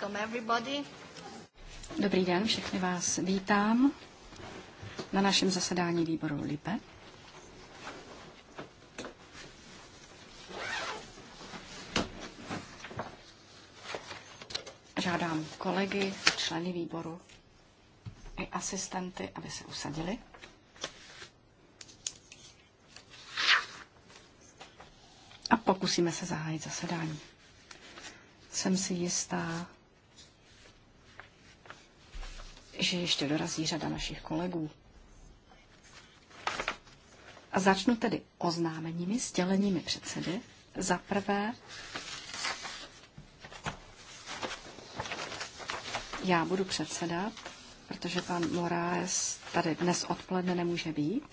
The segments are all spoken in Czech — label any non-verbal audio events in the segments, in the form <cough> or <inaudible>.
welcome everybody. Dobrý den, všechny vás vítám na našem zasedání výboru LIPE. Žádám kolegy, členy výboru i asistenty, aby se usadili. A pokusíme se zahájit zasedání. Jsem si jistá, že ještě dorazí řada našich kolegů. A začnu tedy oznámeními, sděleními předsedy. Za prvé, já budu předsedat, protože pan Moraes tady dnes odpoledne nemůže být.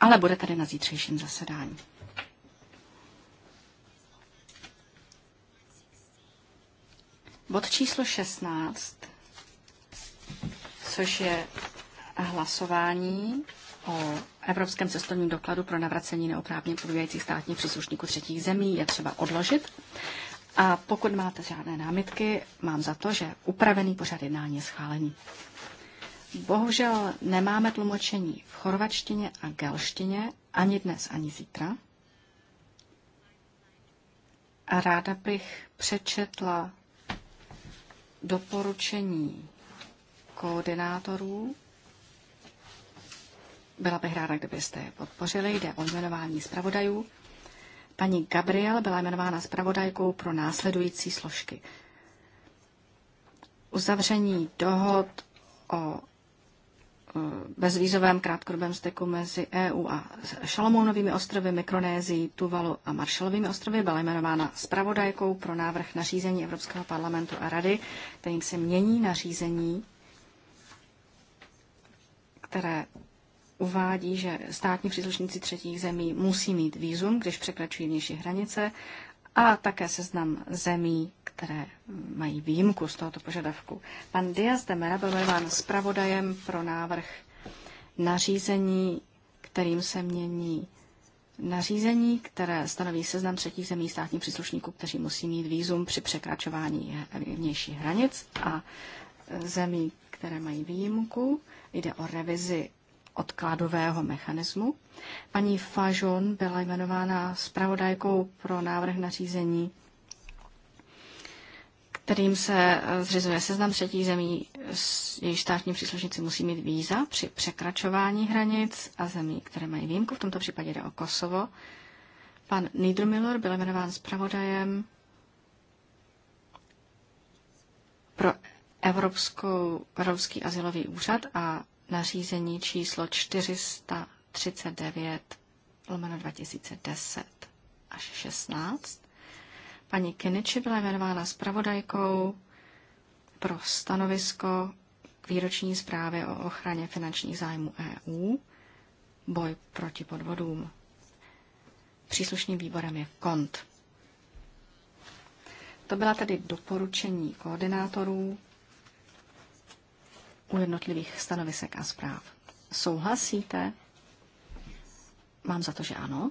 Ale bude tady na zítřejším zasedání. Bod číslo 16, což je hlasování o Evropském cestovním dokladu pro navracení neoprávně pobývajících státních příslušníků třetích zemí, je třeba odložit. A pokud máte žádné námitky, mám za to, že upravený pořad jednání je schválený. Bohužel nemáme tlumočení v chorvačtině a gelštině ani dnes, ani zítra. A ráda bych přečetla doporučení koordinátorů. Byla bych ráda, kdybyste je podpořili. Jde o jmenování zpravodajů. Paní Gabriel byla jmenována zpravodajkou pro následující složky. Uzavření dohod o Eh, bezvízovém krátkodobém styku mezi EU a Šalomounovými ostrovy, Mikronézií, Tuvalu a Maršalovými ostrovy byla jmenována zpravodajkou pro návrh nařízení Evropského parlamentu a rady, kterým se mění nařízení, které uvádí, že státní příslušníci třetích zemí musí mít výzum, když překračují vnější hranice a také seznam zemí, které mají výjimku z tohoto požadavku. Pan Diaz de Mera byl jmenován zpravodajem pro návrh nařízení, kterým se mění nařízení, které stanoví seznam třetích zemí státních příslušníků, kteří musí mít výzum při překračování vnějších hranic a zemí, které mají výjimku. Jde o revizi odkladového mechanismu. Paní Fajon byla jmenována zpravodajkou pro návrh nařízení, kterým se eh, zřizuje seznam třetích zemí, jejich státní příslušníci musí mít víza při překračování hranic a zemí, které mají výjimku, v tomto případě jde o Kosovo. Pan Niedermiller byl jmenován zpravodajem pro Evropskou, Evropský asilový úřad a nařízení číslo 439 lomeno 2010 až 16. Paní Kiniči byla jmenována zpravodajkou pro stanovisko k výroční zprávě o ochraně finančních zájmů EU, boj proti podvodům. Příslušným výborem je KONT. To byla tedy doporučení koordinátorů u jednotlivých stanovisek a zpráv. Souhlasíte? Mám za to, že ano.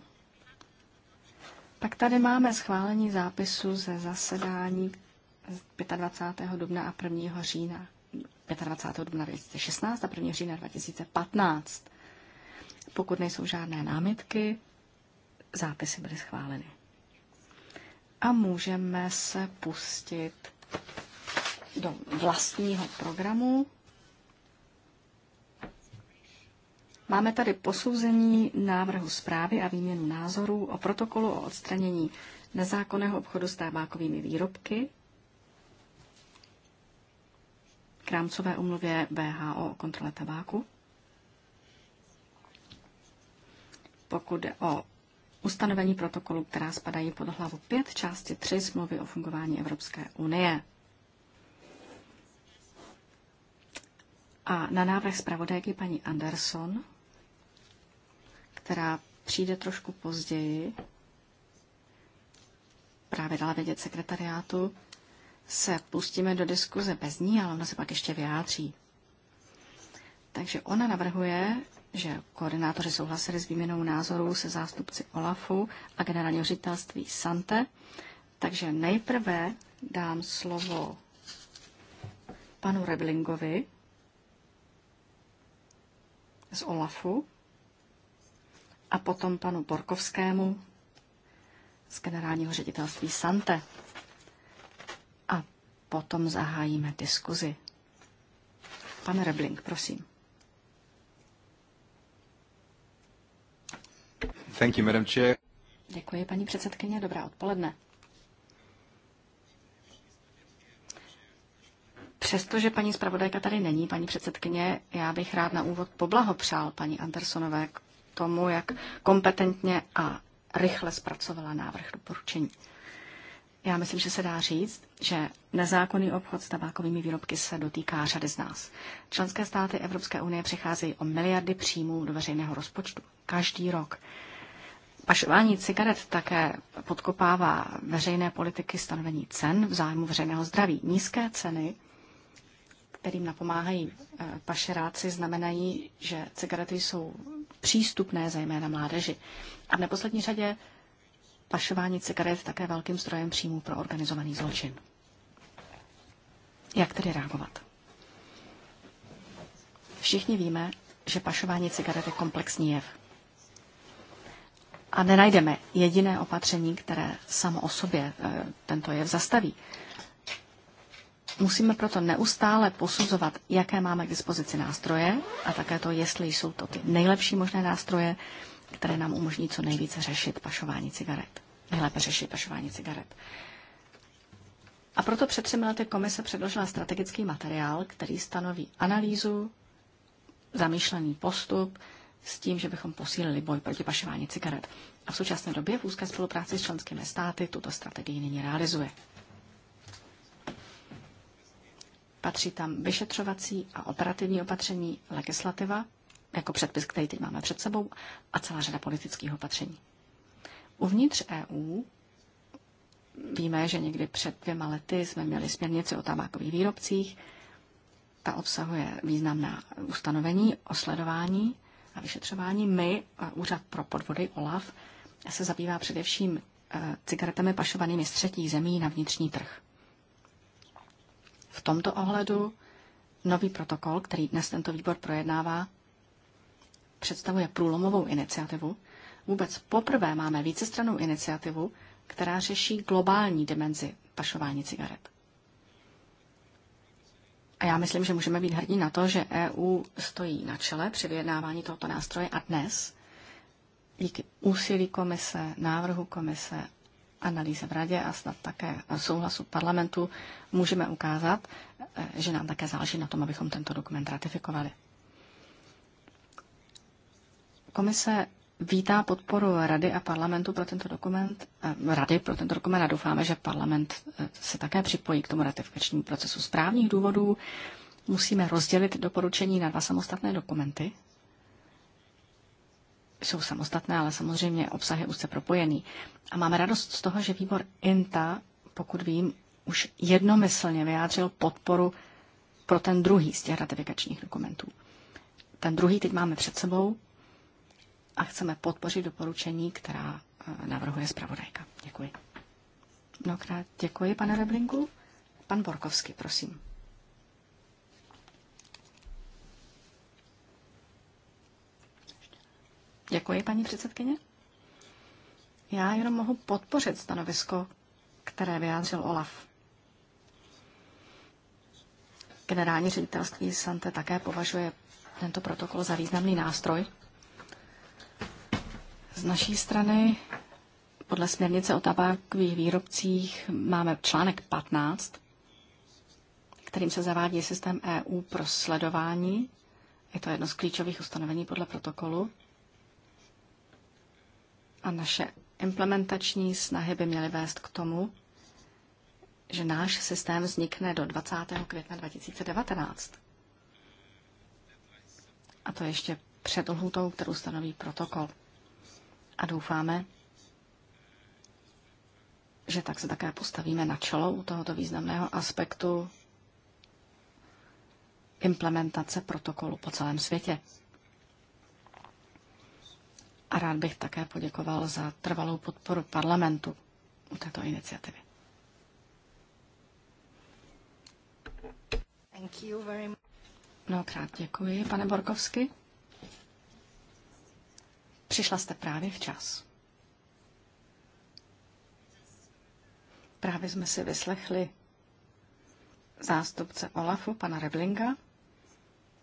Pak tady máme schválení zápisu ze zasedání 25. dubna a 1. října. 25. dubna 2016 a 1. října 2015. Pokud nejsou žádné námitky, zápisy byly schváleny. A můžeme se pustit do vlastního programu. Máme tady posouzení návrhu zprávy a výměnu názorů o protokolu o odstranění nezákonného obchodu s tábákovými výrobky k rámcové umluvě VHO o kontrole tabáku. Pokud o ustanovení protokolu, která spadají pod hlavu 5 části 3 smlouvy o fungování Evropské unie. A na návrh zpravodajky paní Anderson která přijde trošku později, právě dala vědět sekretariátu, se pustíme do diskuze bez ní, ale ona se pak ještě vyjádří. Takže ona navrhuje, že koordinátoři souhlasili s výměnou názorů se zástupci OLAFu a generálního ředitelství Sante. Takže nejprve dám slovo panu Reblingovi z OLAFu, a potom panu Borkovskému z generálního ředitelství Sante. A potom zahájíme diskuzi. Pan Rebling, prosím. Thank you, Madam Chair. Děkuji, paní předsedkyně. Dobrá odpoledne. Přestože paní zpravodajka tady není, paní předsedkyně, já bych rád na úvod poblahopřál paní Andersonové k tomu, jak kompetentně a rychle zpracovala návrh doporučení. Já myslím, že se dá říct, že nezákonný obchod s tabákovými výrobky se dotýká řady z nás. Členské státy Evropské unie přicházejí o miliardy příjmů do veřejného rozpočtu každý rok. Pašování cigaret také podkopává veřejné politiky stanovení cen v zájmu veřejného zdraví. Nízké ceny, kterým napomáhají eh, pašeráci, znamenají, že cigarety jsou přístupné zejména mládeži. A v neposlední řadě pašování cigaret také velkým strojem příjmu pro organizovaný zločin. Jak tedy reagovat? Všichni víme, že pašování cigaret je komplexní jev. A nenajdeme jediné opatření, které samo o sobě eh, tento jev zastaví. Musíme proto neustále posuzovat, jaké máme k dispozici nástroje a také to, jestli jsou to ty nejlepší možné nástroje, které nám umožní co nejvíce řešit pašování cigaret. Nejlépe řešit pašování cigaret. A proto před třemi lety komise předložila strategický materiál, který stanoví analýzu, zamýšlený postup s tím, že bychom posílili boj proti pašování cigaret. A v současné době v úzké spolupráci s členskými státy tuto strategii nyní realizuje. Patří tam vyšetřovací a operativní opatření, legislativa, jako předpis, který teď máme před sebou, a celá řada politických opatření. Uvnitř EU víme, že někdy před dvěma lety jsme měli směrnici o tabákových výrobcích. Ta obsahuje významná ustanovení o sledování a vyšetřování. My, Úřad pro podvody OLAF, se zabývá především eh, cigaretami pašovanými z třetích zemí na vnitřní trh. V tomto ohledu nový protokol, který dnes tento výbor projednává, představuje průlomovou iniciativu. Vůbec poprvé máme vícestranou iniciativu, která řeší globální dimenzi pašování cigaret. A já myslím, že můžeme být hrdí na to, že EU stojí na čele při vyjednávání tohoto nástroje a dnes díky úsilí komise, návrhu komise analýze v radě a snad také souhlasu parlamentu můžeme ukázat, eh, že nám také záleží na tom, abychom tento dokument ratifikovali. Komise vítá podporu Rady a parlamentu pro tento dokument, eh, Rady pro tento dokument a doufáme, že parlament eh, se také připojí k tomu ratifikačnímu procesu. Z důvodů musíme rozdělit doporučení na dva samostatné dokumenty, jsou samostatné, ale samozřejmě obsah je úzce propojený. A máme radost z toho, že výbor INTA, pokud vím, už jednomyslně vyjádřil podporu pro ten druhý z těch ratifikačních dokumentů. Ten druhý teď máme před sebou a chceme podpořit doporučení, která eh, navrhuje zpravodajka. Děkuji. Mnohokrát děkuji, pane Reblinku. Pan Borkovský, prosím. Děkuji, paní předsedkyně. Já jenom mohu podpořit stanovisko, které vyjádřil Olaf. Generální ředitelství Sante také považuje tento protokol za významný nástroj. Z naší strany podle směrnice o tabákových výrobcích máme článek 15, kterým se zavádí systém EU pro sledování. Je to jedno z klíčových ustanovení podle protokolu. A naše implementační snahy by měly vést k tomu, že náš systém vznikne do 20. května 2019. A to ještě před lhutou, kterou stanoví protokol. A doufáme, že tak se také postavíme na čelo u tohoto významného aspektu implementace protokolu po celém světě. A rád bych také poděkoval za trvalou podporu parlamentu u této iniciativy. Thank you very much. Mnohokrát děkuji, pane Borkovsky. Přišla jste právě včas. Právě jsme si vyslechli zástupce Olafu, pana Reblinga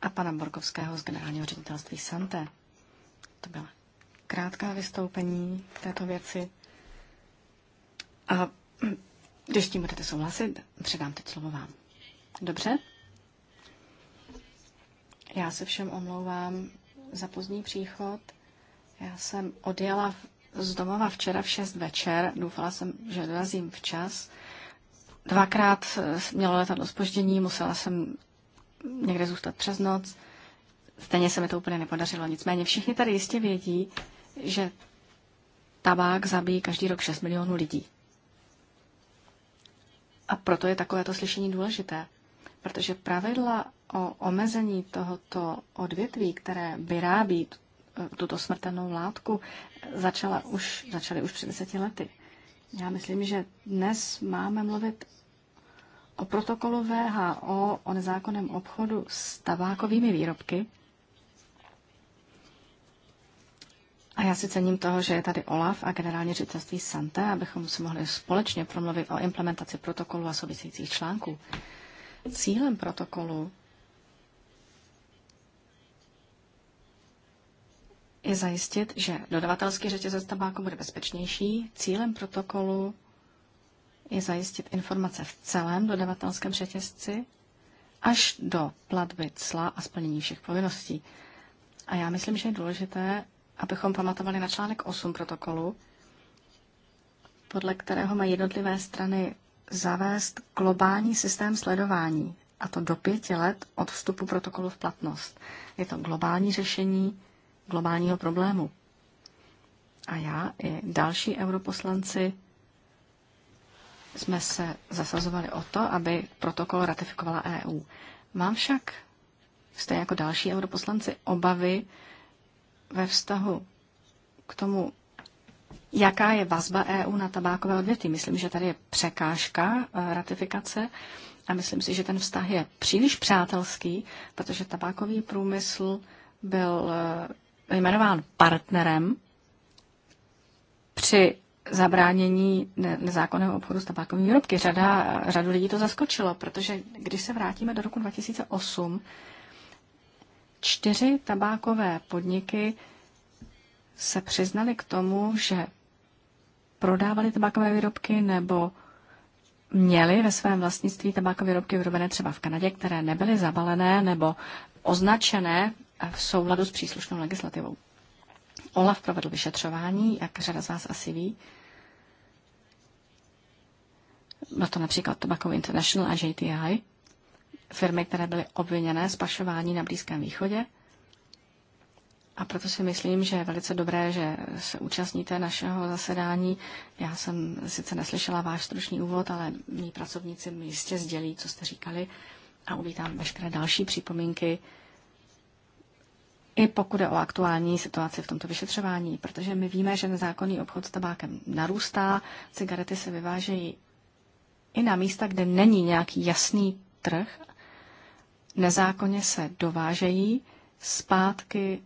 a pana Borkovského z generálního ředitelství Santé. To byla krátká vystoupení k této věci. A když tím budete souhlasit, předám teď slovo vám. Dobře? Já se všem omlouvám za pozdní příchod. Já jsem odjela z domova včera v 6 večer. Doufala jsem, že dorazím včas. Dvakrát eh, mělo letadlo spoždění, musela jsem někde zůstat přes noc. Stejně se mi to úplně nepodařilo. Nicméně všichni tady jistě vědí, že tabák zabíjí každý rok 6 milionů lidí. A proto je takovéto slyšení důležité, protože pravidla o omezení tohoto odvětví, které vyrábí tuto smrtelnou látku, začala už, začaly už před deseti lety. Já myslím, že dnes máme mluvit o protokolu VHO o nezákonném obchodu s tabákovými výrobky, A já si cením toho, že je tady OLAF a generální ředitelství Santa, abychom si mohli společně promluvit o implementaci protokolu a souvisejících článků. Cílem protokolu je zajistit, že dodavatelský řetězec tabáku bude bezpečnější. Cílem protokolu je zajistit informace v celém dodavatelském řetězci až do platby cla a splnění všech povinností. A já myslím, že je důležité, abychom pamatovali na článek 8 protokolu, podle kterého mají jednotlivé strany zavést globální systém sledování, a to do pěti let od vstupu protokolu v platnost. Je to globální řešení globálního problému. A já i další europoslanci jsme se zasazovali o to, aby protokol ratifikovala EU. Mám však, stejně jako další europoslanci, obavy, ve vztahu k tomu, jaká je vazba EU na tabákové odvětví. Myslím, že tady je překážka e, ratifikace a myslím si, že ten vztah je příliš přátelský, protože tabákový průmysl byl e, jmenován partnerem při zabránění nezákonného obchodu s tabákovými výrobky. Řada, řadu lidí to zaskočilo, protože když se vrátíme do roku 2008, Čtyři tabákové podniky se přiznali k tomu, že prodávali tabákové výrobky nebo měli ve svém vlastnictví tabákové výrobky vyrobené třeba v Kanadě, které nebyly zabalené nebo označené v souladu s příslušnou legislativou. Olaf provedl vyšetřování, jak řada z vás asi ví. Byl to například Tobacco International a JTI firmy, které byly obviněné z pašování na Blízkém východě. A proto si myslím, že je velice dobré, že se účastníte našeho zasedání. Já jsem sice neslyšela váš stručný úvod, ale mý pracovníci mi jistě sdělí, co jste říkali a uvítám veškeré další připomínky, i pokud je o aktuální situaci v tomto vyšetřování, protože my víme, že nezákonný obchod s tabákem narůstá, cigarety se vyvážejí i na místa, kde není nějaký jasný trh nezákonně se dovážejí zpátky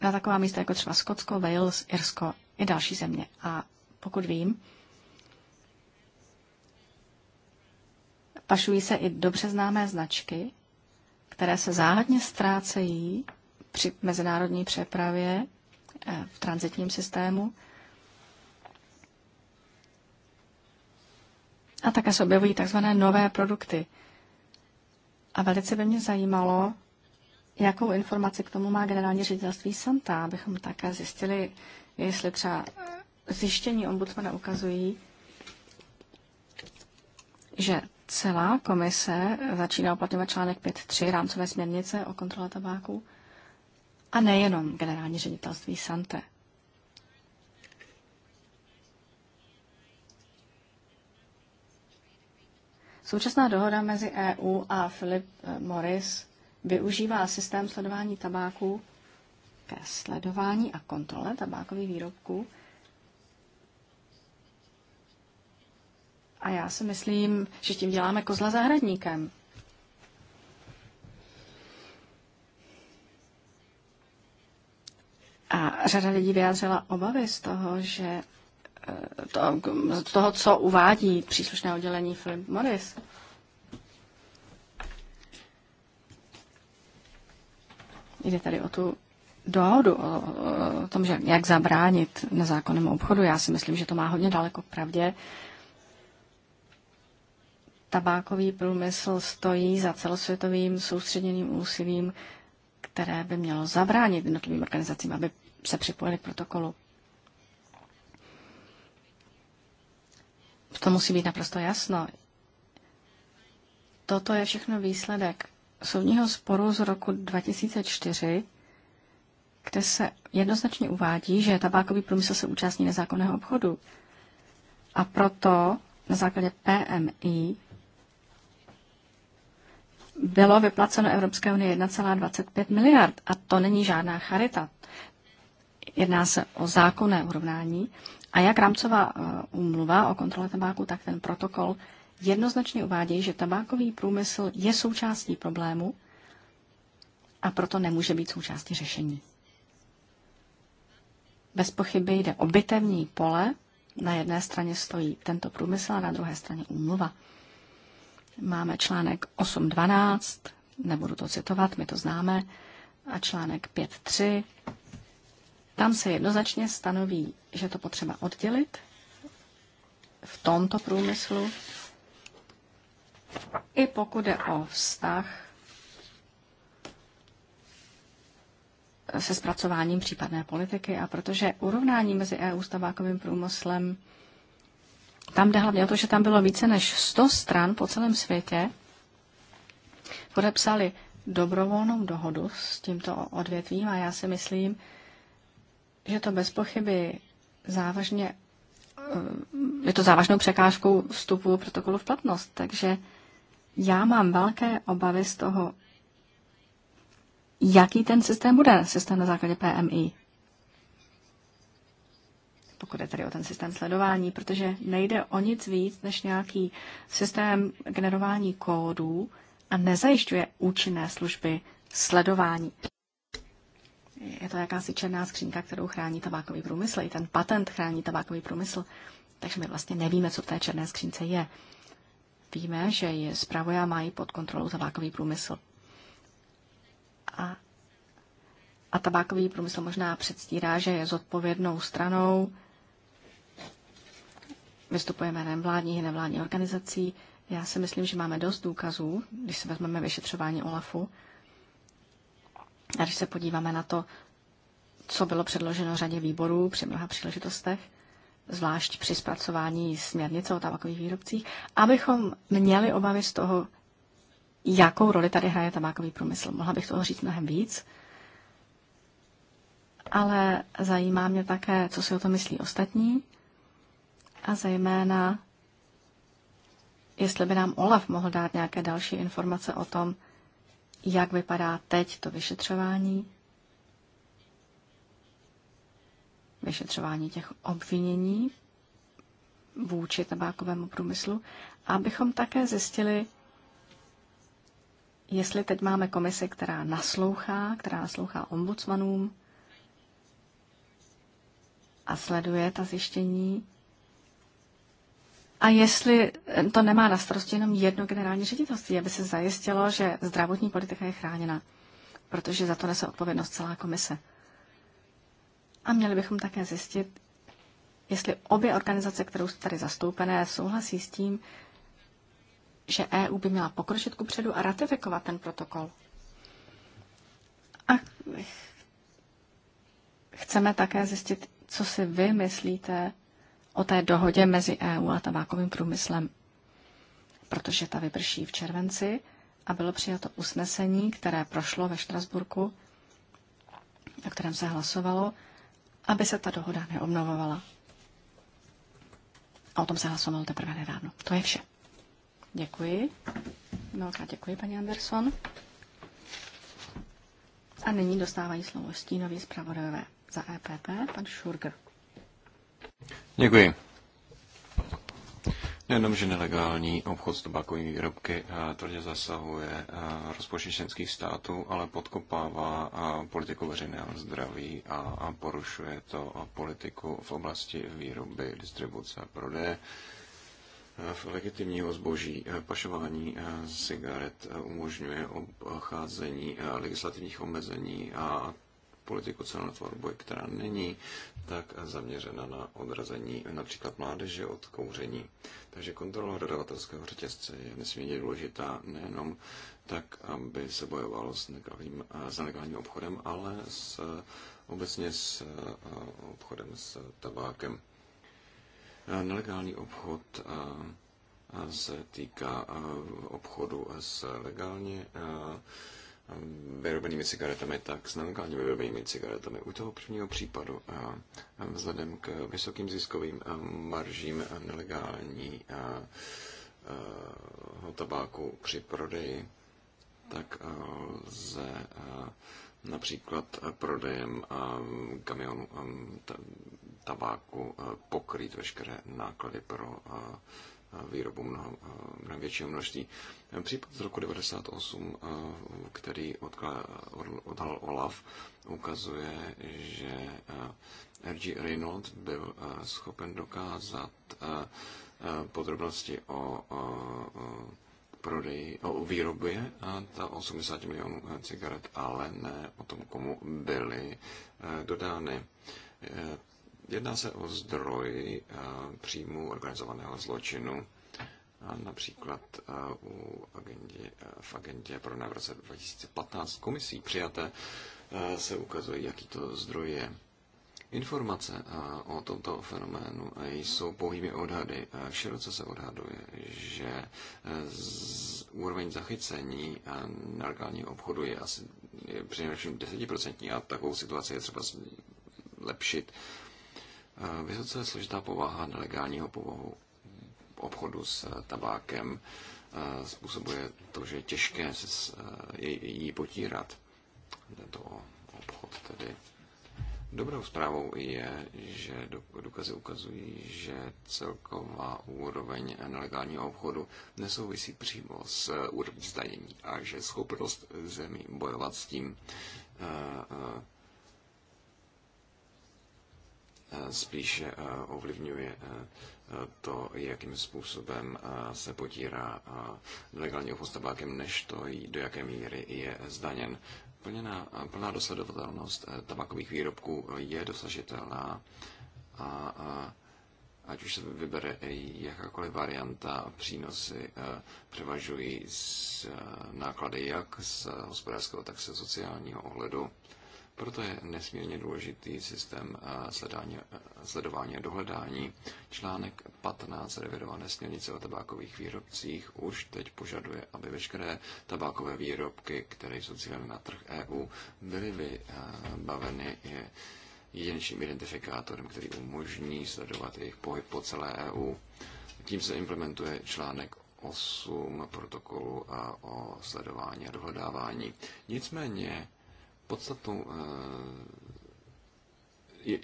na taková místa jako třeba Skotsko, Wales, Irsko i další země. A pokud vím, pašují se i dobře známé značky, které se záhadně ztrácejí při mezinárodní přepravě eh, v transitním systému. A také se objevují takzvané nové produkty – a velice by mě zajímalo, jakou informaci k tomu má generální ředitelství Santa, abychom také zjistili, jestli třeba zjištění ombudsmana ukazují, že celá komise začíná uplatňovat článek 5.3 rámcové směrnice o kontrole tabáku a nejenom generální ředitelství Sante. Současná dohoda mezi EU a Philip eh, Morris využívá systém sledování tabáku ke sledování a kontrole tabákových výrobků. A já si myslím, že tím děláme kozla zahradníkem. A řada lidí vyjádřila obavy z toho, že to, toho, co uvádí příslušné oddělení Philip Morris. Jde tady o tu dohodu, o, o tom, že jak zabránit nezákonnému obchodu. Já si myslím, že to má hodně daleko k pravdě. Tabákový průmysl stojí za celosvětovým soustředěným úsilím, které by mělo zabránit jednotlivým organizacím, aby se připojili k protokolu. v tom musí být naprosto jasno. Toto je všechno výsledek soudního sporu z roku 2004, kde se jednoznačně uvádí, že tabákový průmysl se účastní nezákonného obchodu. A proto na základě PMI bylo vyplaceno Evropské unie 1,25 miliard. A to není žádná charita. Jedná se o zákonné urovnání a jak rámcová eh, úmluva o kontrole tabáku, tak ten protokol jednoznačně uvádějí, že tabákový průmysl je součástí problému a proto nemůže být součástí řešení. Bez pochyby jde o bitevní pole. Na jedné straně stojí tento průmysl a na druhé straně úmluva. Máme článek 8.12, nebudu to citovat, my to známe, a článek 5.3, tam se jednoznačně stanoví, že to potřeba oddělit v tomto průmyslu, i pokud je o vztah se zpracováním případné politiky a protože urovnání mezi EU s tabákovým průmyslem, tam jde hlavně o to, že tam bylo více než 100 stran po celém světě, podepsali dobrovolnou dohodu s tímto odvětvím a já si myslím, je to bez pochyby závažně, eh, je to závažnou překážkou vstupu protokolu v platnost, takže já mám velké obavy z toho, jaký ten systém bude, systém na základě PMI. Pokud je tady o ten systém sledování, protože nejde o nic víc než nějaký systém generování kódů a nezajišťuje účinné služby sledování je to jakási černá skřínka, kterou chrání tabákový průmysl. I ten patent chrání tabákový průmysl. Takže my vlastně nevíme, co v té černé skřínce je. Víme, že je zpravuje a mají pod kontrolou tabákový průmysl. A, a tabákový průmysl možná předstírá, že je zodpovědnou stranou. Vystupujeme jménem vládních i nevládních organizací. Já si myslím, že máme dost důkazů, když se vezmeme vyšetřování OLAFu, a když se podíváme na to, co bylo předloženo řadě výborů při mnoha příležitostech, zvlášť při zpracování směrnice o tabakových výrobcích, abychom měli obavy z toho, jakou roli tady hraje tabákový průmysl. Mohla bych toho říct mnohem víc, ale zajímá mě také, co si o to myslí ostatní a zejména, jestli by nám Olaf mohl dát nějaké další informace o tom, jak vypadá teď to vyšetřování, vyšetřování těch obvinění vůči tabákovému průmyslu, abychom také zjistili, jestli teď máme komisi, která naslouchá, která naslouchá ombudsmanům a sleduje ta zjištění, a jestli to nemá na starosti jenom jedno generální ředitelství, aby se zajistilo, že zdravotní politika je chráněna, protože za to nese odpovědnost celá komise. A měli bychom také zjistit, jestli obě organizace, kterou jsou tady zastoupené, souhlasí s tím, že EU by měla pokročit předu a ratifikovat ten protokol. A chceme také zjistit, co si vy myslíte o té dohodě mezi EU a tabákovým průmyslem, protože ta vyprší v červenci a bylo přijato usnesení, které prošlo ve Štrasburku, na kterém se hlasovalo, aby se ta dohoda neobnovovala. A o tom se hlasovalo teprve nedávno. To je vše. Děkuji. Velká děkuji, paní Anderson. A nyní dostávají slovo stínový zpravodajové za EPP, pan Šurger. Děkuji. Jenom, že nelegální obchod s tobakovými výrobky eh, tvrdě zasahuje eh, rozpočet členských států, ale podkopává eh, politiku veřejného zdraví a porušuje to politiku v oblasti výroby, distribuce a prodeje legitimního zboží. Pašování cigaret umožňuje obcházení legislativních omezení a politiku cenotvorby, která není tak zaměřena na odrazení například mládeže od kouření. Takže kontrola dodavatelského řetězce je nesmírně důležitá nejenom tak, aby se bojovalo s, nekalým, s nelegálním obchodem, ale s, obecně s obchodem s tabákem. Nelegální obchod se týká obchodu s legálně vyrobenými cigaretami, tak s nelegálně vyrobenými cigaretami. U toho prvního případu vzhledem k vysokým ziskovým maržím nelegální tabáku při prodeji, tak lze například prodejem kamionu tabáku pokrýt veškeré náklady pro výrobu mnoho, mnohem většího množství. Případ z roku 1998, který odhalil Olaf, ukazuje, že R.G. Reynolds byl schopen dokázat podrobnosti o prodeji, o výrobě a ta 80 milionů cigaret, ale ne o tom, komu byly e, dodány. E, Jedná se o zdroj eh, příjmu organizovaného zločinu, například eh, u agendě, eh, v agendě pro návrh 2015 komisí přijaté se ukazuje, jaký to zdroj je. Informace o tomto fenoménu jsou pouhými odhady. Široce se odhaduje, že z úroveň zachycení nelegálního obchodu je asi přinejmenším 10% a takovou situaci je třeba zlepšit Vysoce složitá povaha nelegálního povahu obchodu s eh, tabákem eh, způsobuje to, že je těžké se eh, jí potírat. Tento obchod tedy. Dobrou zprávou je, že důkazy ukazují, že celková úroveň nelegálního obchodu nesouvisí přímo s úrovní zdanění a že schopnost zemí bojovat s tím spíše eh, ovlivňuje eh, to, jakým způsobem eh, se potírá legální obchod s tabákem, než to, do jaké míry je zdaněn. Plněná, plná dosledovatelnost tabakových výrobků je dosažitelná a, a ať už se vybere jakákoliv varianta, přínosy převažují z náklady jak z hospodářského, tak se sociálního ohledu. Proto je nesmírně důležitý systém eh, sledání, eh, sledování a dohledání. Článek 15 revidované směrnice o tabákových výrobcích už teď požaduje, aby veškeré tabákové výrobky, které jsou cíleny na trh EU, byly vybaveny eh, jedinečným identifikátorem, který umožní sledovat jejich pohyb po celé EU. Tím se implementuje článek 8 protokolu a o sledování a dohledávání. Nicméně podstatu, eh,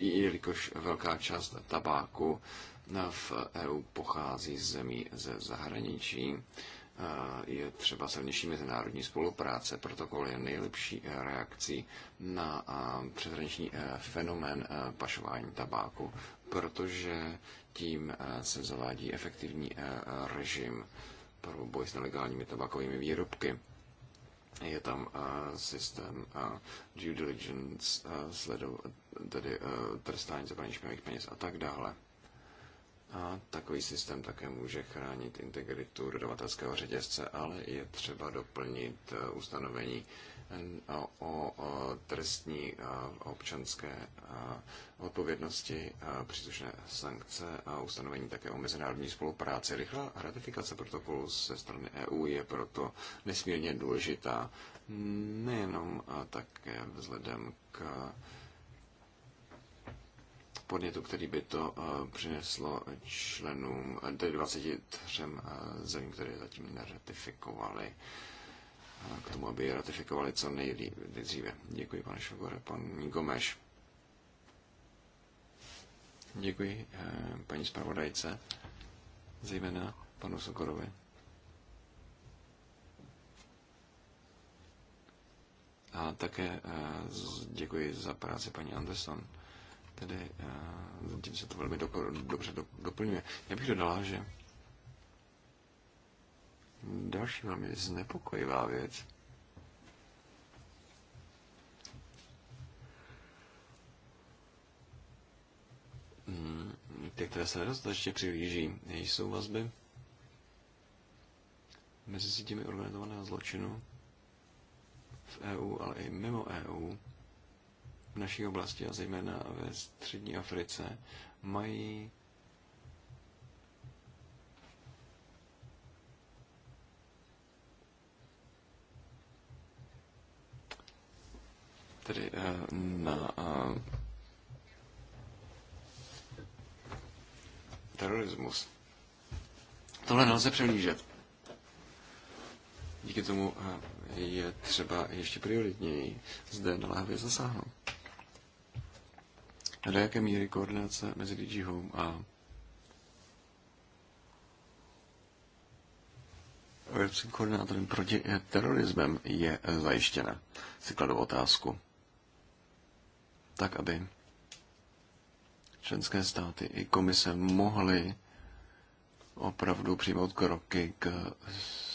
jelikož velká část tabáku eh, v EU pochází z zemí ze zahraničí, eh, je třeba silnější mezinárodní spolupráce. Protokol je nejlepší reakcí na přeshraniční fenomén pašování tabáku, protože tím se zavádí efektivní režim pro boj s nelegálními tabakovými výrobky je tam eh, systém eh, due diligence, eh, sledu tedy trestání zabraní špinavých peněz a tak dále. A takový systém také může chránit integritu dodavatelského řetězce, ale je třeba doplnit ustanovení o trestní občanské odpovědnosti, příslušné sankce a ustanovení také o mezinárodní spolupráci. Rychlá ratifikace protokolu ze strany EU je proto nesmírně důležitá, nejenom také vzhledem k podnětu, který by to přineslo členům, tedy 23 zemí, které zatím neratifikovaly k tomu, aby je ratifikovali co nejdříve. Děkuji, pane Šogore, pan Gomeš. Děkuji eh, paní zpravodajce, zejména panu Sokorovi. A také eh, děkuji za práci paní Anderson. Tedy eh, tím se to velmi dobře doplňuje. Já bych dodala, že Další velmi znepokojivá věc. Hmm, ty, které se nedostatečně přihlíží, jsou vazby mezi sítěmi organizovaného zločinu v EU, ale i mimo EU, v naší oblasti a zejména ve střední Africe, mají tedy eh, na eh, terorismus. Tohle nelze přelížet. Díky tomu eh, je třeba ještě prioritněji zde naléhavě zasáhnout. A do jaké míry koordinace mezi DG Home a evropským koordinátorem proti terorismem je zajištěna? Si kladu otázku tak aby členské státy i komise mohly opravdu přijmout kroky k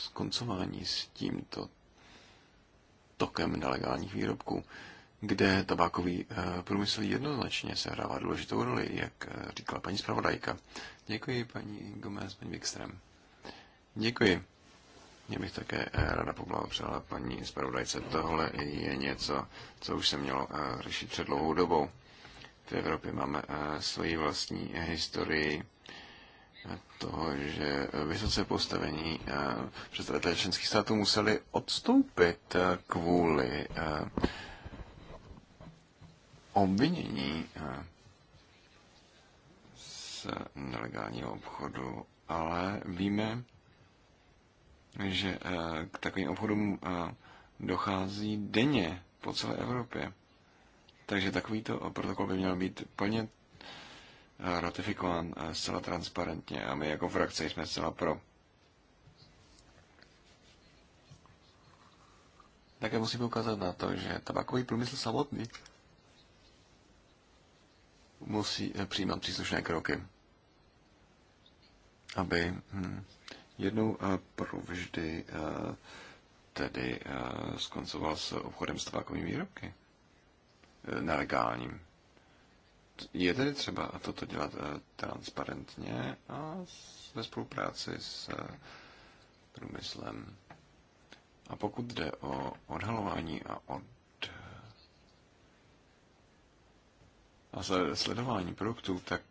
skoncování s tímto tokem nelegálních výrobků, kde tabákový eh, průmysl jednoznačně sehrává důležitou roli, jak eh, říkala paní zpravodajka. Děkuji, paní Gomez, paní Wikström. Děkuji. Mě bych také eh, ráda poblahopřála paní zpravodajce. Tohle je něco, co už se mělo eh, řešit před dlouhou dobou. V Evropě máme eh, svoji vlastní historii toho, že vysoce postavení představitelé členských států museli odstoupit kvůli obvinění z nelegálního obchodu, ale víme, že eh, k takovým obchodům eh, dochází denně po celé Evropě. Takže takovýto protokol by měl být plně eh, ratifikován zcela transparentně a my jako frakce jsme zcela pro. Také musíme ukázat na to, že tabakový průmysl samotný musí přijímat příslušné kroky, aby hm, jednou a provždy tedy skoncoval s obchodem s tabákovými výrobky. E, nelegálním. Je tedy třeba toto dělat e, transparentně a ve spolupráci s e, průmyslem. A pokud jde o odhalování a od a sledování produktů, tak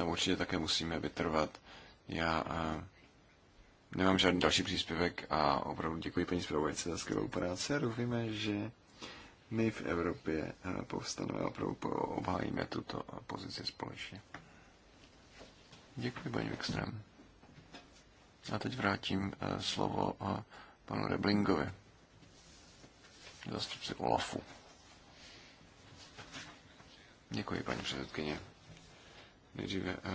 tam určitě také musíme vytrvat. Já eh, nemám žádný další příspěvek a opravdu děkuji paní zpravodajce za skvělou práci doufíme, že my v Evropě eh, povstaneme a opravdu obhájíme tuto pozici společně. Děkuji, paní Wikström. A teď vrátím eh, slovo panu Reblingovi, zastupci Olafu. Děkuji, paní předsedkyně. Nejdříve eh,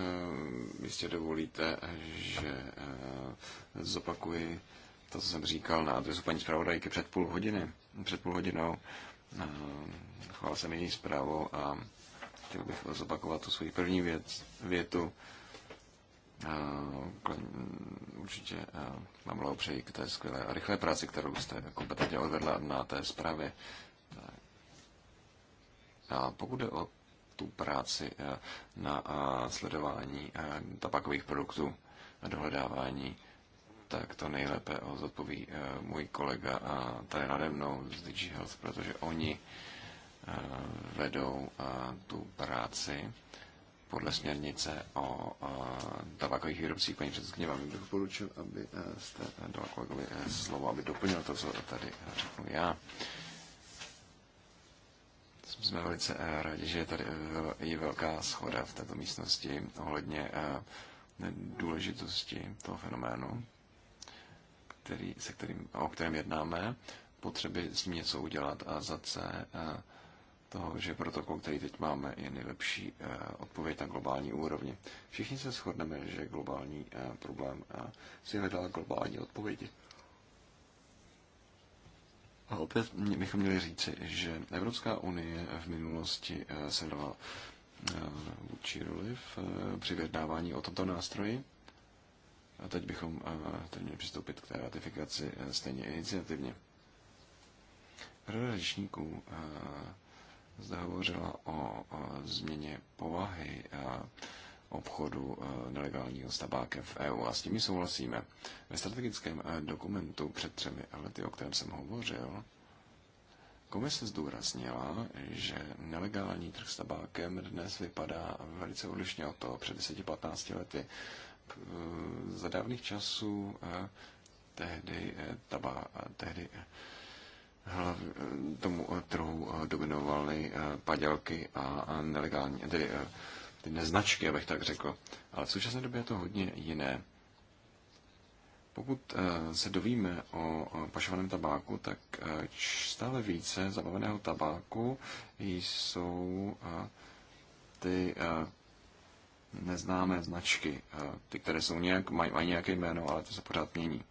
jistě dovolíte, že eh, zopakuji to, co jsem říkal na adresu paní zpravodajky před půl hodiny. Před půl hodinou eh, choval jsem její zprávou a chtěl bych zopakovat tu svůj první věc, větu. Určitě vám přeji k té skvělé a rychlé práci, kterou jste kompetentně odvedla na té zprávě. A pokud jde o tu práci eh, na eh, sledování eh, tabakových produktů a dohledávání, tak to nejlépe zodpoví můj kolega tady nade mnou z DigiHealth, protože oni vedou tu práci podle směrnice o tabakových výrobcích. Paní předsedkyně, vám bych doporučil, abyste dala kolegovi slovo, aby doplnil to, co tady řeknu já. Jsme velice eh, rádi, že je tady je eh, velká schoda v této místnosti ohledně eh, důležitosti toho fenoménu, který, se kterým, o kterém jednáme, potřeby s ním něco udělat a za C toho, že protokol, který teď máme, je nejlepší odpověď na globální úrovni. Všichni se shodneme, že globální problém si hledal globální odpovědi. A opět bychom měli říci, že Evropská unie v minulosti dala eh, eh, vůči roli v, eh, při vyjednávání o tomto nástroji. A teď bychom teď měli přistoupit k té ratifikaci stejně iniciativně. Rada řečníků zde hovořila o, o změně povahy a, obchodu eh, nelegálního s tabákem v EU a s těmi souhlasíme. Ve strategickém eh, dokumentu před třemi lety, o kterém jsem hovořil, komise zdůraznila, že nelegální trh s tabákem dnes vypadá velice odlišně od toho před 10-15 lety. Eh, za dávných časů tehdy, taba, tehdy tomu trhu dominovaly padělky a nelegální, tedy ty neznačky, abych tak řekl. Ale v současné době je to hodně jiné. Pokud eh, se dovíme o pašovaném tabáku, tak eh, stále více zabaveného tabáku jsou eh, ty neznámé značky. Ty, které jsou nějak, mají, mají nějaké jméno, ale to se pořád mění.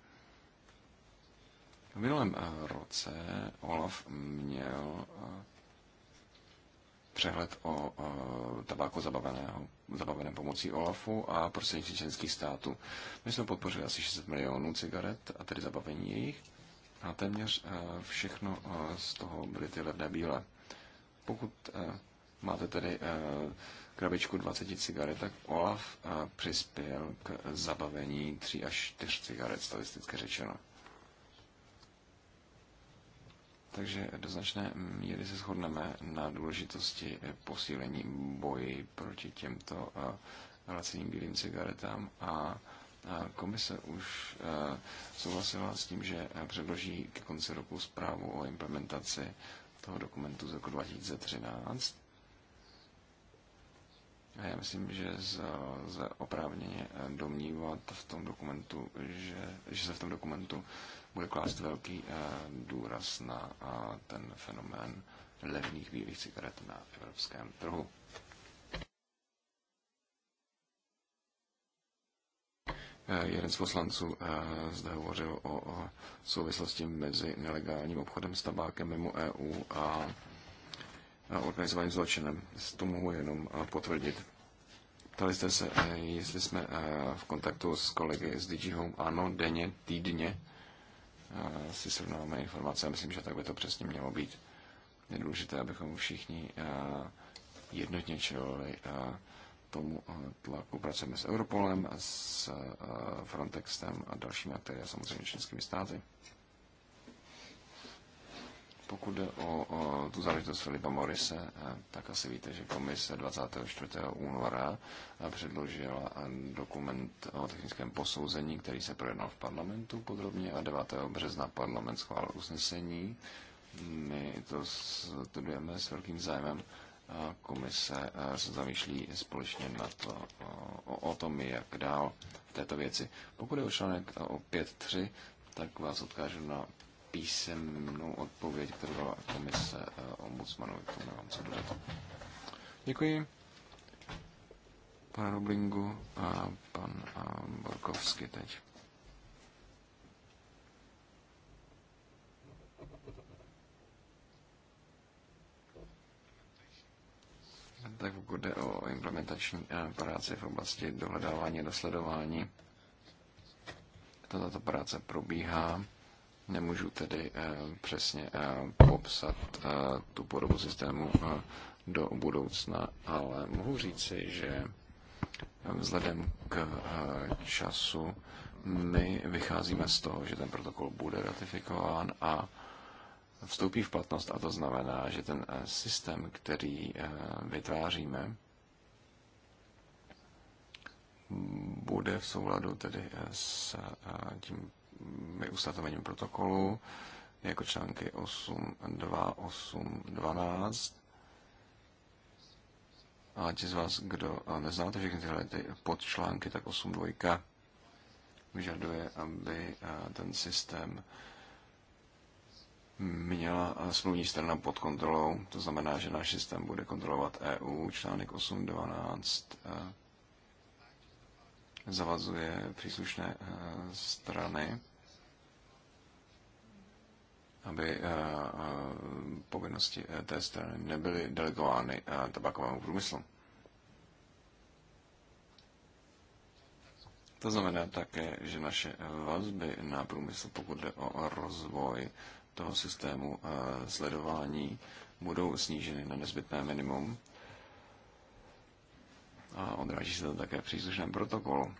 V minulém roce Olaf měl přehled o, o tabáku zabaveného, zabaveném pomocí OLAFu a prostřednictvím členských států. My jsme podpořili asi 600 milionů cigaret, a tedy zabavení jejich, a téměř e, všechno e, z toho byly ty levné bílé. Pokud e, máte tedy e, krabičku 20 cigaret, tak OLAF e, přispěl k zabavení 3 až 4 cigaret, statisticky řečeno. Takže do značné míry se shodneme na důležitosti posílení boji proti těmto eh, laceným bílým cigaretám a komise už eh, souhlasila s tím, že předloží k konci roku zprávu o implementaci toho dokumentu z roku 2013. A já myslím, že se oprávněně eh, domnívat v tom dokumentu, že, že se v tom dokumentu bude klást velký eh, důraz na eh, ten fenomén levných bílých cigaret na evropském trhu. Eh, jeden z poslanců zde hovořil o souvislosti mezi nelegálním obchodem s tabákem mimo EU a organizovaným zločinem. To mohu jenom potvrdit. Ptali jste se, jestli jsme v kontaktu s kolegy z DigiHome. Ano, denně, týdně si srovnáváme informace. Myslím, že tak by to přesně mělo být. Je důležité, abychom všichni jednotně čelili tomu tlaku. Pracujeme s Europolem, s Frontextem a dalšími aktéry a samozřejmě členskými státy. Pokud jde o, o tu záležitost Filipa Morise, eh, tak asi víte, že komise 24. února eh, předložila eh, dokument o technickém posouzení, který se projednal v parlamentu podrobně a 9. března parlament schválil usnesení. My to studujeme s velkým zájmem a komise se zamýšlí společně na to, o, o tom, jak dál v této věci. Pokud je o článek o 5.3, tak vás odkážu na písemnou odpověď, kterou dala komise eh, ombudsmanovi. To nemám co dodat. Děkuji. Pane Rublingu a pan eh, Borkovský. teď. tak pokud jde o implementační eh, práci v oblasti dohledávání a dosledování, tato práce probíhá Nemůžu tedy eh, přesně eh, popsat eh, tu podobu systému do budoucna, ale mohu říci, že vzhledem k času my vycházíme z toho, že ten protokol bude ratifikován a vstoupí v platnost a to znamená, že ten systém, který vytváříme, bude v souladu tedy s tím my ustanovením protokolu, jako články 8, 2, 8, 12. A ti z vás, kdo neznáte všechny tyhle ty podčlánky, tak 8, 2 vyžaduje, aby ten systém měla smluvní strana pod kontrolou. To znamená, že náš systém bude kontrolovat EU, článek 8, 12, zavazuje příslušné eh, strany, aby eh, eh, povinnosti té strany nebyly delegovány tabakovému průmyslu. To znamená také, že naše vazby na průmysl, pokud jde o rozvoj toho systému sledování, budou sníženy na nezbytné minimum a odráží se to také v příslušném protokolu.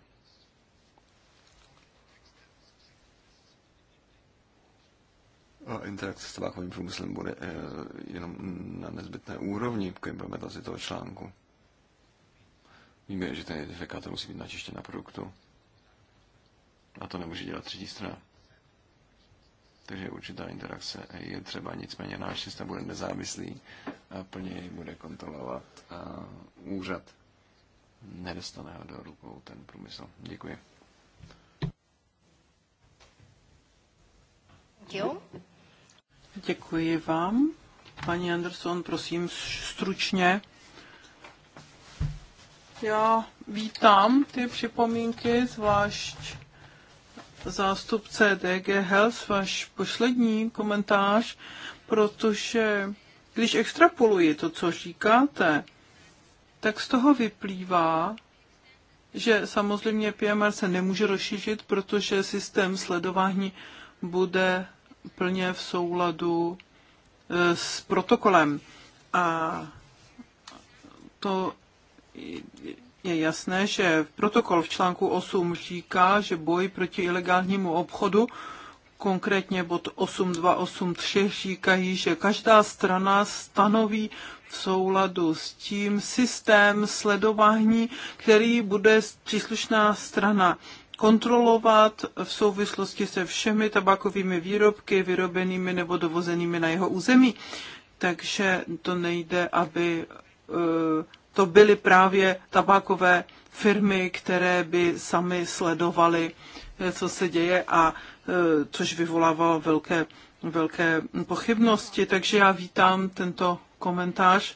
interakce s tabákovým průmyslem bude eh, jenom na nezbytné úrovni k implementaci toho článku. Víme, že ten identifikátor musí být načištěn na produktu. A to nemůže dělat třetí strana. Takže určitá interakce je třeba, nicméně náš systém bude nezávislý a plně ji bude kontrolovat eh, úřad nedostane do rukou ten průmysl. Děkuji. Děkuji. Děkuji vám. Paní Anderson, prosím stručně. Já vítám ty připomínky, zvlášť zástupce DG Health, váš poslední komentář, protože když extrapoluji to, co říkáte, tak z toho vyplývá, že samozřejmě PMR se nemůže rozšířit, protože systém sledování bude plně v souladu e, s protokolem. A to je jasné, že protokol v článku 8 říká, že boj proti ilegálnímu obchodu, konkrétně bod 8283, říkají, že každá strana stanoví v souladu s tím systém sledování, který bude příslušná strana kontrolovat v souvislosti se všemi tabakovými výrobky vyrobenými nebo dovozenými na jeho území. Takže to nejde, aby e, to byly právě tabákové firmy, které by sami sledovaly, e, co se děje, a e, což vyvolávalo velké, velké pochybnosti. Takže já vítám tento komentář.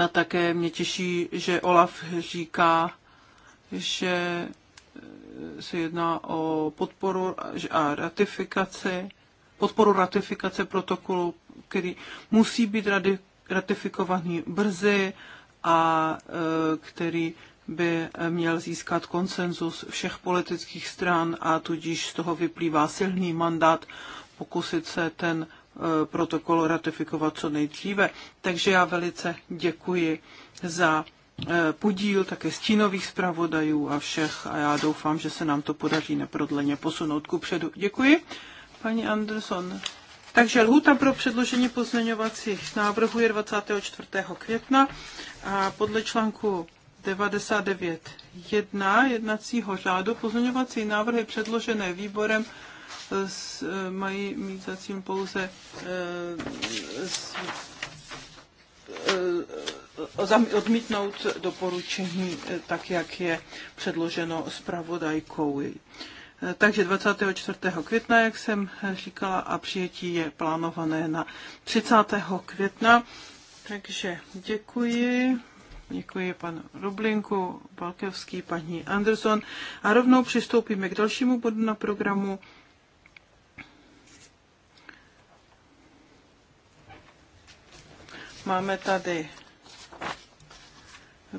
A také mě těší, že Olaf říká, že eh, se jedná o podporu a ratifikaci, podporu ratifikace protokolu, který musí být ratifikovaný brzy a eh, který by měl získat konsenzus všech politických stran a tudíž z toho vyplývá silný mandát pokusit se ten Eh, protokol ratifikovat co nejdříve. Takže já velice děkuji za eh, podíl také stínových zpravodajů a všech a já doufám, že se nám to podaří neprodleně posunout ku předu. Děkuji, paní Anderson. Takže lhůta pro předložení pozměňovacích návrhů je 24. května a podle článku 99.1 jednacího řádu pozměňovací návrhy předložené výborem Eh, mají mít zatím pouze eh, eh, odmítnout doporučení tak, jak je předloženo zpravodajkou. Takže 24. května, jak jsem říkala, a přijetí je plánované na 30. května. Takže děkuji. Děkuji panu Rublinku, Balkevský, paní Anderson. A rovnou přistoupíme k dalšímu bodu na programu Máme tady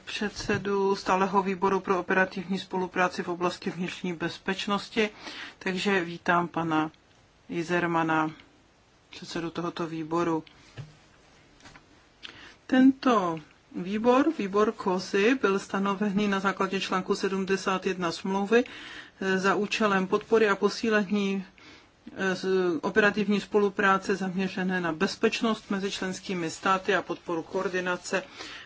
předsedu stáleho výboru pro operativní spolupráci v oblasti vnitřní bezpečnosti, takže vítám pana Izermana předsedu tohoto výboru. Tento výbor, výbor COSY, byl stanovený na základě článku 71 smlouvy za účelem podpory a posílení Eh, operativní spolupráce zaměřené na bezpečnost mezi členskými státy a podporu koordinace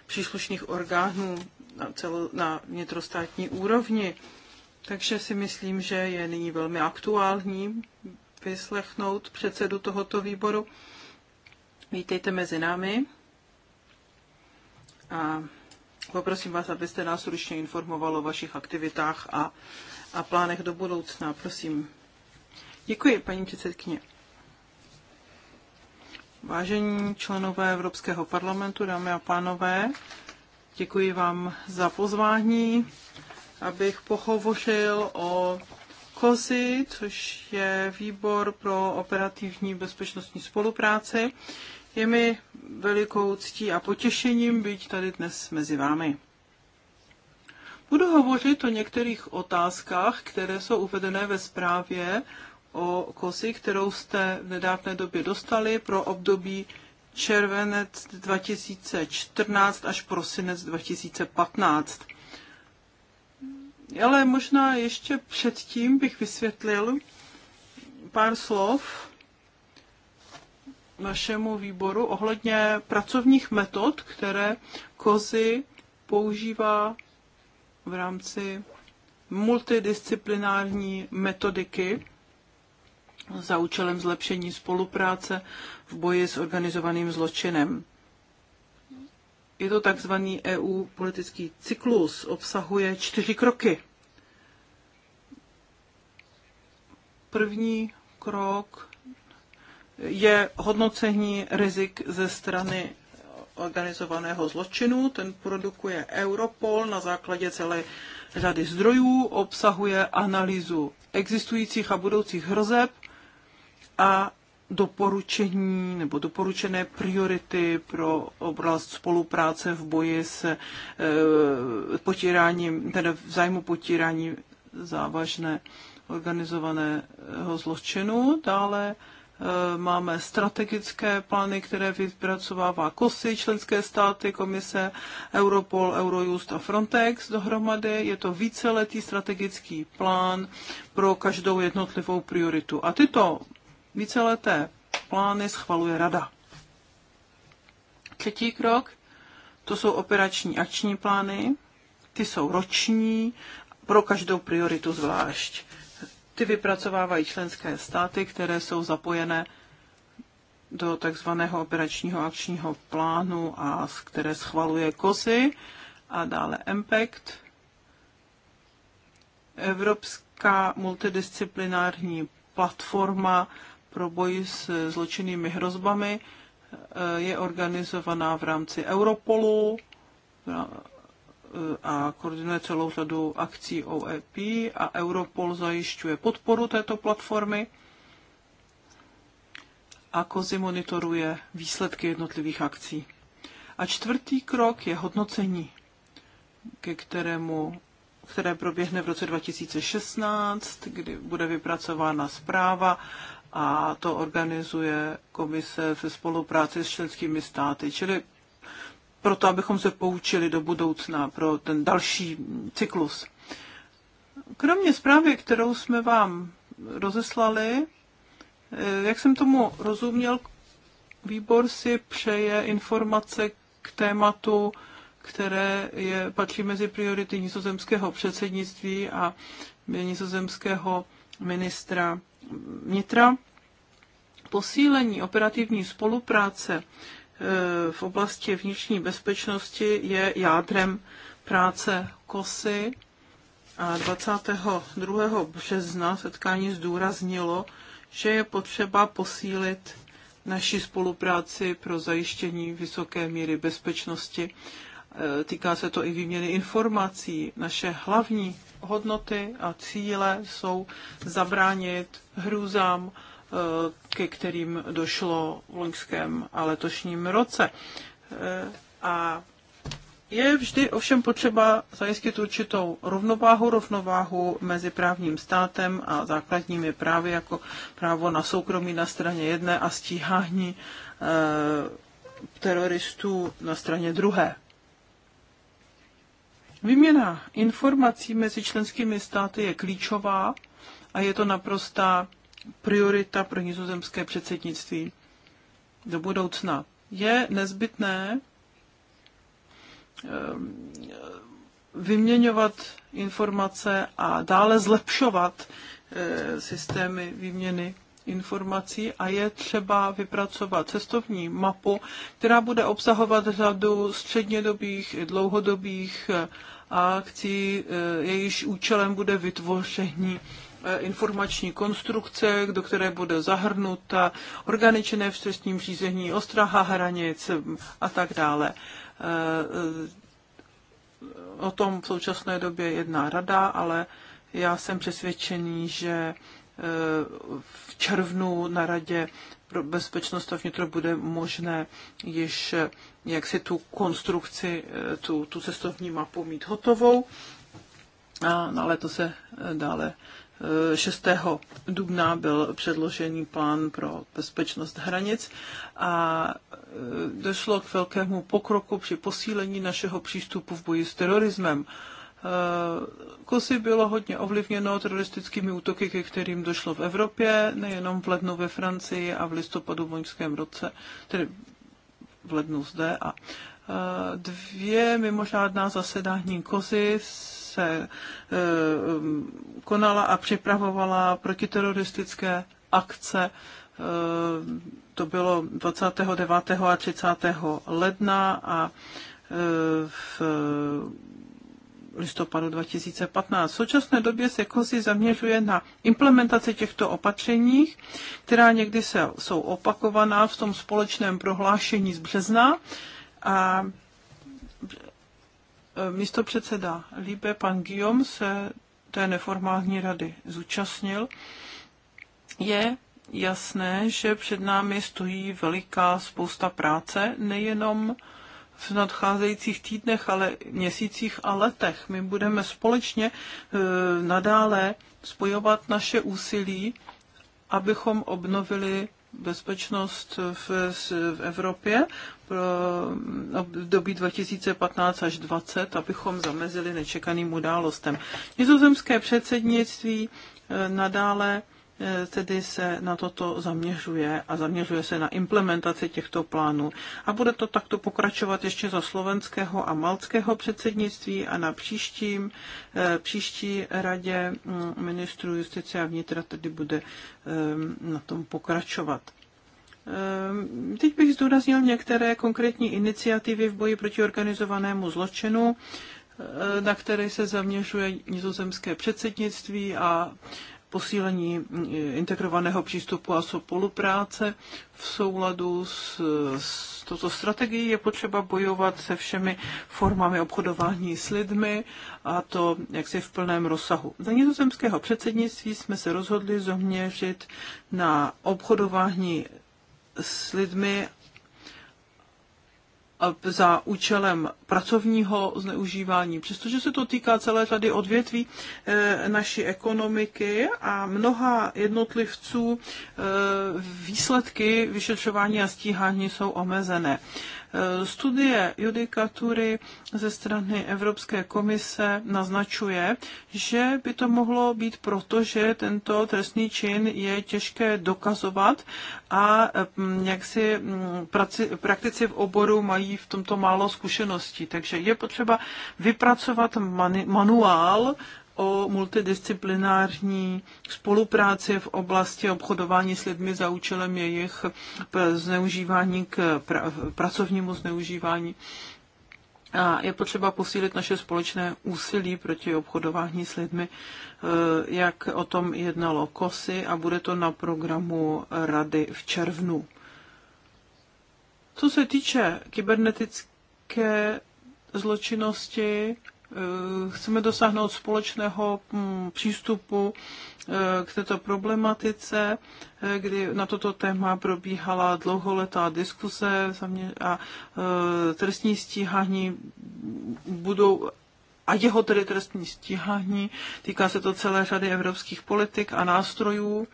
příslušných orgánů na, celo, na vnitrostátní úrovni. Takže si myslím, že je nyní velmi aktuální vyslechnout předsedu tohoto výboru. Vítejte mezi námi a poprosím vás, abyste nás ručně informoval o vašich aktivitách a, a plánech do budoucna. Prosím, Děkuji, paní předsedkyně. Vážení členové Evropského parlamentu, dámy a pánové, děkuji vám za pozvání, abych pohovořil o COSI, což je výbor pro operativní bezpečnostní spolupráci. Je mi velikou ctí a potěšením být tady dnes mezi vámi. Budu hovořit o některých otázkách, které jsou uvedené ve zprávě o kozy, kterou jste v nedávné době dostali pro období červenec 2014 až prosinec 2015. Ale možná ještě předtím bych vysvětlil pár slov našemu výboru ohledně pracovních metod, které kozy používá v rámci multidisciplinární metodiky za účelem zlepšení spolupráce v boji s organizovaným zločinem. Je to takzvaný EU politický cyklus, obsahuje čtyři kroky. První krok je hodnocení rizik ze strany organizovaného zločinu. Ten produkuje Europol na základě celé řady zdrojů, obsahuje analýzu existujících a budoucích hrozeb a doporučení nebo doporučené priority pro oblast spolupráce v boji s e, potíráním, teda v zájmu potírání závažné organizovaného zločinu. Dále eh, máme strategické plány, které vypracovává KOSY, členské státy, komise Europol, Eurojust a Frontex dohromady. Je to víceletý strategický plán pro každou jednotlivou prioritu. A tyto Víceleté plány schvaluje rada. Třetí krok, to jsou operační akční plány, ty jsou roční, pro každou prioritu zvlášť. Ty vypracovávají členské státy, které jsou zapojené do takzvaného operačního akčního plánu a z které schvaluje COSY a dále EMPECT, Evropská multidisciplinární platforma pro boj s zločinnými hrozbami eh, je organizovaná v rámci Europolu eh, a koordinuje celou řadu akcí OEP a Europol zajišťuje podporu této platformy a COZY monitoruje výsledky jednotlivých akcí. A čtvrtý krok je hodnocení, ke kterému, které proběhne v roce 2016, kdy bude vypracována zpráva a to organizuje komise ve spolupráci s členskými státy, čili proto, abychom se poučili do budoucna pro ten další cyklus. Kromě zprávy, kterou jsme vám rozeslali, eh, jak jsem tomu rozuměl, výbor si přeje informace k tématu, které je, patří mezi priority nizozemského předsednictví a nizozemského ministra vnitra, posílení operativní spolupráce e, v oblasti vnitřní bezpečnosti je jádrem práce KOSY a 22. března setkání zdůraznilo, že je potřeba posílit naši spolupráci pro zajištění vysoké míry bezpečnosti. E, týká se to i výměny informací. Naše hlavní hodnoty a cíle jsou zabránit hrůzám, eh, ke kterým došlo v loňském a letošním roce. Eh, a je vždy ovšem potřeba zajistit určitou rovnováhu, rovnováhu mezi právním státem a základními právy, jako právo na soukromí na straně jedné a stíhání eh, teroristů na straně druhé. Výměna informací mezi členskými státy je klíčová a je to naprostá priorita pro nizozemské předsednictví do budoucna. Je nezbytné ehm, vyměňovat informace a dále zlepšovat eh, systémy výměny informací a je třeba vypracovat cestovní mapu, která bude obsahovat řadu střednědobých i dlouhodobých eh, akcí, eh, jejíž účelem bude vytvoření eh, informační konstrukce, do které bude zahrnuta organičené činné v trestním řízení, ostraha hranic mm, a tak dále. O tom v současné době jedná rada, ale já jsem přesvědčený, že v červnu na radě pro bezpečnost a vnitro bude možné již jak si tu konstrukci, eh, tu, tu cestovní mapu mít hotovou. A na léto se eh, dále 6. Eh, dubna byl předložený plán pro bezpečnost hranic a došlo k velkému pokroku při posílení našeho přístupu v boji s terorismem. Eh, Kosy bylo hodně ovlivněno teroristickými útoky, ke kterým došlo v Evropě, nejenom v lednu ve Francii a v listopadu v loňském roce, tedy v lednu zde. A eh, dvě mimořádná zasedání Kozy se eh, konala a připravovala protiteroristické akce to bylo 29. a 30. ledna a v listopadu 2015. V současné době se COSI zaměřuje na implementaci těchto opatřeních, která někdy se, jsou opakovaná v tom společném prohlášení z března. A e, místo předseda Líbe, pan Guillaume, se té neformální rady zúčastnil. Je jasné, že před námi stojí veliká spousta práce, nejenom v nadcházejících týdnech, ale měsících a letech. My budeme společně e, nadále spojovat naše úsilí, abychom obnovili bezpečnost v, v Evropě pro období no, 2015 až 2020, abychom zamezili nečekaným událostem. Nizozemské předsednictví e, nadále E, tedy se na toto zaměřuje a zaměřuje se na implementaci těchto plánů. A bude to takto pokračovat ještě za slovenského a maltského předsednictví a na příštím, e, příští radě mm, ministrů justice a vnitra tedy bude na tom pokračovat. Teď bych zdůraznil některé konkrétní iniciativy v boji proti organizovanému zločinu, e, na které se zaměřuje nizozemské předsednictví a posílení mm, integrovaného přístupu a spolupráce v souladu s, s touto strategií je potřeba bojovat se všemi formami obchodování s lidmi a to jaksi v plném rozsahu. Za nizozemského předsednictví jsme se rozhodli zoměřit na obchodování s lidmi za účelem pracovního zneužívání, přestože se to týká celé tady odvětví eh, naší ekonomiky a mnoha jednotlivců eh, výsledky vyšetřování a stíhání jsou omezené. Studie judikatury ze strany Evropské komise naznačuje, že by to mohlo být proto, že tento trestný čin je těžké dokazovat a mm, jak si mm, praktici v oboru mají v tomto málo zkušeností. Takže je potřeba vypracovat manuál o multidisciplinární spolupráci v oblasti obchodování s lidmi za účelem jejich zneužívání k pracovnímu zneužívání. A je potřeba posílit naše společné úsilí proti obchodování s lidmi, e, jak o tom jednalo KOSY a bude to na programu Rady v červnu. Co se týče kybernetické zločinnosti Eh, chceme dosáhnout společného mm, přístupu eh, k této problematice, eh, kdy na toto téma probíhala dlouholetá diskuse a trestní stíhání budou a jeho tedy trestní stíhání. Týká se to celé řady evropských politik a nástrojů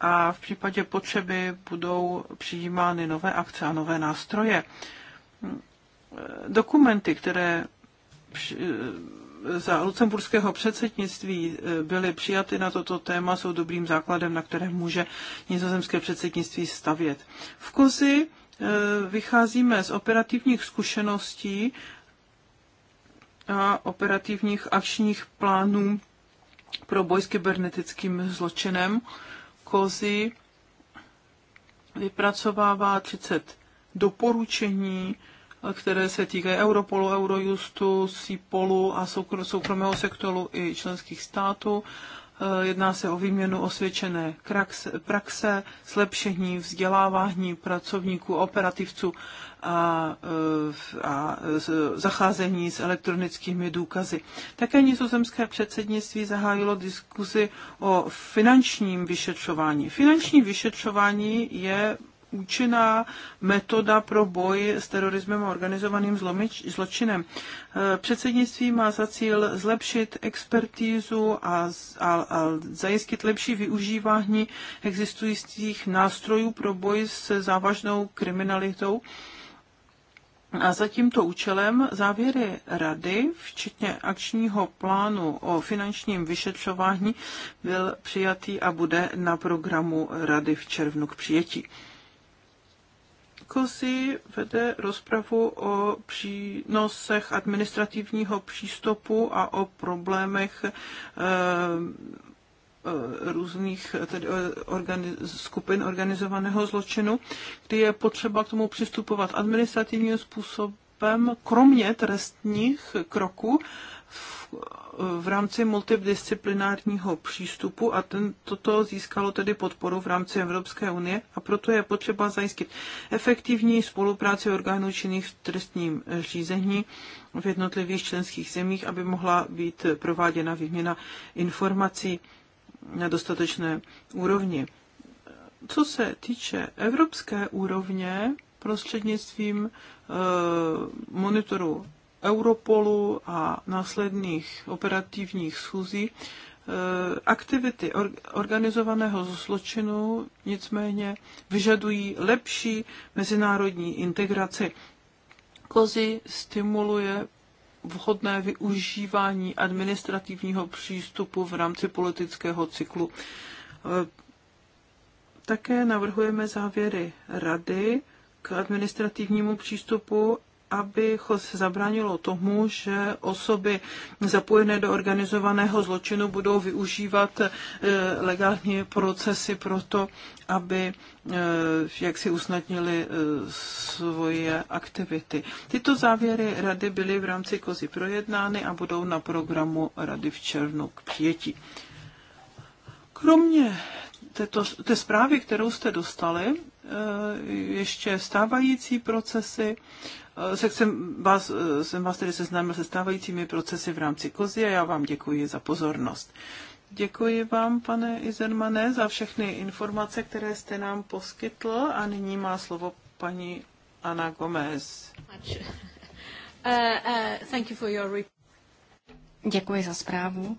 a v případě potřeby budou přijímány nové akce a nové nástroje. Dokumenty, které za lucemburského předsednictví eh, byly přijaty na toto téma, jsou dobrým základem, na kterém může nizozemské předsednictví stavět. V Kozi eh, vycházíme z operativních zkušeností a operativních akčních plánů pro boj s kybernetickým zločinem. Kozi vypracovává 30 doporučení, které se týkají Europolu, Eurojustu, SIPOLu a soukromého sektoru i členských států. Eh, jedná se o výměnu osvědčené praxe, zlepšení vzdělávání pracovníků, operativců a, eh, a zacházení s elektronickými důkazy. Také nizozemské předsednictví zahájilo diskuzi o finančním vyšetřování. Finanční vyšetřování je účinná metoda pro boj s terorismem a organizovaným zločinem. Eh, předsednictví má za cíl zlepšit expertízu a, a, a zajistit lepší využívání existujících nástrojů pro boj s závažnou kriminalitou. A za tímto účelem závěry rady, včetně akčního plánu o finančním vyšetřování, byl přijatý a bude na programu rady v červnu k přijetí. Nicholsy vede rozpravu o přínosech administrativního přístupu a o problémech eh, eh, různých tedy eh, organi- skupin organizovaného zločinu, kdy je potřeba k tomu přistupovat administrativním způsobem, kromě trestních kroků, v rámci multidisciplinárního přístupu a ten, toto získalo tedy podporu v rámci Evropské unie a proto je potřeba zajistit efektivní spolupráci orgánů činných v trestním řízení v jednotlivých členských zemích, aby mohla být prováděna výměna informací na dostatečné úrovni. Co se týče evropské úrovně, prostřednictvím eh, monitoru Europolu a následných operativních schůzí eh, aktivity organizovaného zločinu nicméně vyžadují lepší mezinárodní integraci. Kozy stimuluje vhodné využívání administrativního přístupu v rámci politického cyklu. Eh, také navrhujeme závěry rady k administrativnímu přístupu aby se zabránilo tomu, že osoby zapojené do organizovaného zločinu budou využívat e, legální procesy pro to, aby e, jak si usnadnili e, svoje aktivity. Tyto závěry rady byly v rámci kozy projednány a budou na programu rady v červnu k přijetí. Kromě této, té zprávy, kterou jste dostali, ještě stávající procesy Eh, se jsem vás, eh, jsem vás tedy seznámil se stávajícími procesy v rámci kozy a já vám děkuji za pozornost. Děkuji vám, pane Izermane, za všechny informace, které jste nám poskytl a nyní má slovo paní Ana Gomez. <laughs> Eh, děkuji za zprávu.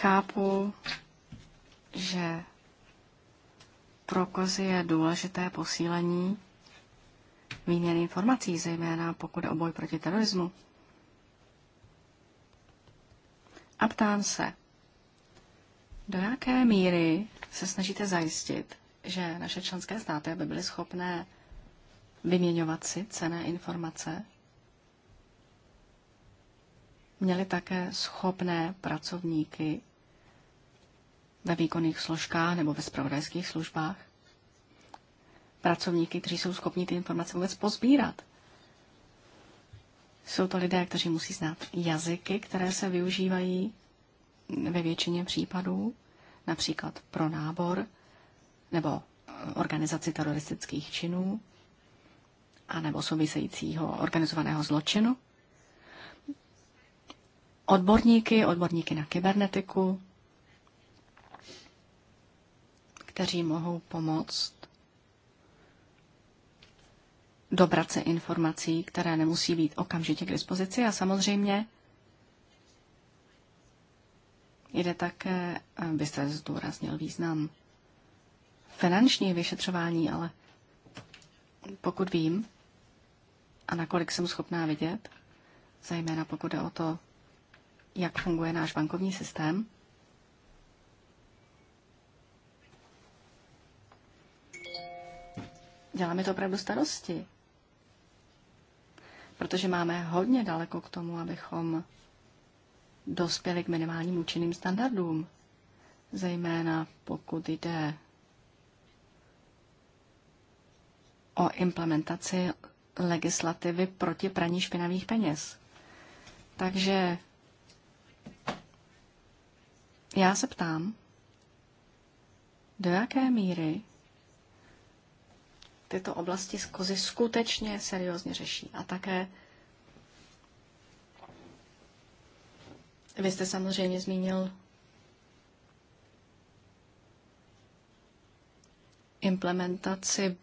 Chápu, že pro kozy je důležité posílení výměny informací, zejména pokud je o boj proti terorismu. A ptám se, do jaké míry se snažíte zajistit, že naše členské státy by byly schopné vyměňovat si cené informace, měli také schopné pracovníky ve výkonných složkách nebo ve spravodajských službách, pracovníky, kteří jsou schopni ty informace vůbec pozbírat. Jsou to lidé, kteří musí znát jazyky, které se využívají ve většině případů, například pro nábor nebo eh, organizaci teroristických činů a nebo souvisejícího organizovaného zločinu. Odborníky, odborníky na kybernetiku, kteří mohou pomoct dobrat se informací, které nemusí být okamžitě k dispozici. A samozřejmě jde také, byste zdůraznil význam finanční vyšetřování, ale pokud vím, a nakolik jsem schopná vidět, zejména pokud jde o to, jak funguje náš bankovní systém, Dělá mi to opravdu starosti. Protože máme hodně daleko k tomu, abychom dospěli k minimálním účinným standardům. Zejména pokud jde o implementaci legislativy proti praní špinavých peněz. Takže já se ptám, do jaké míry tyto oblasti skozy skutečně seriózně řeší. A také vy jste samozřejmě zmínil implementaci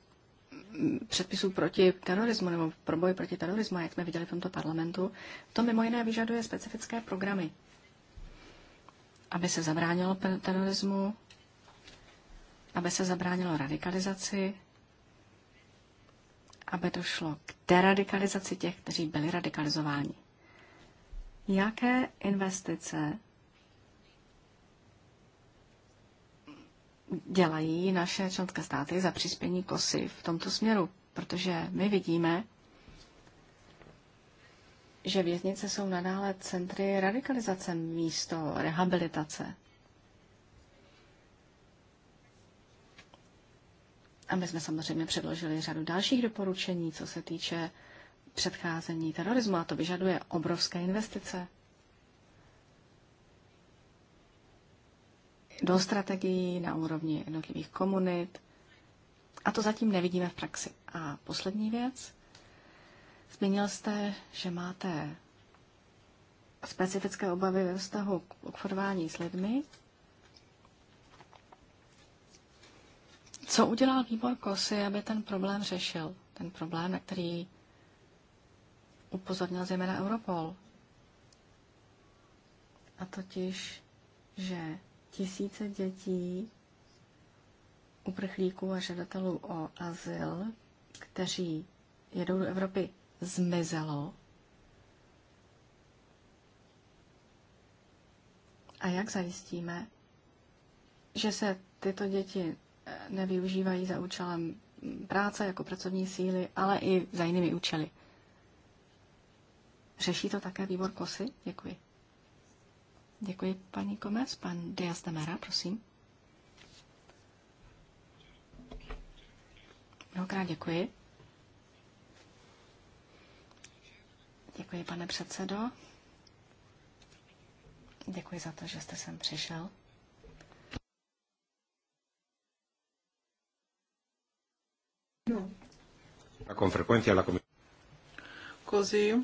předpisů proti terorismu nebo pro boj proti terorismu, jak jsme viděli v tomto parlamentu, to mimo jiné vyžaduje specifické programy, aby se zabránilo terorismu, aby se zabránilo radikalizaci aby došlo k deradikalizaci těch, kteří byli radikalizováni. Jaké investice dělají naše členské státy za přispění kosy v tomto směru? Protože my vidíme, že věznice jsou nadále centry radikalizace místo rehabilitace. A my jsme samozřejmě předložili řadu dalších doporučení, co se týče předcházení terorismu, a to vyžaduje obrovské investice do strategií na úrovni jednotlivých komunit. A to zatím nevidíme v praxi. A poslední věc. Zmínil jste, že máte specifické obavy ve vztahu k obchodování s lidmi Co udělal výbor KOSY, aby ten problém řešil? Ten problém, na který upozornil zejména Europol. A totiž, že tisíce dětí, uprchlíků a žadatelů o azyl, kteří jedou do Evropy, zmizelo. A jak zajistíme, že se tyto děti nevyužívají za účelem práce jako pracovní síly, ale i za jinými účely. Řeší to také výbor KOSY? Děkuji. Děkuji, paní Komes. Pan Dias Demera, prosím. Mnohokrát děkuji. Děkuji, pane předsedo. Děkuji za to, že jste sem přišel. la Kozy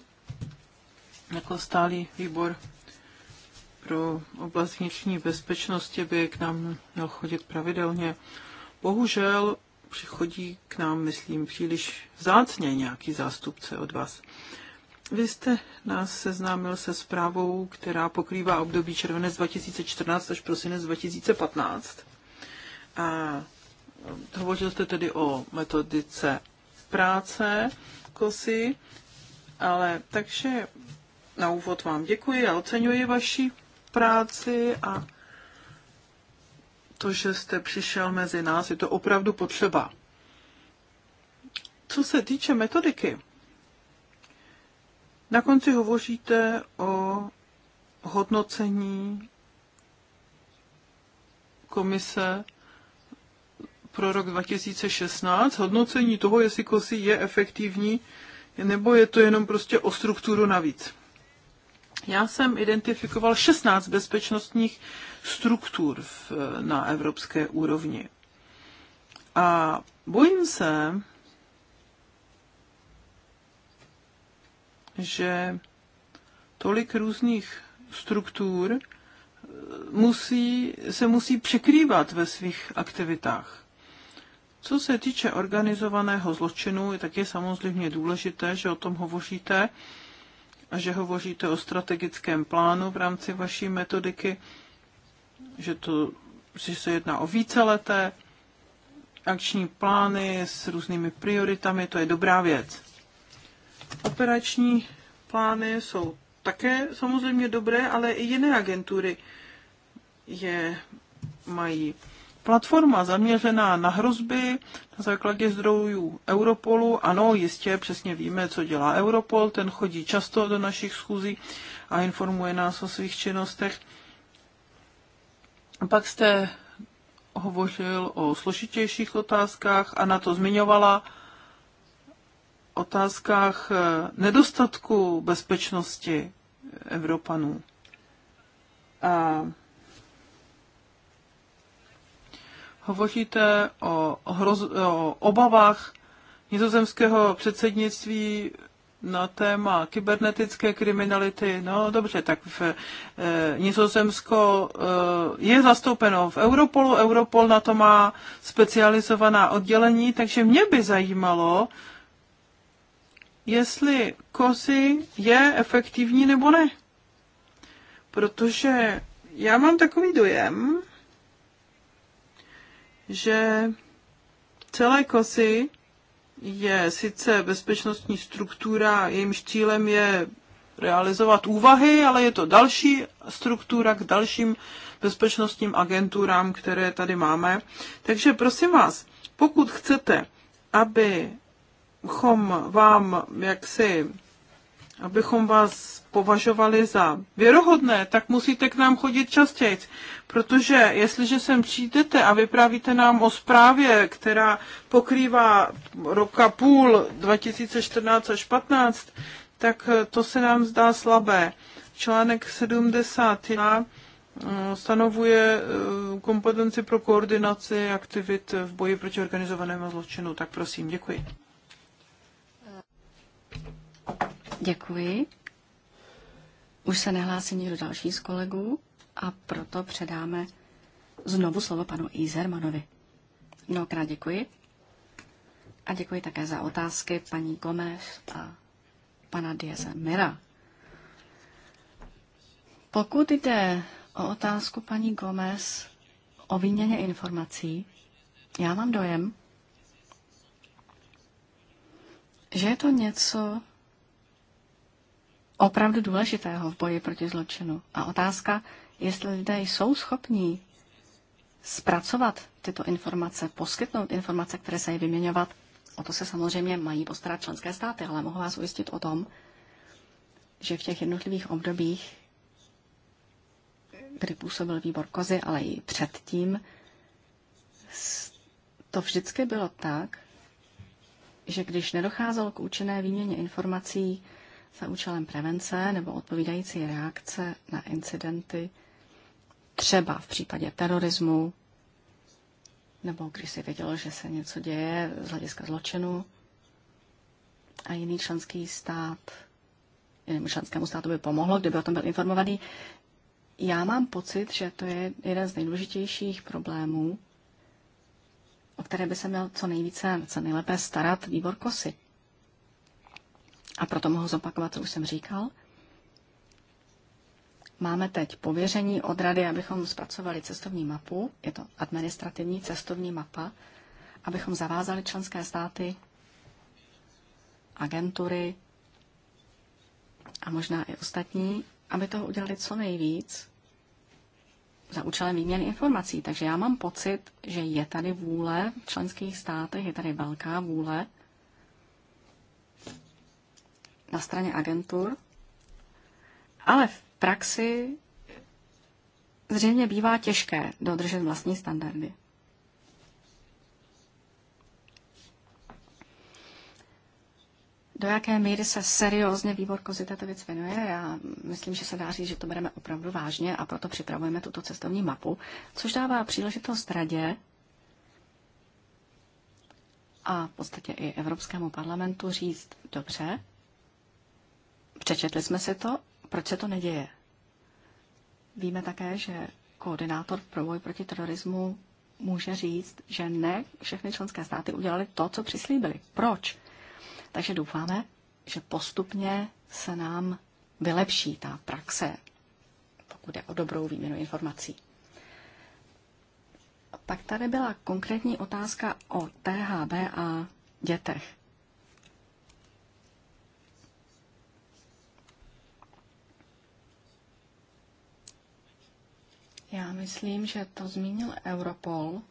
jako stálý výbor pro oblast vnitřní bezpečnosti by k nám měl chodit pravidelně. Bohužel přichodí k nám, myslím, příliš vzácně nějaký zástupce od vás. Vy jste nás seznámil se zprávou, která pokrývá období červenec 2014 až prosinec 2015. A hovořil jste tedy o metodice práce kosy, ale takže na úvod vám děkuji a oceňuji vaši práci a to, že jste přišel mezi nás, je to opravdu potřeba. Co se týče metodiky, na konci hovoříte o hodnocení komise pro rok 2016, hodnocení toho, jestli kosy je efektivní, nebo je to jenom prostě o strukturu navíc. Já jsem identifikoval 16 bezpečnostních struktur v, na evropské úrovni. A bojím se, že tolik různých struktur musí, se musí překrývat ve svých aktivitách. Co se týče organizovaného zločinu, tak je samozřejmě důležité, že o tom hovoříte a že hovoříte o strategickém plánu v rámci vaší metodiky, že, to, že se jedná o víceleté akční plány s různými prioritami, to je dobrá věc. Operační plány jsou také samozřejmě dobré, ale i jiné agentury je mají. Platforma zaměřená na hrozby na základě zdrojů Europolu, ano, jistě přesně víme, co dělá Europol, ten chodí často do našich schůzí a informuje nás o svých činnostech. Pak jste hovořil o složitějších otázkách a na to zmiňovala otázkách eh, nedostatku bezpečnosti Evropanů. A hovoříte o, hroz, o obavách nizozemského předsednictví na téma kybernetické kriminality. No dobře, tak v, e, Nizozemsko e, je zastoupeno v Europolu, Europol na to má specializovaná oddělení, takže mě by zajímalo, jestli kozy je efektivní nebo ne. Protože já mám takový dojem, že celé kosy je sice bezpečnostní struktura, jejímž cílem je realizovat úvahy, ale je to další struktura k dalším bezpečnostním agenturám, které tady máme. Takže prosím vás, pokud chcete, abychom vám jaksi, abychom vás považovali za věrohodné, tak musíte k nám chodit častěji. Protože jestliže sem přijdete a vyprávíte nám o zprávě, která pokrývá roka půl 2014 až 15, tak eh, to se nám zdá slabé. Článek 71 eh, stanovuje eh, kompetenci pro koordinaci aktivit v boji proti organizovanému zločinu. Tak prosím, děkuji. Děkuji. Už se nehlásí nikdo další z kolegů a proto předáme znovu slovo panu Izermanovi. Mnohokrát děkuji. A děkuji také za otázky paní Gomez a pana Dieze Mira. Pokud jde o otázku paní Gomez o výměně informací, já mám dojem, že je to něco, opravdu důležitého v boji proti zločinu. A otázka, jestli lidé jsou schopní zpracovat tyto informace, poskytnout informace, které se jí vyměňovat, o to se samozřejmě mají postarat členské státy, ale mohu vás ujistit o tom, že v těch jednotlivých obdobích, kdy působil výbor Kozy, ale i předtím, to vždycky bylo tak, že když nedocházelo k účinné výměně informací, za účelem prevence nebo odpovídající reakce na incidenty, třeba v případě terorismu, nebo když si vědělo, že se něco děje z hlediska zločinu a jiný členský stát, jinému členskému státu by pomohlo, kdyby o tom byl informovaný. Já mám pocit, že to je jeden z nejdůležitějších problémů, o které by se měl co nejvíce, co nejlépe starat výbor KOSY. A proto mohu zopakovat, co už jsem říkal. Máme teď pověření od rady, abychom zpracovali cestovní mapu, je to administrativní cestovní mapa, abychom zavázali členské státy, agentury a možná i ostatní, aby toho udělali co nejvíc za účelem výměny informací. Takže já mám pocit, že je tady vůle v členských státech, je tady velká vůle na straně agentur, ale v praxi zřejmě bývá těžké dodržet vlastní standardy. Do jaké míry se seriózně výbor Kozy této věc věnuje? Já myslím, že se dá říct, že to bereme opravdu vážně a proto připravujeme tuto cestovní mapu, což dává příležitost radě a v podstatě i Evropskému parlamentu říct, dobře, Přečetli jsme si to, proč se to neděje. Víme také, že koordinátor pro boj proti terorismu může říct, že ne všechny členské státy udělali to, co přislíbili. Proč? Takže doufáme, že postupně se nám vylepší ta praxe, pokud je o dobrou výměnu informací. Pak tady byla konkrétní otázka o THB a dětech. Já myslím, že to zmínil Europol.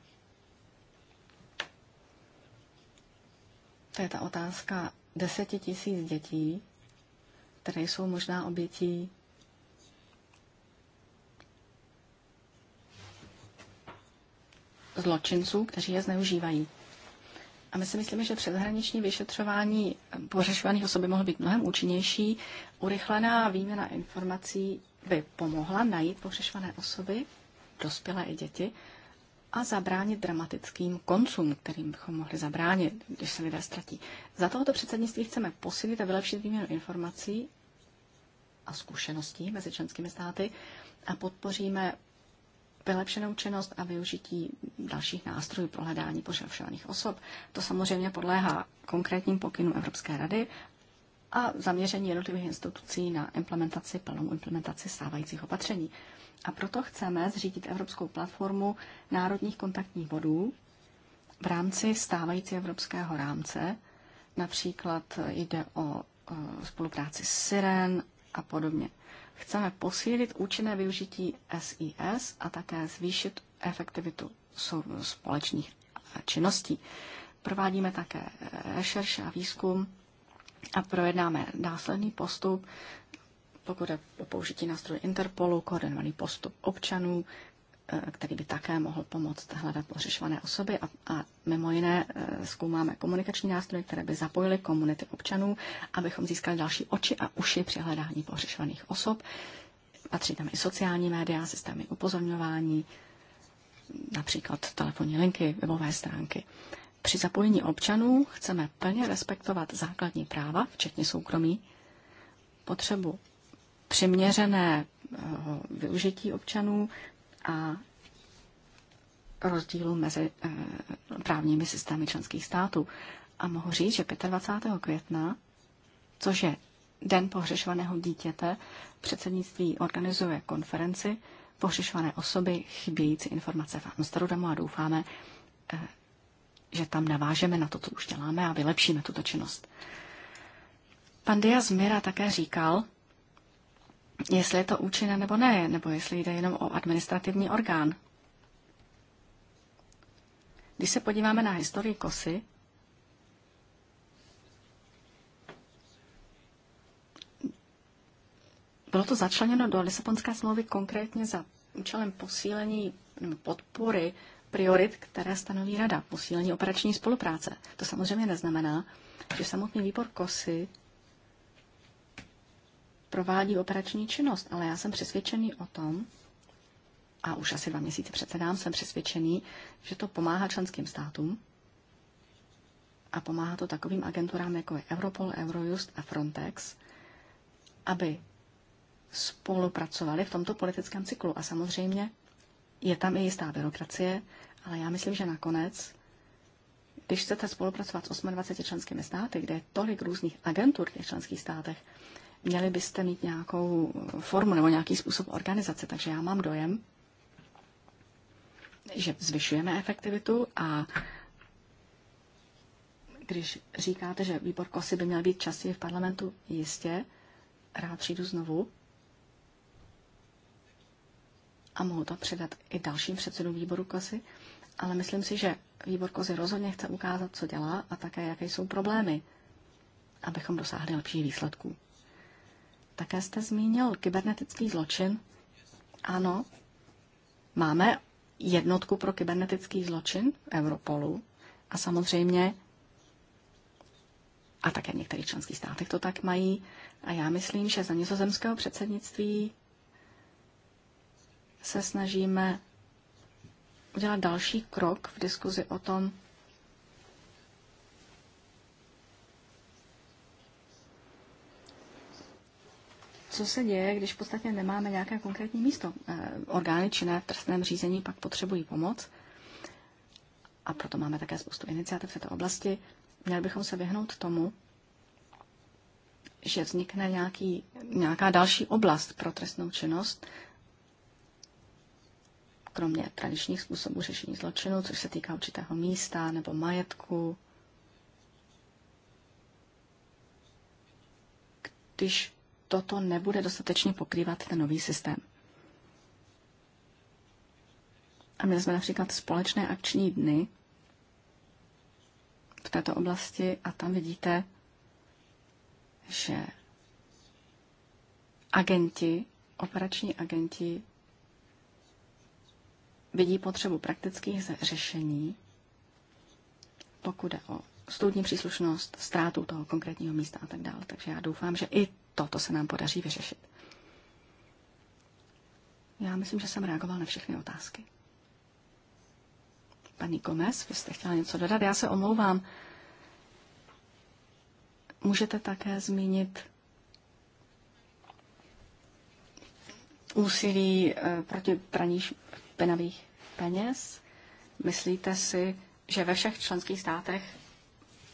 To je ta otázka deseti tisíc dětí, které jsou možná obětí zločinců, kteří je zneužívají. A my si myslíme, že přeshraniční vyšetřování pořešovaných osoby mohlo být mnohem účinnější. Urychlená výměna informací by pomohla najít pohřešované osoby, dospělé i děti, a zabránit dramatickým koncům, kterým bychom mohli zabránit, když se lidé ztratí. Za tohoto předsednictví chceme posilit a vylepšit výměnu informací a zkušeností mezi členskými státy a podpoříme vylepšenou činnost a využití dalších nástrojů pro hledání poševšovaných osob. To samozřejmě podléhá konkrétním pokynům Evropské rady a zaměření jednotlivých institucí na implementaci, plnou implementaci stávajících opatření. A proto chceme zřídit Evropskou platformu národních kontaktních bodů v rámci stávající evropského rámce. Například jde o e, spolupráci s Siren a podobně. Chceme posílit účinné využití SIS a také zvýšit efektivitu společných e, činností. Provádíme také e, rešerše a výzkum a projednáme následný postup, pokud je o použití nástroje Interpolu, koordinovaný postup občanů, eh, který by také mohl pomoct hledat pořešované osoby a, a mimo jiné eh, zkoumáme komunikační nástroje, které by zapojily komunity občanů, abychom získali další oči a uši při hledání pořešovaných osob. Patří tam i sociální média, systémy upozorňování, například telefonní linky, webové stránky. Při zapojení občanů chceme plně respektovat základní práva, včetně soukromí, potřebu přiměřené eh, využití občanů a rozdílu mezi eh, právními systémy členských států. A mohu říct, že 25. května, což je Den pohřešovaného dítěte, předsednictví organizuje konferenci pohřešované osoby chybějící informace v Amsterdamu a doufáme, eh, že tam navážeme na to, co už děláme a vylepšíme tuto činnost. Pan Diaz Mira také říkal, jestli je to účinné nebo ne, nebo jestli jde jenom o administrativní orgán. Když se podíváme na historii kosy, bylo to začleněno do Lisabonské smlouvy konkrétně za účelem posílení podpory priorit, které stanoví Rada, posílení operační spolupráce. To samozřejmě neznamená, že samotný výbor KOSY provádí operační činnost, ale já jsem přesvědčený o tom, a už asi dva měsíce předsedám, jsem přesvědčený, že to pomáhá členským státům a pomáhá to takovým agenturám, jako je Europol, Eurojust a Frontex, aby spolupracovali v tomto politickém cyklu. A samozřejmě je tam i jistá byrokracie, ale já myslím, že nakonec, když chcete spolupracovat s 28 členskými státy, kde je tolik různých agentur v těch členských státech, měli byste mít nějakou formu nebo nějaký způsob organizace. Takže já mám dojem, že zvyšujeme efektivitu a když říkáte, že výbor KOSY by měl být častěji v parlamentu, jistě, rád přijdu znovu, a mohu to předat i dalším předsedům výboru KOSY, ale myslím si, že výbor KOSY rozhodně chce ukázat, co dělá a také, jaké jsou problémy, abychom dosáhli lepších výsledků. Také jste zmínil kybernetický zločin. Ano, máme jednotku pro kybernetický zločin v Europolu a samozřejmě a také v některých členských státech to tak mají. A já myslím, že za nizozemského předsednictví se snažíme udělat další krok v diskuzi o tom, co se děje, když v podstatě nemáme nějaké konkrétní místo. Eh, orgány činné v trestném řízení pak potřebují pomoc a proto máme také spoustu iniciativ v této oblasti. Měli bychom se vyhnout tomu, že vznikne nějaký, nějaká další oblast pro trestnou činnost, kromě tradičních způsobů řešení zločinu, což se týká určitého místa nebo majetku, když toto nebude dostatečně pokrývat ten nový systém. A měli jsme například společné akční dny v této oblasti a tam vidíte, že agenti, operační agenti vidí potřebu praktických řešení, pokud je o studní příslušnost, ztrátu toho konkrétního místa a tak dále. Takže já doufám, že i toto se nám podaří vyřešit. Já myslím, že jsem reagoval na všechny otázky. Paní Gomez, vy jste chtěla něco dodat? Já se omlouvám. Můžete také zmínit úsilí eh, proti praní špinavých peněz. Myslíte si, že ve všech členských státech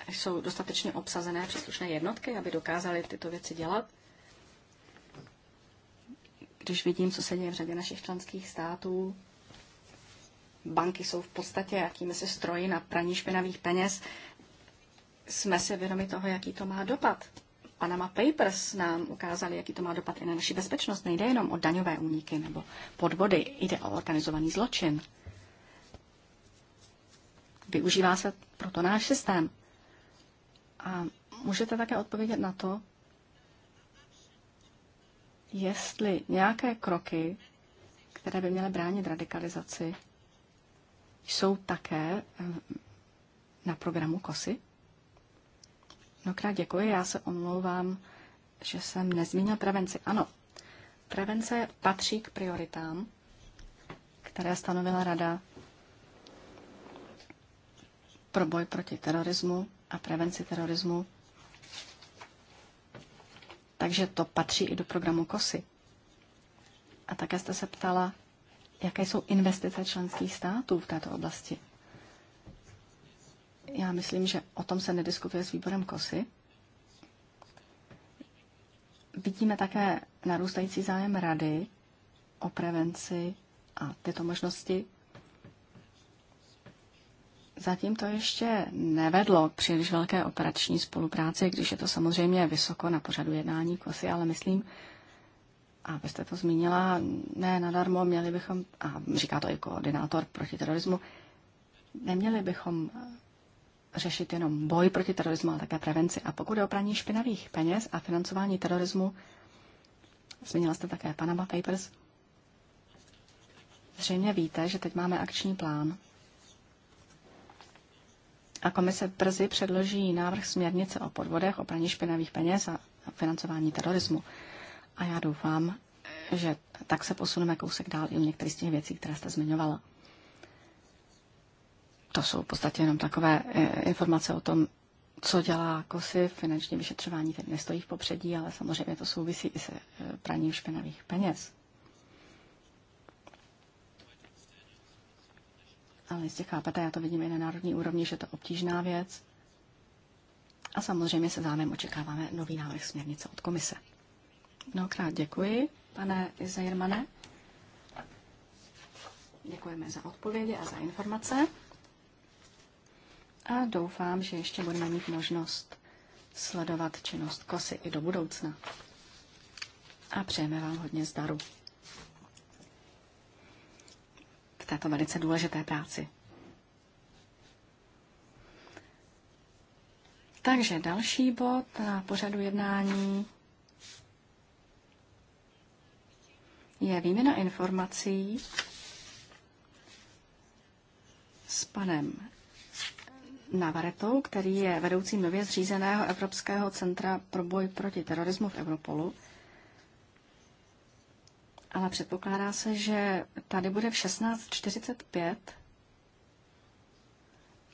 jsou dostatečně obsazené příslušné jednotky, aby dokázaly tyto věci dělat? Když vidím, co se děje v řadě našich členských států, banky jsou v podstatě jakými se stroji na praní špinavých peněz, jsme si vědomi toho, jaký to má dopad Panama Papers nám ukázali, jaký to má dopad i na naši bezpečnost. Nejde jenom o daňové úniky nebo podvody, jde o organizovaný zločin. Využívá se proto náš systém. A můžete také odpovědět na to, jestli nějaké kroky, které by měly bránit radikalizaci, jsou také eh, na programu KOSY? Mnohokrát děkuji, já se omlouvám, že jsem nezmínil prevenci. Ano, prevence patří k prioritám, které stanovila Rada pro boj proti terorismu a prevenci terorismu. Takže to patří i do programu KOSY. A také jste se ptala, jaké jsou investice členských států v této oblasti. Já myslím, že o tom se nediskutuje s výborem KOSY. Vidíme také narůstající zájem rady o prevenci a tyto možnosti. Zatím to ještě nevedlo k příliš velké operační spolupráci, když je to samozřejmě vysoko na pořadu jednání KOSY, ale myslím, a vy jste to zmínila, ne nadarmo, měli bychom, a říká to i koordinátor proti terorismu, neměli bychom řešit jenom boj proti terorismu, ale také prevenci. A pokud je o praní špinavých peněz a financování terorismu, zmínila jste také Panama Papers, zřejmě víte, že teď máme akční plán. A komise brzy předloží návrh směrnice o podvodech, o praní špinavých peněz a financování terorismu. A já doufám, že tak se posuneme kousek dál i u některých z těch věcí, které jste zmiňovala to jsou v podstatě jenom takové eh, informace o tom, co dělá KOSY. Finanční vyšetřování teď nestojí v popředí, ale samozřejmě to souvisí i se eh, praním špinavých peněz. Ale jistě chápete, já to vidím i na národní úrovni, že to je obtížná věc. A samozřejmě se zájmem očekáváme nový návrh směrnice od komise. Mnohokrát děkuji, pane Izajrmane. Děkujeme za odpovědi a za informace a doufám, že ještě budeme mít možnost sledovat činnost kosy i do budoucna. A přejeme vám hodně zdaru v této velice důležité práci. Takže další bod na pořadu jednání je výměna informací s panem Navaretou, který je vedoucím nově zřízeného Evropského centra pro boj proti terorismu v Europolu. Ale předpokládá se, že tady bude v 16.45,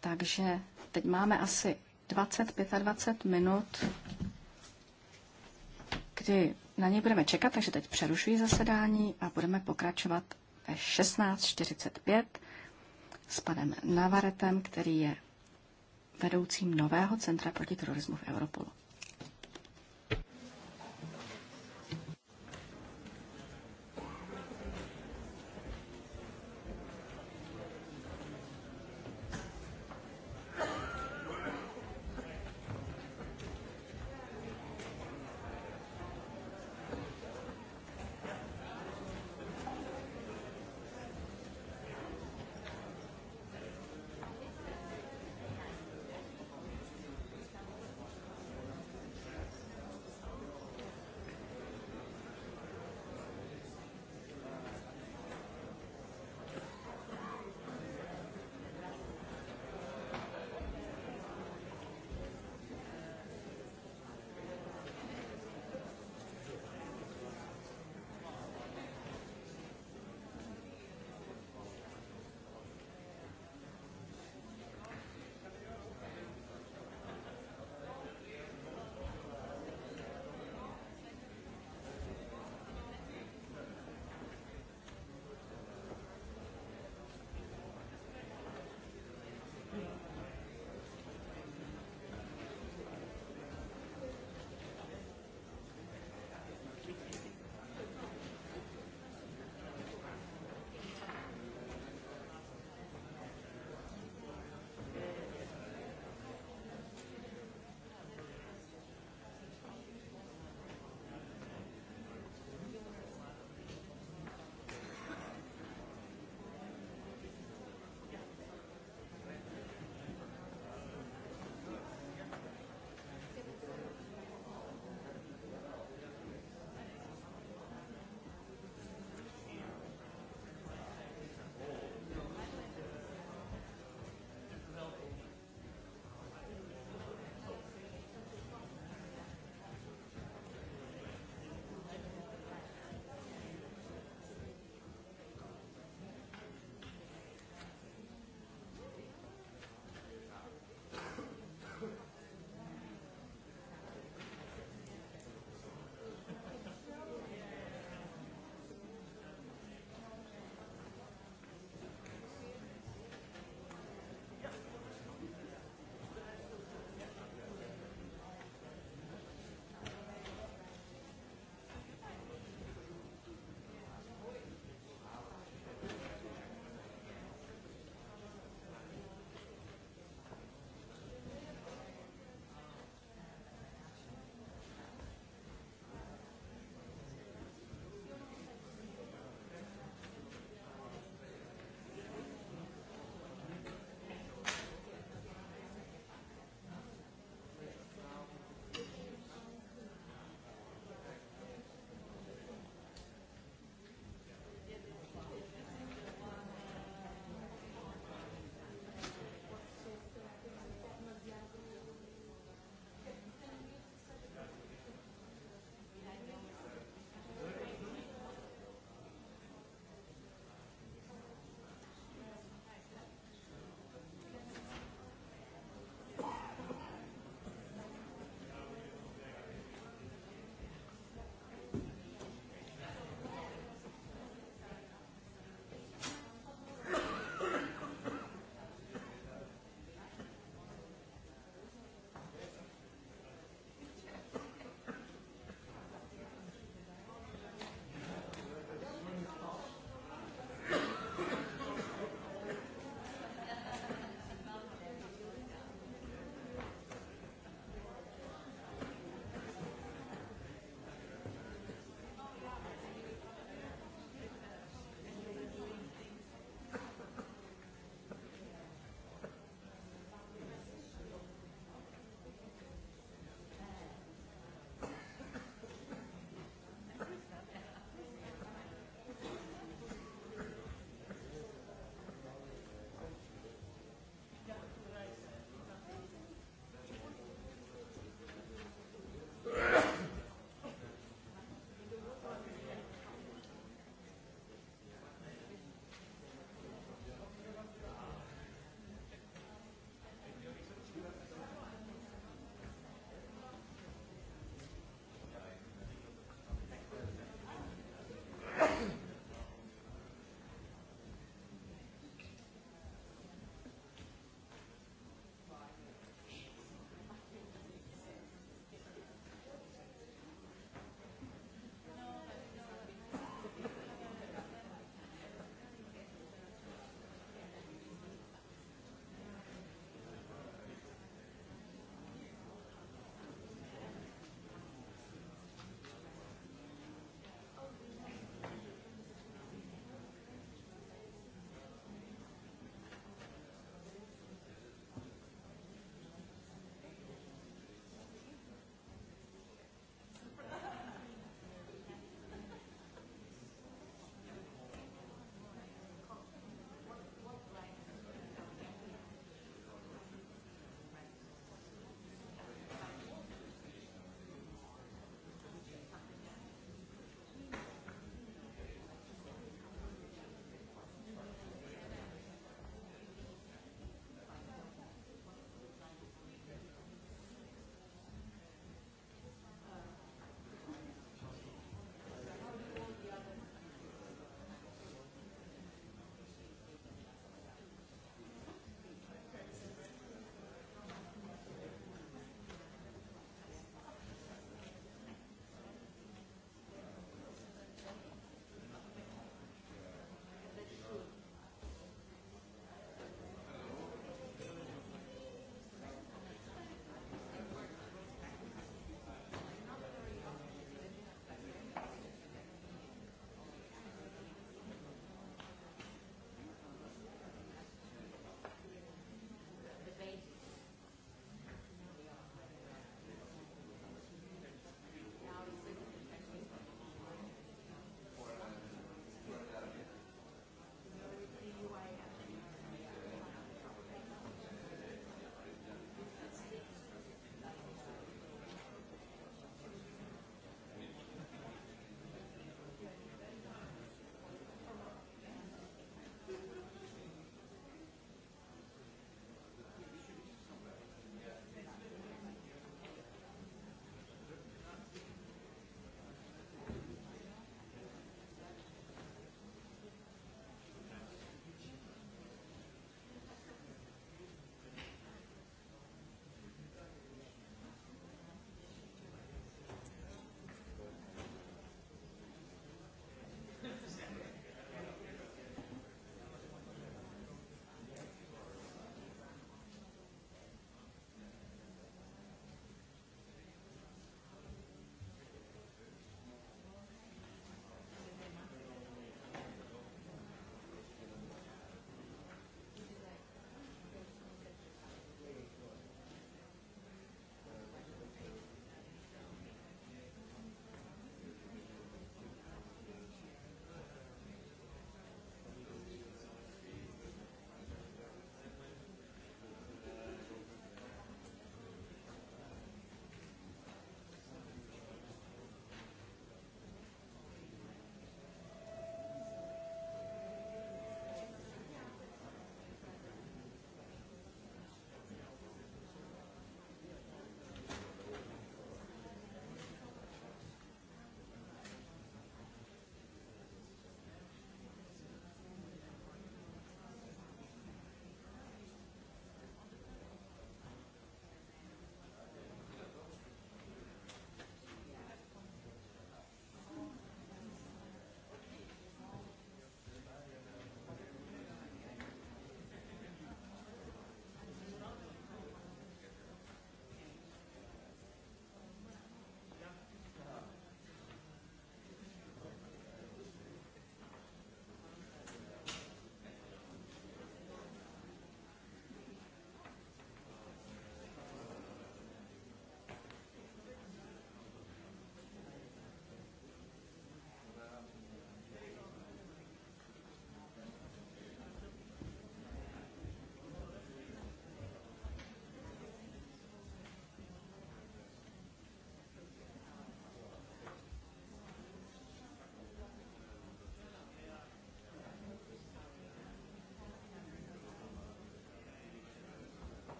takže teď máme asi 20-25 minut, kdy na něj budeme čekat, takže teď přerušuji zasedání a budeme pokračovat ve 16.45 s panem Navaretem, který je vedoucím nového centra proti terorismu v Europolu.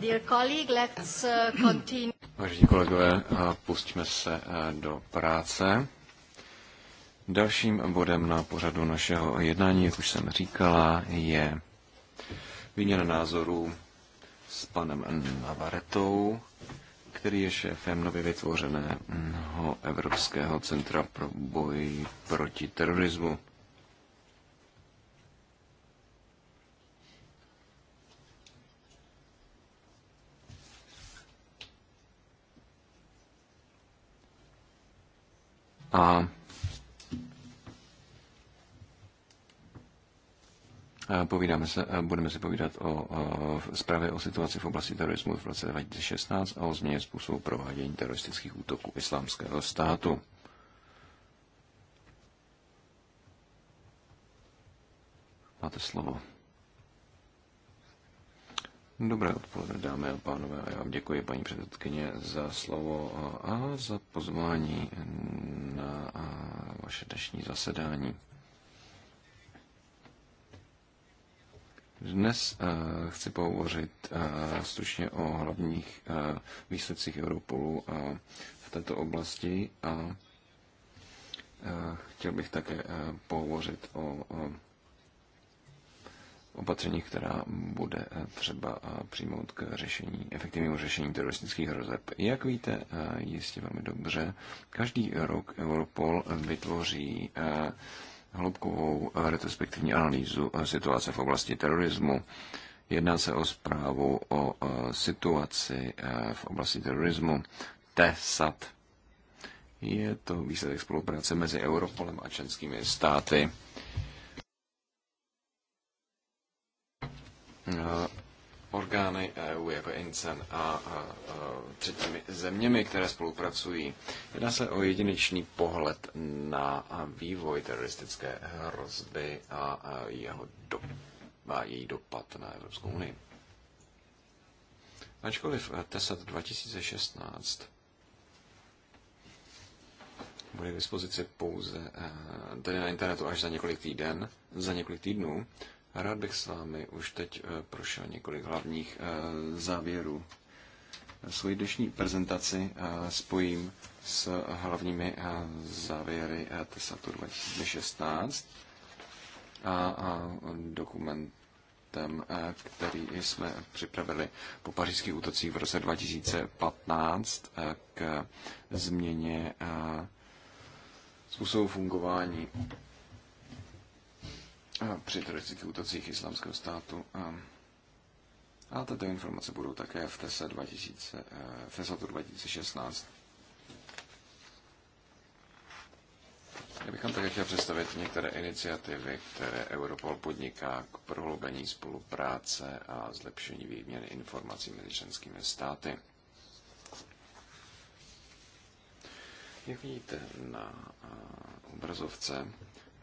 Uh, Vážení kolegové, eh, pustíme se eh, do práce. Dalším bodem na pořadu našeho jednání, jak už jsem říkala, je výměna názorů s panem Navaretou, který je šéfem nově vytvořeného Evropského centra pro boj proti terorismu. Povídáme se, eh, budeme si povídat o, o eh, zprávě o situaci v oblasti terorismu v roce 2016 a o změně způsobu provádění teroristických útoků islámského státu. Máte slovo. Dobré odpoledne, dámy a pánové, a já vám děkuji, paní předsedkyně, za slovo a za pozvání na vaše dnešní zasedání. Dnes uh, chci pohovořit uh, stručně o hlavních uh, výsledcích Europolu uh, v této oblasti a uh, chtěl bych také uh, pohovořit o uh, opatření, která bude třeba přijmout k řešení, efektivnímu řešení teroristických hrozeb. Jak víte, jistě velmi dobře, každý rok Europol vytvoří hloubkovou eh, retrospektivní analýzu eh, situace v oblasti terorismu. Jedná se o zprávu o eh, situaci v oblasti terorismu TESAT. Je to výsledek spolupráce mezi Europolem a členskými státy orgány EU jako INCEN a třetími zeměmi, které spolupracují. Jedná se o jedinečný pohled na vývoj teroristické hrozby a, jeho do, a její dopad na Evropskou unii. Ačkoliv TESAT 2016 bude k dispozici pouze eh, tedy na internetu až za několik týden, za několik týdnů, Rád bych s vámi už teď eh, prošel několik hlavních eh, závěrů. Svoji dnešní prezentaci eh, spojím s hlavními závěry TESATu 2016 a dokumentem, který jsme připravili po pařížských útocích v roce 2015 k změně způsobu fungování při teroristických útocích islámského státu. A tyto informace budou také v TESE 2016. Eh, Já bych vám také chtěl představit některé iniciativy, které Europol podniká k prohloubení spolupráce a zlepšení výměny informací mezi členskými státy. Jak vidíte na eh, obrazovce,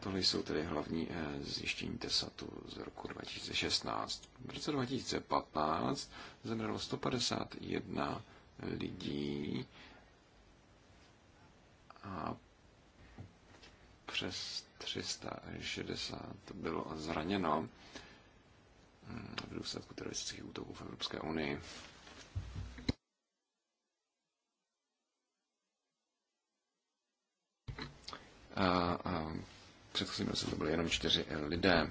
Tohle jsou tedy hlavní eh, zjištění TESATu z roku 2016. V roce 2015 zemřelo 151 lidí a přes 360 bylo zraněno hm, v důsledku teroristických útoků v Evropské unii. A, a předchozím roce to byly jenom čtyři lidé.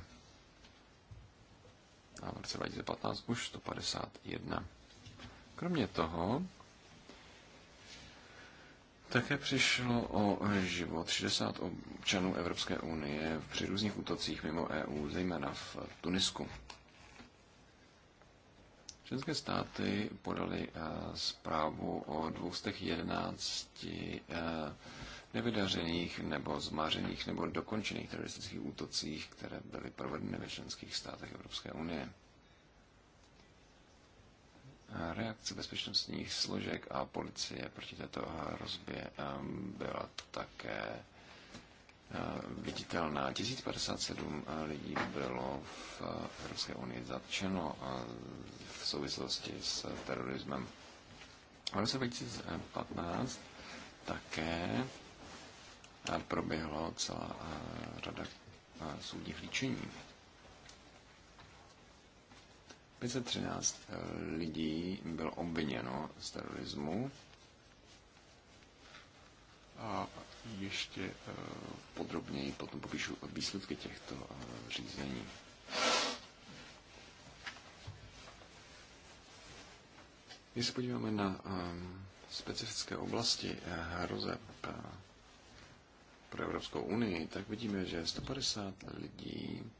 A v roce 2015 už 151. Kromě toho také přišlo o život 60 občanů Evropské unie při různých útocích mimo EU, zejména v Tunisku. České státy podali eh, zprávu o 211 nevydařených nebo zmařených nebo dokončených teroristických útocích, které byly provedeny ve členských státech Evropské unie. A reakce bezpečnostních složek a policie proti této hrozbě ehm, byla také ehm, viditelná. 1057 eh, lidí bylo v eh, Evropské unii zatčeno eh, v souvislosti s terorismem. V roce 2015 také proběhlo celá eh, řada eh, soudních líčení. 513 eh, lidí bylo obviněno z terorismu a ještě podrobněji potom popíšu výsledky těchto řízení. Když se podíváme na specifické oblasti hrozeb pro Evropskou unii, tak vidíme, že 150 lidí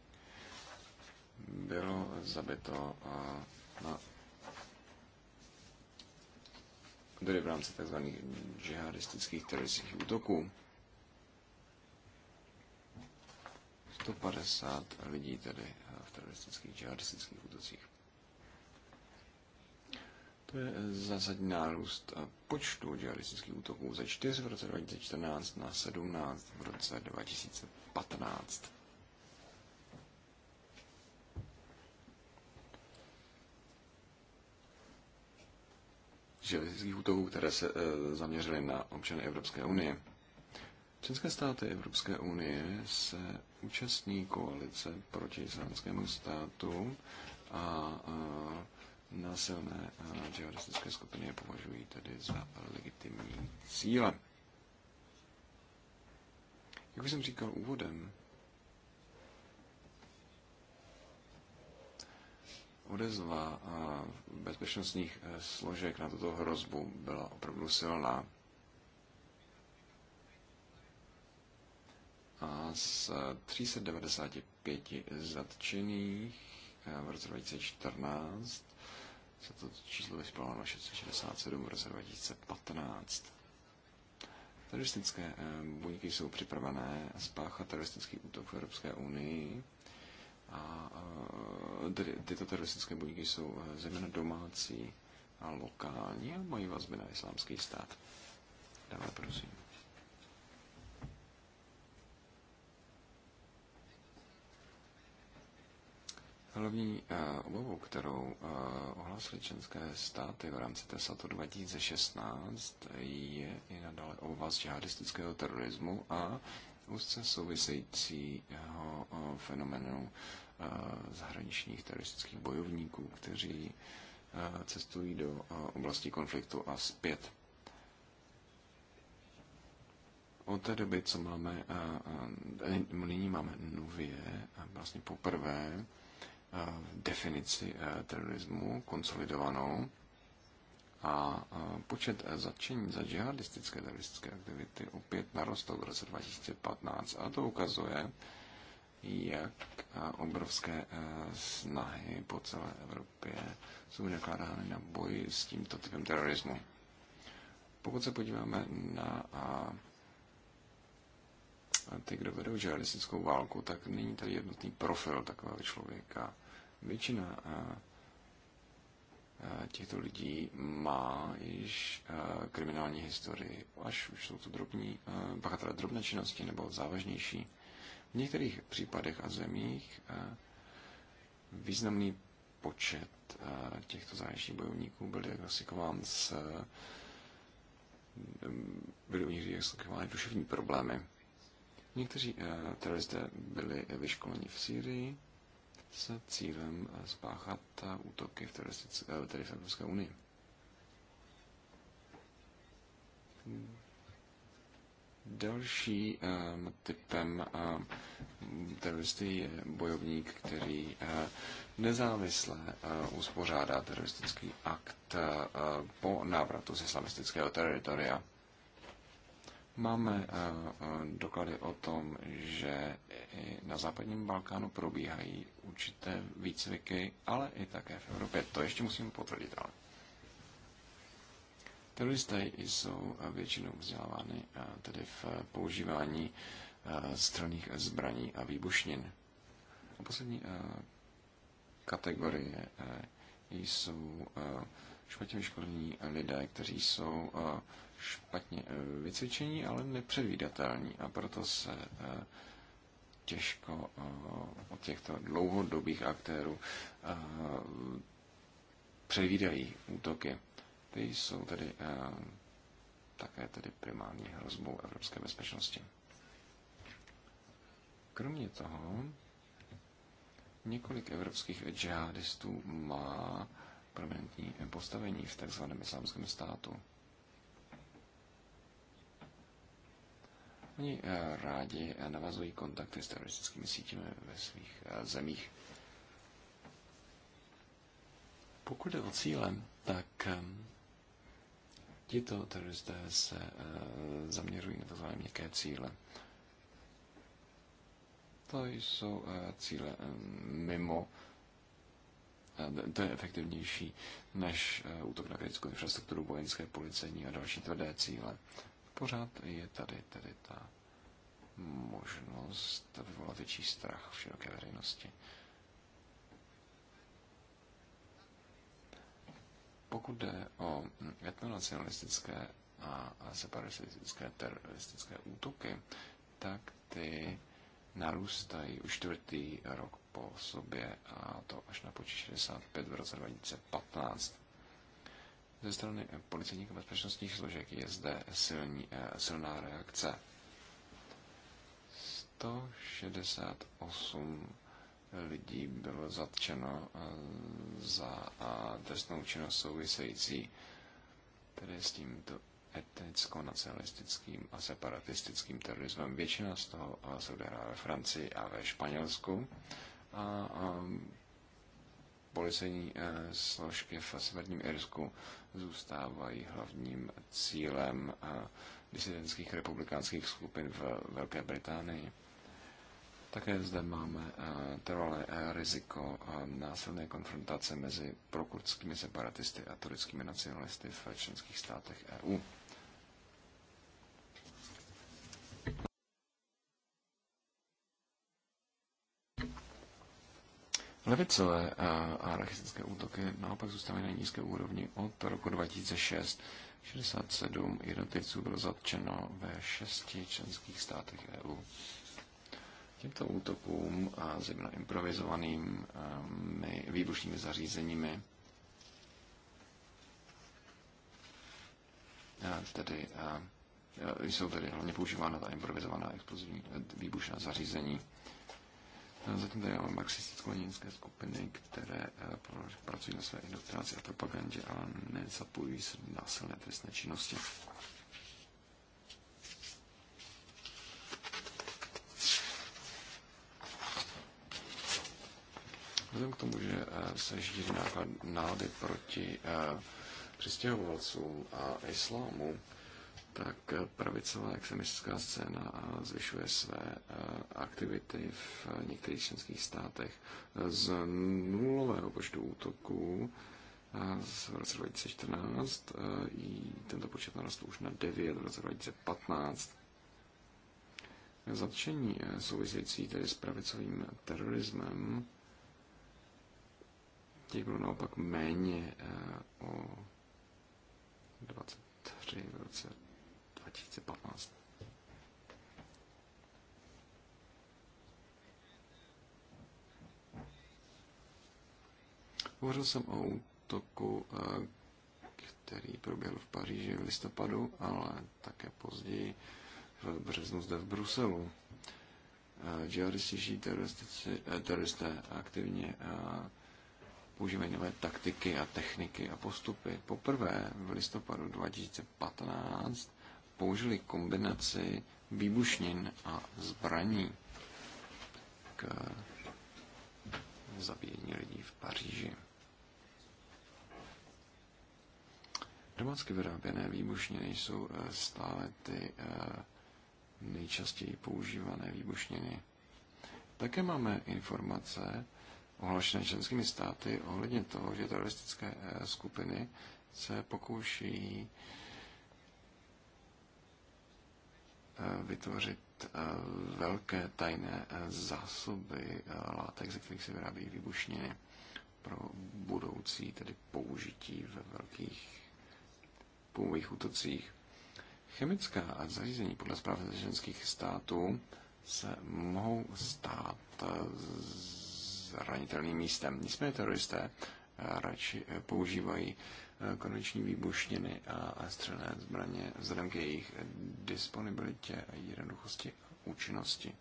bylo zabito na byly v rámci tzv. džihadistických teroristických útoků. 150 lidí tedy v teroristických džihadistických útocích. To je zásadní nárůst počtu džihadistických útoků ze 4 v roce 2014 na 17 v roce 2015. železnických útoků, které se e, zaměřily na občany Evropské unie. Členské státy Evropské unie se účastní koalice proti islámskému státu a, a eh, násilné eh, džihadistické skupiny je považují tedy za legitimní cíle. Jak už jsem říkal úvodem, odezva eh, bezpečnostních eh, složek na tuto hrozbu byla opravdu silná. A z 395 zatčených v roce 2014 se to číslo vyspalo na 667 v roce 2015. Teroristické eh, buňky jsou připravené spáchat teroristický útok v Evropské unii a eh, tedy, tyto teroristické buňky jsou eh, zejména domácí a lokální a mají vazby na islámský stát. Dále prosím. Hlavní eh, obavu, kterou eh, ohlásily členské státy v rámci TESATu 2016, je i nadále obava z džihadistického terorismu a úzce souvisejícího eh, fenomenu zahraničních teroristických bojovníků, kteří cestují do oblasti konfliktu a zpět. Od té doby, co máme, nyní máme nově, vlastně poprvé, Eh, definici eh, terorismu konsolidovanou a eh, počet začení za džihadistické teroristické aktivity opět narostl v roce 2015 a to ukazuje, jak obrovské snahy po celé Evropě jsou nakládány na boji s tímto typem terorismu. Pokud se podíváme na a ty, kdo vedou žihadistickou válku, tak není tady jednotný profil takového člověka. Většina eh, eh, těchto lidí má již eh, kriminální historii, až už jsou to drobní, pachatelé drobné činnosti nebo závažnější. V některých případech a zemích významný počet těchto zahraničních bojovníků byl diagnostikován s byly u nich duševní problémy. Někteří eh, teroristé byli vyškoleni v Sýrii s cílem eh, spáchat eh, útoky v, tedy v Evropské unii. um, typem teroristy je bojovník, který nezávisle uspořádá teroristický akt po návratu z islamistického teritoria. Máme eh, eh, doklady o tom, že i na západním Balkánu probíhají určité výcviky, ale i také v Evropě. To ještě musím potvrdit, ale. Teroristé jsou většinou vzdělávány eh, tedy v používání střelných zbraní a výbušnin. A poslední kategorie jsou špatně vyškolení lidé, kteří jsou špatně eh, vycvičení, ale nepředvídatelní a proto se eh, těžko eh, od těchto dlouhodobých aktérů předvídají útoky. Ty jsou tedy také tedy primární hrozbou evropské bezpečnosti. Kromě toho, několik evropských džihadistů má prominentní postavení v tzv. islámském státu. Oni eh, rádi eh, navazují kontakty s teroristickými sítěmi ve svých eh, zemích. Pokud je o cílem, tak tito teroristé se zaměřují na tzv. měkké cíle. To jsou cíle mimo to je efektivnější než útok na kritickou infrastrukturu, vojenské, policejní a další tvrdé cíle pořád je tady tedy ta možnost vyvolat větší strach v široké veřejnosti. Pokud jde o etnonacionalistické a separatistické teroristické útoky, tak ty narůstají už čtvrtý rok po sobě a to až na počí 65 v roce 2015 ze strany policejních a bezpečnostních složek je zde silní, eh, silná reakce. 168 lidí bylo zatčeno eh, za trestnou činnost související tedy s tímto etnicko-nacionalistickým a separatistickým terorismem. Většina z toho eh, se odehrává ve Francii a ve Španělsku. A, a policejní eh, složky v severním Irsku zůstávají hlavním cílem eh, disidentských republikánských skupin v Velké Británii. Také zde máme eh, trvalé riziko násilné konfrontace mezi prokurdskými separatisty a tureckými nacionalisty v členských státech EU. Levicové anarchistické útoky naopak zůstaly na nízké úrovni od roku 2006. 67 jednotlivců bylo zatčeno ve šesti členských státech EU. Těmto útokům a zejména improvizovanými um, výbušnými zařízeními tedy, jsou tedy hlavně používána ta improvizovaná explozivní výbušná zařízení Zatím tady máme marxistické leninské skupiny, které eh, pracují na své indoktrinaci a propagandě, ale nezapojují se do násilné trestné činnosti. Vzhledem k tomu, že eh, se šíří nálady proti eh, přistěhovalcům a islámu, tak pravicová extremistická scéna zvyšuje své eh, aktivity v některých členských státech. Z nulového počtu útoků eh, z roce 2014 eh, tento počet narostl už na 9 v roce 2015. Zatčení související tedy s pravicovým terorismem těch bylo naopak méně o 23 v roce 2015. Hovořil jsem o útoku, eh, který proběhl v Paříži v listopadu, ale také později v březnu zde v Bruselu. Eh, Džihadističtí eh, teroristé aktivně používají nové taktiky a techniky a postupy. Poprvé v listopadu 2015 použili kombinaci výbušnin a zbraní k zabíjení lidí v Paříži. Domácky vyráběné výbušniny jsou eh, stále ty eh, nejčastěji používané výbušniny. Také máme informace ohlašené členskými státy ohledně toho, že teroristické eh, skupiny se pokouší Eh, vytvořit eh, velké tajné eh, zásoby látek, ze kterých se vyrábí výbušniny pro budoucí tedy použití ve velkých půvých útocích. Chemická zařízení podle zpráv ženských států se mohou stát zranitelným místem. Nicméně teroristé radši používají Eh, konvenční výbušniny a střelné zbraně vzhledem k jejich disponibilitě a jednoduchosti a účinnosti.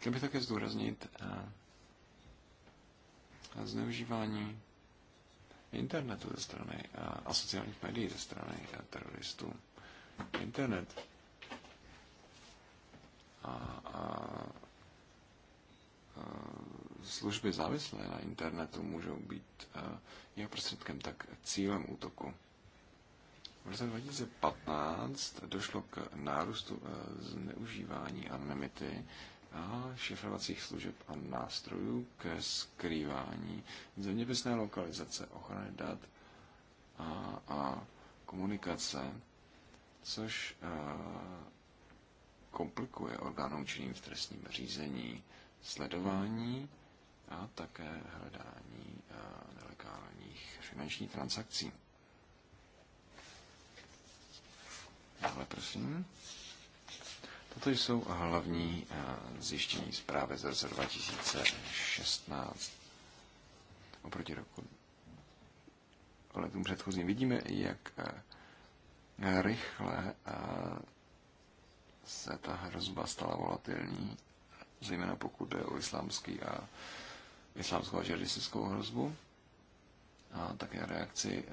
Chtěl bych také zdůraznit eh, zneužívání internetu ze strany eh, a sociálních médií ze strany teroristů. Internet a služby závislé na internetu můžou být jeho prostředkem, tak cílem útoku. V roce 2015 došlo k nárůstu e, zneužívání anonymity a šifrovacích služeb a nástrojů ke skrývání zeměpisné lokalizace, ochrany dat a, a komunikace, což e, komplikuje orgánům činným v trestním řízení sledování a také hledání eh, nelegálních finančních transakcí. Ale prosím. Toto jsou hlavní eh, zjištění zprávy z roce 2016. Oproti roku letům předchozím vidíme, jak eh, rychle se ta hrozba stala volatilní, zejména pokud jde o islámský a islámskou a žihadistickou hrozbu a také reakci eh,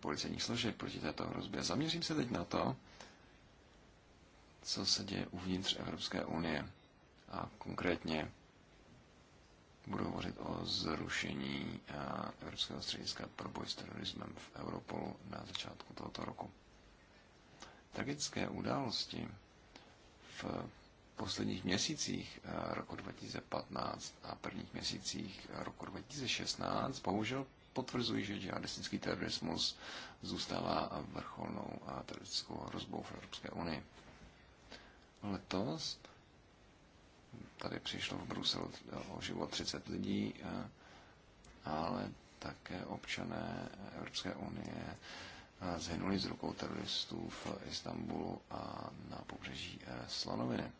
policejních složek proti této hrozbě. Zaměřím se teď na to, co se děje uvnitř Evropské unie a konkrétně budu hovořit o zrušení eh, Evropského střediska pro boj s terorismem v Europolu na začátku tohoto roku. Tragické události v eh, posledních měsících eh, roku 2015 a prvních měsících eh, roku 2016 bohužel potvrzují, že džihadistický terorismus zůstává vrcholnou teroristickou hrozbou v Evropské unii. Letos tady přišlo v Bruselu o život 30 lidí, ale také občané Evropské unie zhynuli z rukou teroristů v Istanbulu a na pobřeží eh, Slanoviny.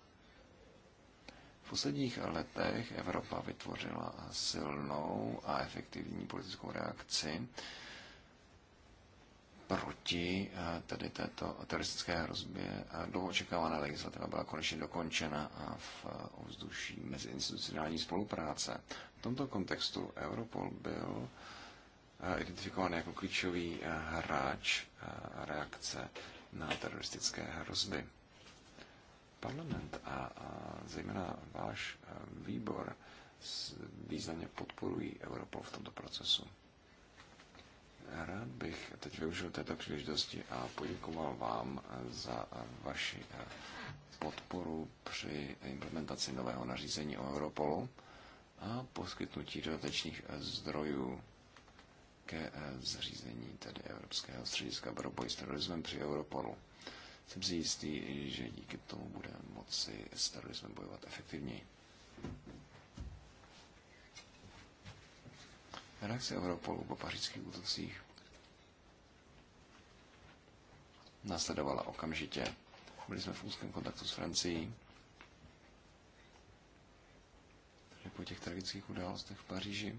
V posledních letech Evropa vytvořila silnou a efektivní politickou reakci proti eh, tedy této teroristické hrozbě. Dlouho očekávaná legislativa byla konečně dokončena a v eh, ovzduší meziinstitucionální spolupráce. V tomto kontextu Europol byl Eh, identifikovaný jako klíčový eh, hráč eh, reakce na teroristické hrozby. Parlament a zejména váš výbor významně podporují Europol v tomto procesu. Rád bych teď využil této příležitosti a poděkoval vám za vaši podporu při implementaci nového nařízení o Europolu a poskytnutí dodatečných zdrojů také eh, zřízení tedy Evropského střediska pro boj s terorismem při Europolu. Jsem si jistý, že díky tomu bude moci s terorismem bojovat efektivněji. Reakce Europolu po pařížských útocích následovala okamžitě. Byli jsme v úzkém kontaktu s Francií. Takže po těch tragických událostech v Paříži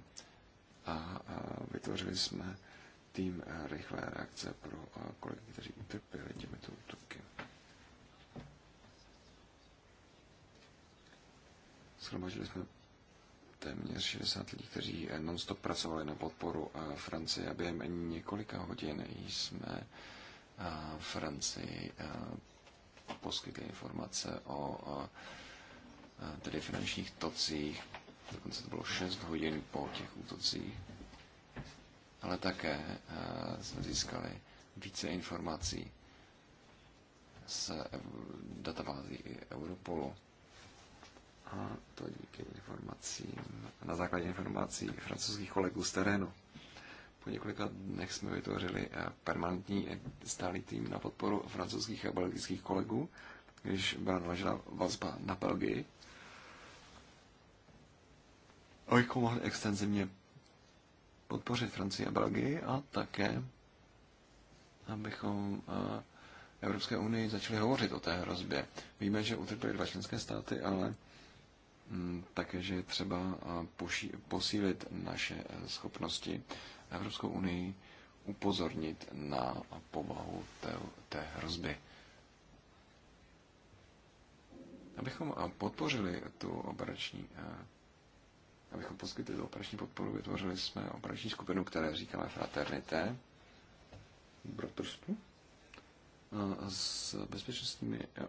a vytvořili jsme tým eh, rychlé reakce pro eh, kolegy, kteří utrpěli těmito útoky. Schromažili jsme téměř 60 lidí, kteří eh, non-stop pracovali na podporu Francie a během několika hodin jsme Francii poskytli informace o tedy finančních tocích dokonce to bylo 6 hodin po těch útocích, ale také eh, jsme získali více informací z databází Europolu. A to díky informacím, na základě informací francouzských kolegů z terénu. Po několika dnech jsme vytvořili eh, permanentní eh, stálý tým na podporu francouzských a belgických kolegů, když byla naložena vazba na Belgii abychom mohli extenzivně podpořit Francii a Belgii a také, abychom eh, Evropské unii začali hovořit o té hrozbě. Víme, že utrpěly dva členské státy, ale mm, také, že je třeba eh, posílit naše eh, schopnosti Evropskou unii upozornit na povahu té, té hrozby. Abychom podpořili tu operační abychom poskytli tu operační podporu, vytvořili jsme operační skupinu, které říkáme Fraternité, bratrstvu, s bezpečnostními eh,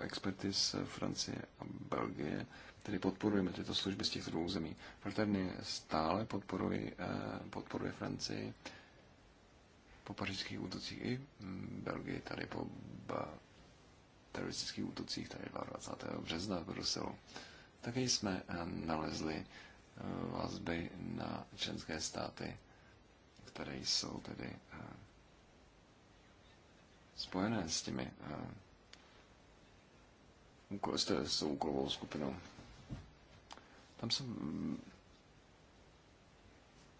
experty z Francie a Belgie, tedy podporujeme tyto služby z těchto dvou zemí. Fraterny stále podporuje, eh, podporuje Francii po pařížských útocích i hm, Belgii tady po teroristických útocích tady 22. března v Bruselu. Také jsme eh, nalezli eh, vazby na členské státy, které jsou tedy eh, spojené s těmi s tou úkolovou skupinou. Tam jsem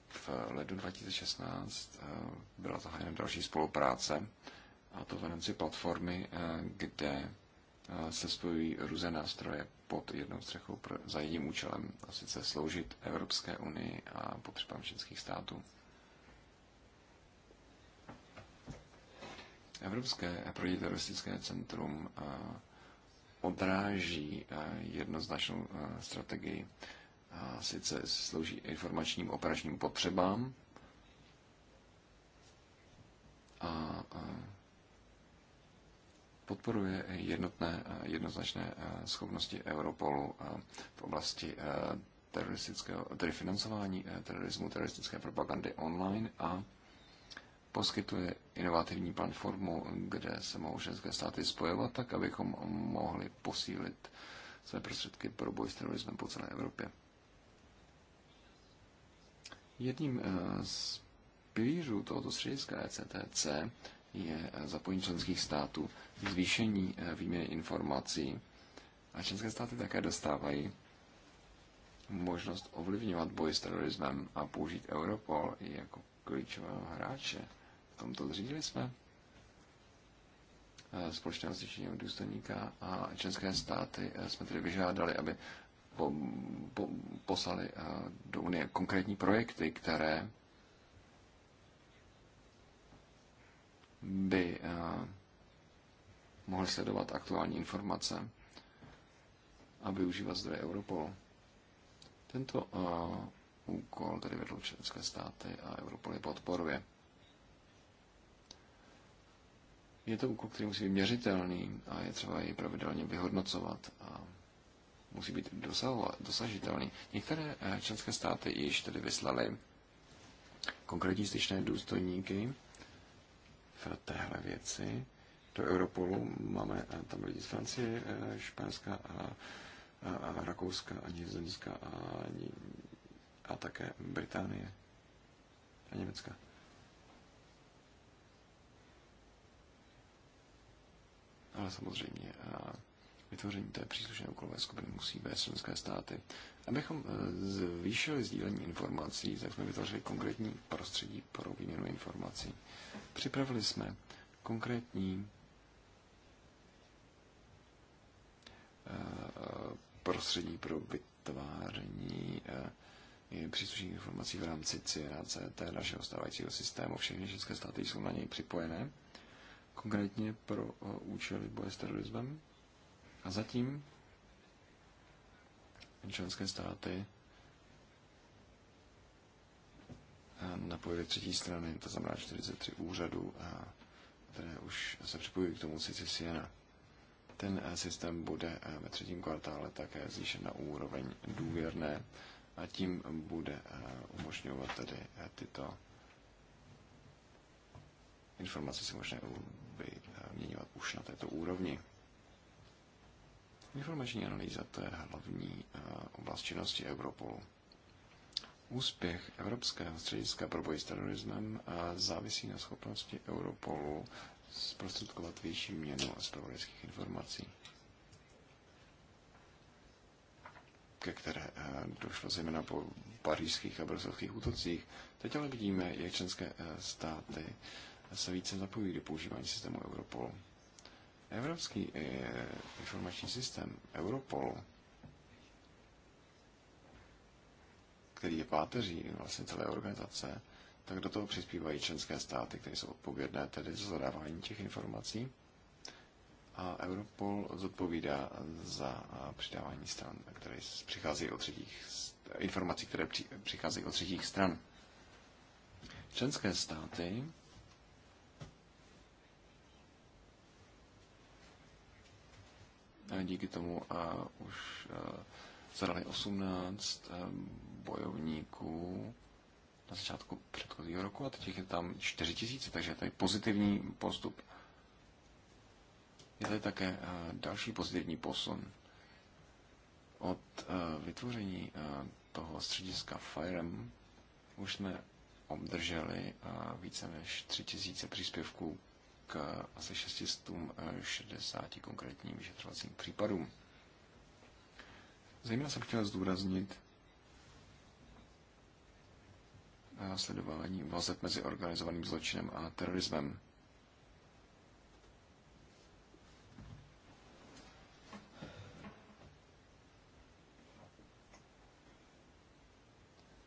v lednu 2016 byla zahájena další spolupráce, a to v rámci platformy, kde se spojují různé nástroje pod jednou střechou za jedním účelem, a sice sloužit Evropské unii a potřebám členských států. Evropské protiteroristické centrum odráží jednoznačnou strategii. A sice slouží informačním operačním potřebám a podporuje jednotné, eh, jednoznačné eh, schopnosti Europolu eh, v oblasti teroristického, tedy financování terorismu, teroristické propagandy online a poskytuje inovativní platformu, kde se mohou české státy spojovat, tak abychom mohli posílit své prostředky pro boj s terorismem po celé Evropě. Jedním z pilířů tohoto střediska ECTC je eh, zapojení členských států, zvýšení eh, výměny informací a členské státy také dostávají možnost ovlivňovat boj s terorismem a použít Europol i jako klíčového hráče. V tomto zřídili jsme eh, společného cvičení důstojníka a členské státy jsme tedy vyžádali, aby po, po, poslali do Unie konkrétní projekty, které by eh, mohl sledovat aktuální informace a využívat zdroje Europol. Tento eh, úkol tedy vedl členské státy a Europol je podporuje. Je to úkol, který musí být měřitelný a je třeba ji pravidelně vyhodnocovat a musí být dosažitelný. Některé eh, členské státy již tedy vyslaly konkrétní styčné důstojníky v téhle věci. Do Europolu máme eh, tam lidi z Francie, eh, Španělska a, a, a Rakouska a Nizozemska a, a také Británie a Německa. Ale samozřejmě a vytvoření té příslušné úkolové skupiny musí vést členské státy. Abychom eh, zvýšili sdílení informací, tak jsme vytvořili konkrétní prostředí pro výměnu informací. Připravili jsme konkrétní eh, prostředí pro vytváření eh, příslušných informací v rámci CIRAC, je našeho stávajícího systému. Všechny české státy jsou na něj připojené, konkrétně pro účely boje s terorismem a zatím členské státy eh, napojili třetí strany, to znamená 43 úřadů, a eh, které už se připojují k tomu sice Siena. Ten eh, systém bude ve třetím kvartále také zvýšen na úroveň důvěrné a tím bude umožňovat tedy tyto informace si možné vyměňovat už na této úrovni. Informační analýza to je hlavní eh, oblast činnosti Europolu. Úspěch Evropského střediska pro boj s terorismem eh, závisí na schopnosti Europolu zprostředkovat větší měnu a zpravodajských informací, ke které eh, došlo zejména po pařížských a bruselských útocích. Teď ale vidíme, jak členské státy se více zapojují do používání systému Europolu. Evropský eh, informační systém Europol, který je páteří vlastně celé organizace, tak do toho přispívají členské státy, které jsou odpovědné tedy za zadávání těch informací. A Europol zodpovídá za eh, přidávání stran, které přichází od třetích, informací, které přicházejí od třetích stran. Členské státy Eh, díky tomu a už eh, zadali 18 eh, bojovníků na začátku předchozího roku a teď je tam 4 tisíce, takže je pozitivní postup. Je tady také další pozitivní posun. Od vytvoření toho střediska FIREM už jsme obdrželi více než 3 příspěvků k asi 660 eh, konkrétním vyšetřovacím případům. Zejména jsem chtěl zdůraznit eh, sledování vazeb mezi organizovaným zločinem a terorismem.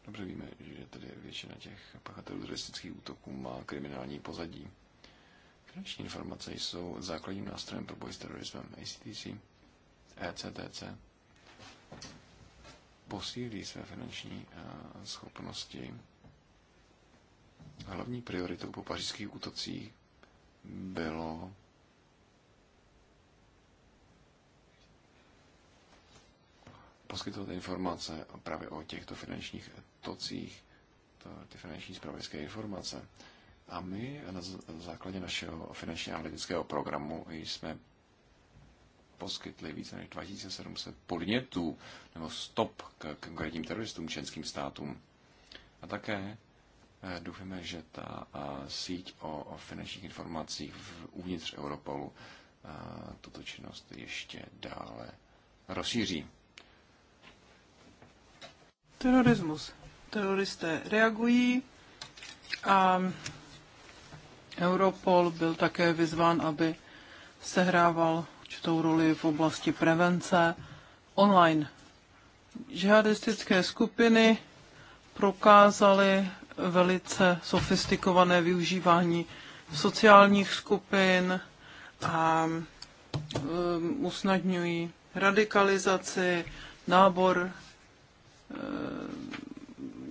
Dobře víme, že tedy většina těch pachatelů teroristických útoků má kriminální pozadí. Finanční informace jsou základním nástrojem pro boj s terorismem ACTC, ECTC. Posílí své finanční eh, schopnosti. Hlavní prioritou po pařížských útocích bylo poskytovat informace právě o těchto finančních tocích, ty finanční zpravodajské informace. A my na základě našeho finančně analytického programu jsme poskytli více než 2700 podnětů nebo stop k konkrétním teroristům členským státům. A také eh, doufáme, že ta síť o finančních informacích uvnitř Europolu tuto činnost ještě dále rozšíří. Terorismus. Teroristé reagují a Europol byl také vyzván, aby sehrával určitou roli v oblasti prevence online. Žihadistické skupiny prokázaly velice sofistikované využívání sociálních skupin a um, usnadňují radikalizaci, nábor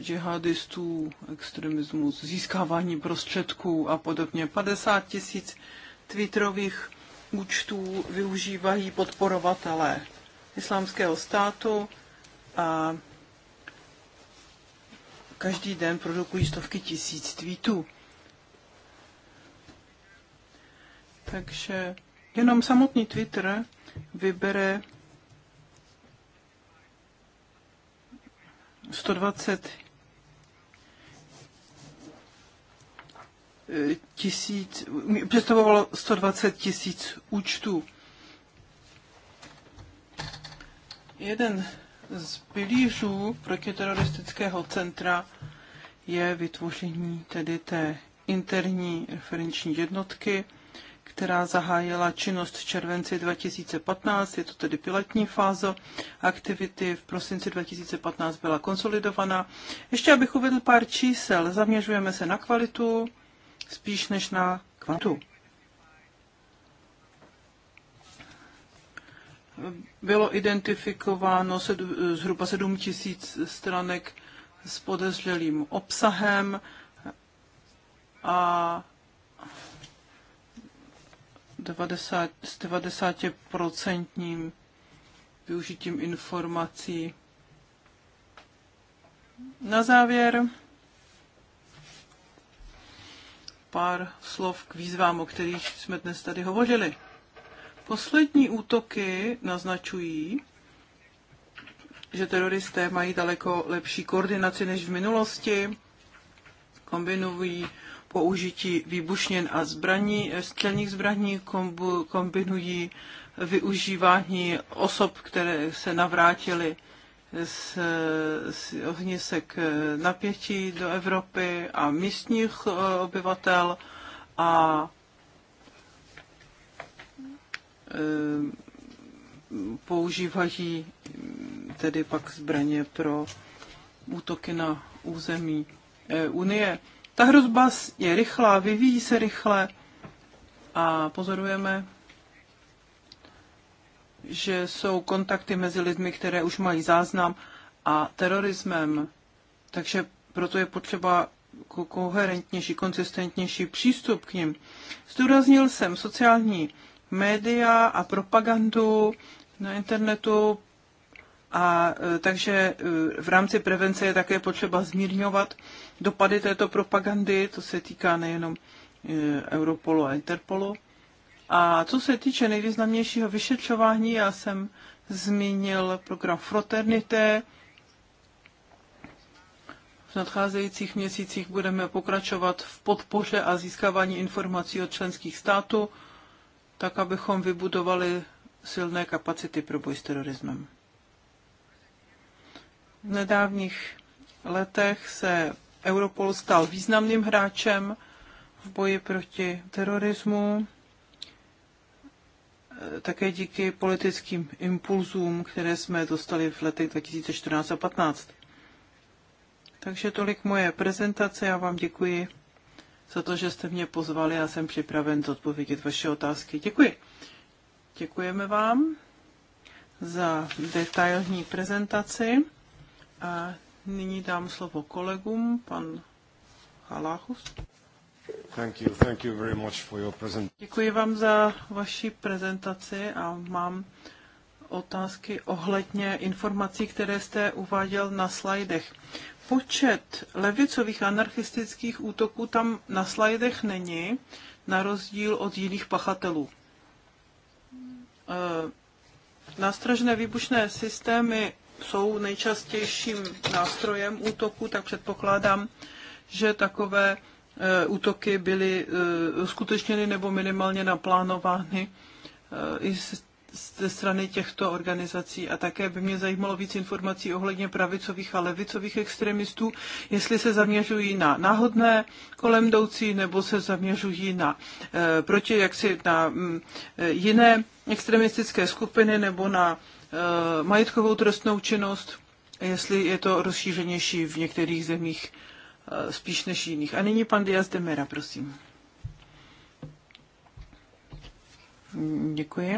džihadistů, extremismus, získávání prostředků a podobně. 50 tisíc twitterových účtů využívají podporovatelé islámského státu a každý den produkují stovky tisíc tweetů. Takže jenom samotný Twitter vybere 120 tisíc, představovalo 120 tisíc účtů. Jeden z pilířů protiteroristického centra je vytvoření tedy té interní referenční jednotky, která zahájila činnost v červenci 2015, je to tedy pilotní fáze aktivity, v prosinci 2015 byla konsolidovaná. Ještě abych uvedl pár čísel, zaměřujeme se na kvalitu, spíš než na kvantu. Bylo identifikováno sed, zhruba 7 tisíc stranek s podezřelým obsahem a 90, s 90% využitím informací. Na závěr pár slov k výzvám, o kterých jsme dnes tady hovořili. Poslední útoky naznačují, že teroristé mají daleko lepší koordinaci než v minulosti, kombinují použití výbušněn a zbraní, střelních zbraní, kombinují využívání osob, které se navrátily z, z ohnisek napětí do Evropy a místních eh, obyvatel a eh, používají tedy pak zbraně pro útoky na území eh, Unie. Ta hrozba je rychlá, vyvíjí se rychle a pozorujeme že jsou kontakty mezi lidmi, které už mají záznam a terorismem. Takže proto je potřeba koherentnější, konzistentnější přístup k ním. Zdůraznil jsem sociální média a propagandu na internetu, a e, takže e, v rámci prevence je také potřeba zmírňovat dopady této propagandy, to se týká nejenom e, Europolu a Interpolu. A co se týče nejvýznamnějšího vyšetřování, já jsem zmínil program Fraternité. V nadcházejících měsících budeme pokračovat v podpoře a získávání informací od členských států, tak abychom vybudovali silné kapacity pro boj s terorismem. V nedávných letech se Europol stal významným hráčem v boji proti terorismu Eh, také díky politickým impulzům, které jsme dostali v letech 2014 a 2015. Takže tolik moje prezentace, já vám děkuji za to, že jste mě pozvali a jsem připraven zodpovědět vaše otázky. Děkuji. Děkujeme vám za detailní prezentaci a nyní dám slovo kolegům, pan Haláchus. Děkuji vám za vaši prezentaci a mám otázky ohledně informací, které jste uváděl na slajdech. Počet levicových anarchistických útoků tam na slajdech není, na rozdíl od jiných pachatelů. Eh, nástražné výbušné systémy jsou nejčastějším nástrojem útoku, tak předpokládám, že takové Eh, útoky byly eh, uskutečněny nebo minimálně naplánovány eh, i ze strany těchto organizací. A také by mě zajímalo víc informací ohledně pravicových a levicových extremistů, jestli se zaměřují na náhodné kolem jdoucí nebo se zaměřují na proti jaksi na mm, jiné extremistické skupiny nebo na majetkovou trestnou činnost, jestli je to rozšířenější v některých zemích Eh, spíš než jiných. A nyní pan Diaz de Mera, prosím. Děkuji.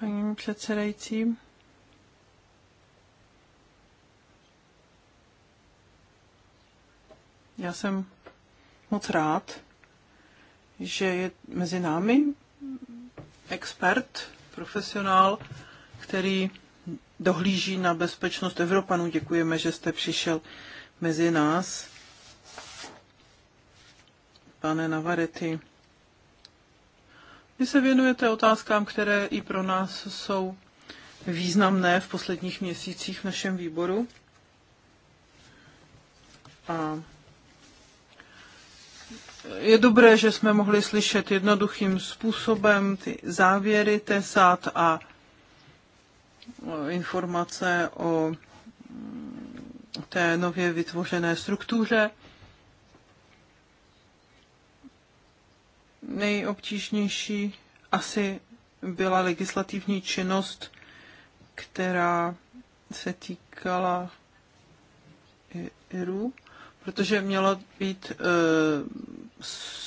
Paní předsedající. Já jsem moc rád, že je mezi námi expert, profesionál, který dohlíží na bezpečnost Evropanů. Děkujeme, že jste přišel mezi nás. Pane Navarety, vy se věnujete otázkám, které i pro nás jsou významné v posledních měsících v našem výboru. A je dobré, že jsme mohli slyšet jednoduchým způsobem ty závěry TESAT a informace o té nově vytvořené struktuře. Nejobtížnější asi byla legislativní činnost, která se týkala Iru, protože mělo být eh,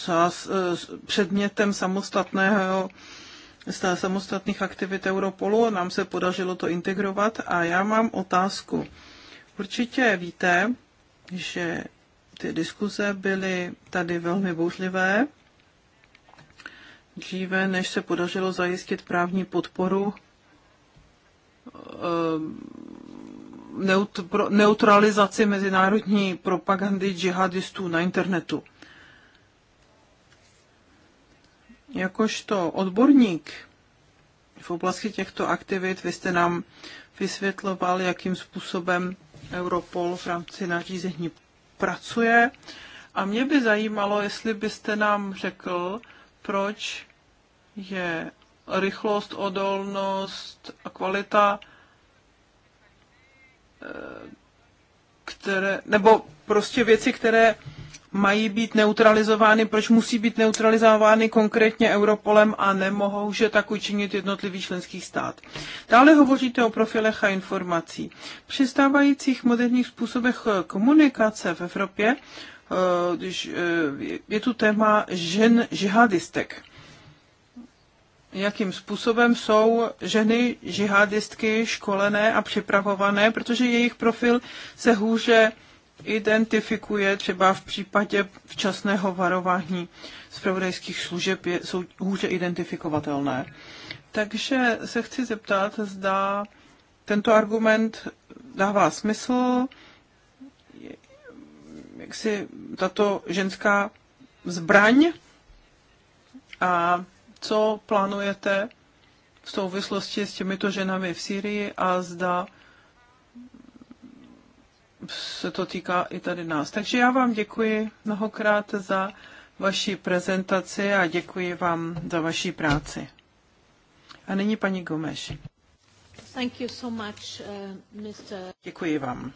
eh, předmětem samostatného z samostatných aktivit Europolu nám se podařilo to integrovat. A já mám otázku. Určitě víte, že ty diskuze byly tady velmi bouřlivé. Dříve, než se podařilo zajistit právní podporu eh, neutralizaci mezinárodní propagandy džihadistů na internetu. Jakožto odborník v oblasti těchto aktivit, vy jste nám vysvětloval, jakým způsobem Europol v rámci nařízení pracuje. A mě by zajímalo, jestli byste nám řekl, proč je rychlost, odolnost a kvalita, eh, které, nebo prostě věci, které mají být neutralizovány, proč musí být neutralizovány konkrétně Europolem a nemohou, že tak učinit jednotlivý členský stát. Dále hovoříte o profilech a informací. Při stávajících moderních způsobech eh, komunikace v Evropě eh, eh, je tu téma žen žihadistek. Jakým způsobem jsou ženy žihadistky školené a připravované, protože jejich profil se hůře identifikuje třeba v případě včasného varování zpravodajských služeb, je, jsou hůře identifikovatelné. Takže se chci zeptat, zda tento argument dává smysl, jak si tato ženská zbraň a co plánujete v souvislosti s těmito ženami v Syrii a zda se to týká i tady nás. Takže já vám děkuji mnohokrát za vaši prezentaci a děkuji vám za vaši práci. A nyní paní Gomeš. Thank you so much, uh, Mr. Děkuji vám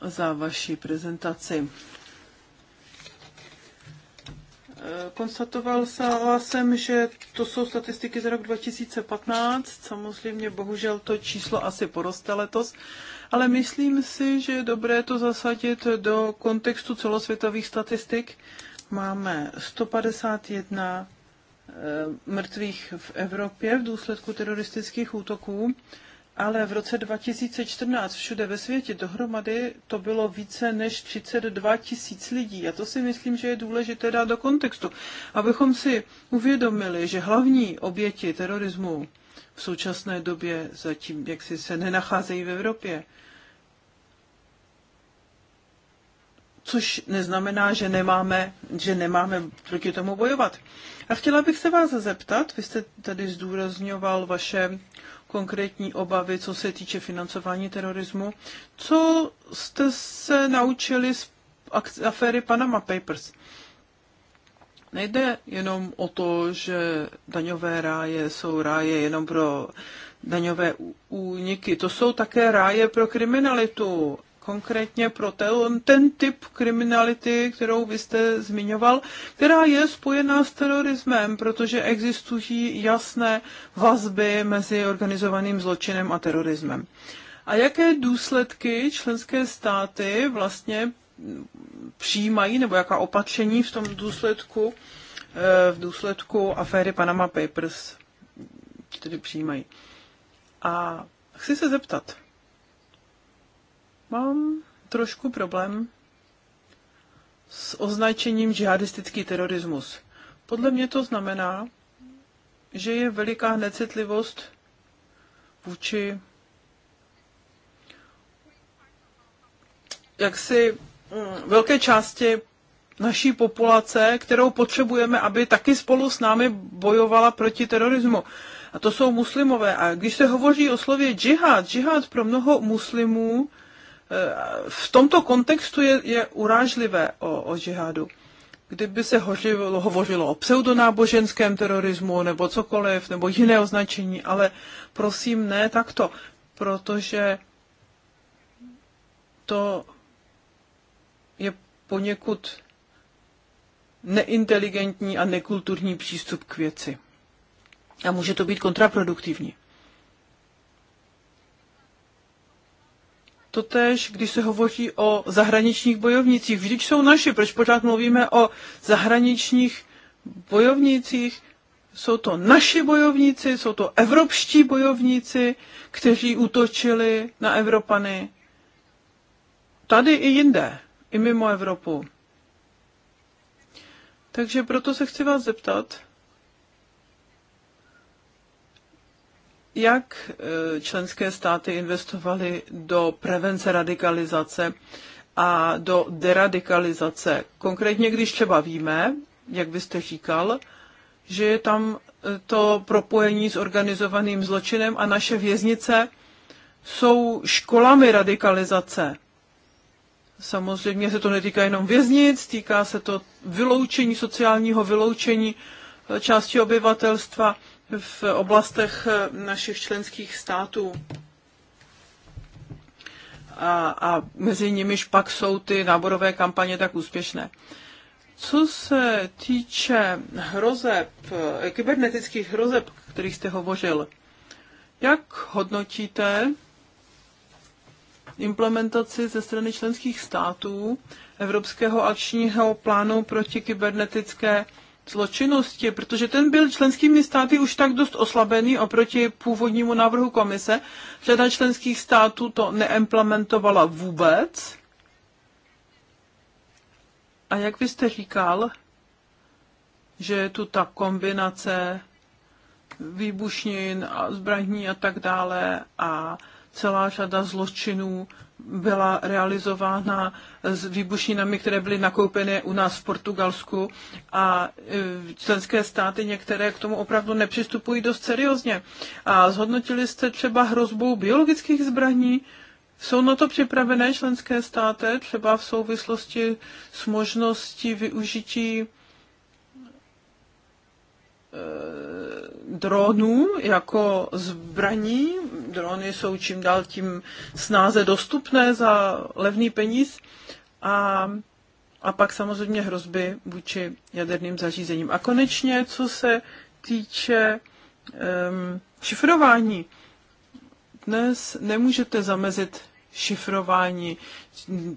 za vaši prezentaci. Eh, konstatoval jsem, že to jsou statistiky za rok 2015. Samozřejmě bohužel to číslo asi poroste letos, ale myslím si, že je dobré to zasadit do kontextu celosvětových statistik. Máme 151 eh, mrtvých v Evropě v důsledku teroristických útoků, ale v roce 2014 všude ve světě dohromady to bylo více než 32 tisíc lidí. A to si myslím, že je důležité dát do kontextu, abychom si uvědomili, že hlavní oběti terorismu v současné době zatím jaksi se nenacházejí v Evropě. Což neznamená, že nemáme, že nemáme proti tomu bojovat. A chtěla bych se vás zeptat, vy jste tady zdůrazňoval vaše konkrétní obavy, co se týče financování terorismu. Co jste se naučili z aféry Panama Papers? Nejde jenom o to, že daňové ráje jsou ráje jenom pro daňové úniky. To jsou také ráje pro kriminalitu. Konkrétně pro ten, ten typ kriminality, kterou vy jste zmiňoval, která je spojená s terorismem, protože existují jasné vazby mezi organizovaným zločinem a terorismem. A jaké důsledky členské státy vlastně přijímají nebo jaká opatření v tom důsledku, eh, v důsledku aféry Panama Papers tedy přijímají. A chci se zeptat. Mám trošku problém s označením džihadistický terorismus. Podle mě to znamená, že je veliká necitlivost vůči jaksi Eh, velké části naší populace, kterou potřebujeme, aby taky spolu s námi bojovala proti terorismu. A to jsou muslimové. A když se hovoří o slově džihad, džihad pro mnoho muslimů eh, v tomto kontextu je, je urážlivé o, o džihadu. Kdyby se hořilo, hovořilo o pseudonáboženském terorismu nebo cokoliv, nebo jiné označení, ale prosím ne takto, protože to je poněkud neinteligentní a nekulturní přístup k věci. A může to být kontraproduktivní. Totež, když se hovoří o zahraničních bojovnicích, vždyť jsou naši, proč pořád mluvíme o zahraničních bojovnicích, jsou to naši bojovníci, jsou to evropští bojovníci, kteří útočili na Evropany tady i jinde i mimo Evropu. Takže proto se chci vás zeptat, jak eh, členské státy investovaly do prevence radikalizace a do deradikalizace. Konkrétně, když třeba víme, jak byste říkal, že je tam eh, to propojení s organizovaným zločinem a naše věznice jsou školami radikalizace. Samozřejmě se to netýká jenom věznic, týká se to vyloučení, sociálního vyloučení eh, části obyvatelstva v oblastech eh, našich členských států. A, a mezi nimiž pak jsou ty náborové kampaně tak úspěšné. Co se týče hrozeb, eh, kybernetických hrozeb, kterých jste hovořil, jak hodnotíte implementaci ze strany členských států Evropského akčního plánu proti kybernetické zločinnosti, protože ten byl členskými státy už tak dost oslabený oproti původnímu návrhu komise. Řada členských států to neimplementovala vůbec. A jak byste říkal, že je tu ta kombinace výbušnin a zbraní a tak dále a celá řada zločinů byla realizována s výbušninami, které byly nakoupeny u nás v Portugalsku a e, členské státy některé k tomu opravdu nepřistupují dost seriózně. A zhodnotili jste třeba hrozbou biologických zbraní, jsou na to připravené členské státy, třeba v souvislosti s možností využití Eh, dronů jako zbraní. Drony jsou čím dál tím snáze dostupné za levný peníz. A, a pak samozřejmě hrozby vůči jaderným zařízením. A konečně, co se týče um, šifrování, dnes nemůžete zamezit šifrování.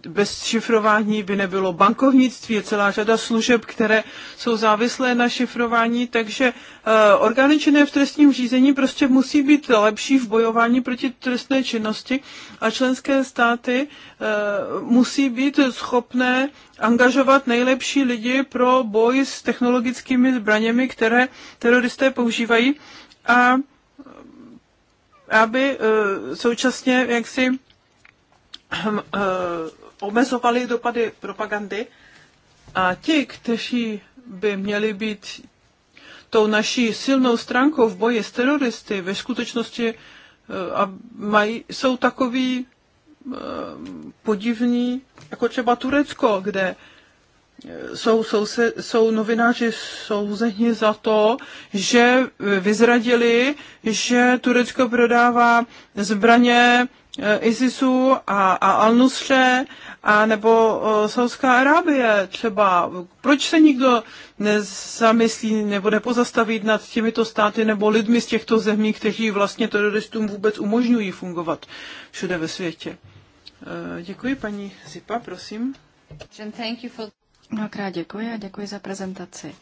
Bez šifrování by nebylo bankovnictví, je celá řada služeb, které jsou závislé na šifrování, takže eh, orgány činné v trestním řízení prostě musí být lepší v bojování proti trestné činnosti a členské státy eh, musí být schopné angažovat nejlepší lidi pro boj s technologickými zbraněmi, které teroristé používají a eh, aby současně jaksi Eh, omezovali dopady propagandy a ti, kteří by měli být tou naší silnou stránkou v boji s teroristy, ve skutečnosti eh, a mají, jsou takový eh, podivní, jako třeba Turecko, kde jsou, jsou, se, jsou novináři souzeni za to, že vyzradili, že Turecko prodává zbraně Eh, ISISu a, a Al-Nusře a nebo uh, eh, Saudská Arábie třeba. Proč se nikdo nezamyslí nebo nepozastaví nad těmito státy nebo lidmi z těchto zemí, kteří vlastně teroristům vůbec umožňují fungovat všude ve světě? Uh, děkuji, paní Zipa, prosím. Mnohokrát děkuji a děkuji za prezentaci.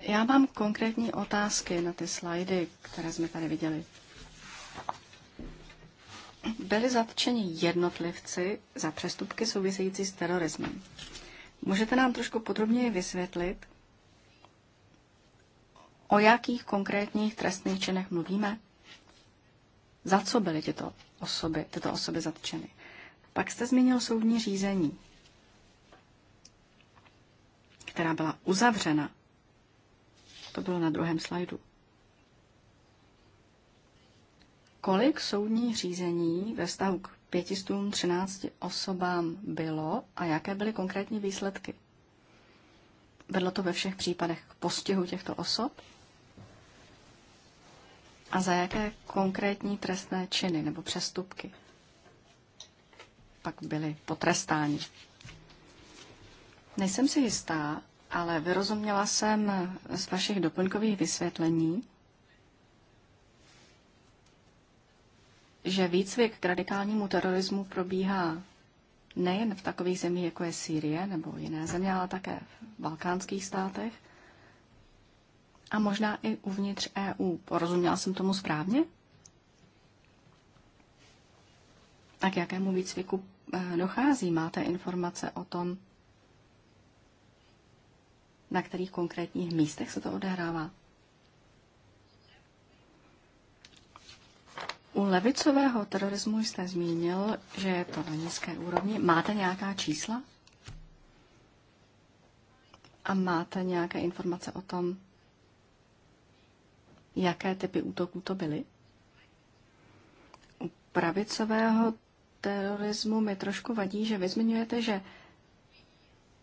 Já mám konkrétní otázky na ty slajdy, které jsme tady viděli byli zatčeni jednotlivci za přestupky související s terorismem. Můžete nám trošku podrobněji vysvětlit, o jakých konkrétních trestných činech mluvíme? Za co byly tyto osoby, tyto osoby zatčeny? Pak jste zmínil soudní řízení, která byla uzavřena. To bylo na druhém slajdu. kolik soudních řízení ve vztahu k 513 osobám bylo a jaké byly konkrétní výsledky. Vedlo to ve všech případech k postihu těchto osob? A za jaké konkrétní trestné činy nebo přestupky pak byli potrestáni? Nejsem si jistá, ale vyrozuměla jsem z vašich doplňkových vysvětlení, že výcvik k radikálnímu terorismu probíhá nejen v takových zemích, jako je Sýrie nebo jiné země, ale také v balkánských státech a možná i uvnitř EU. Porozuměla jsem tomu správně? A k jakému výcviku eh, dochází? Máte informace o tom, na kterých konkrétních místech se to odehrává? U levicového terorismu jste zmínil, že je to na nízké úrovni. Máte nějaká čísla? A máte nějaké informace o tom, jaké typy útoků to byly? U pravicového terorismu mi trošku vadí, že vy zmiňujete, že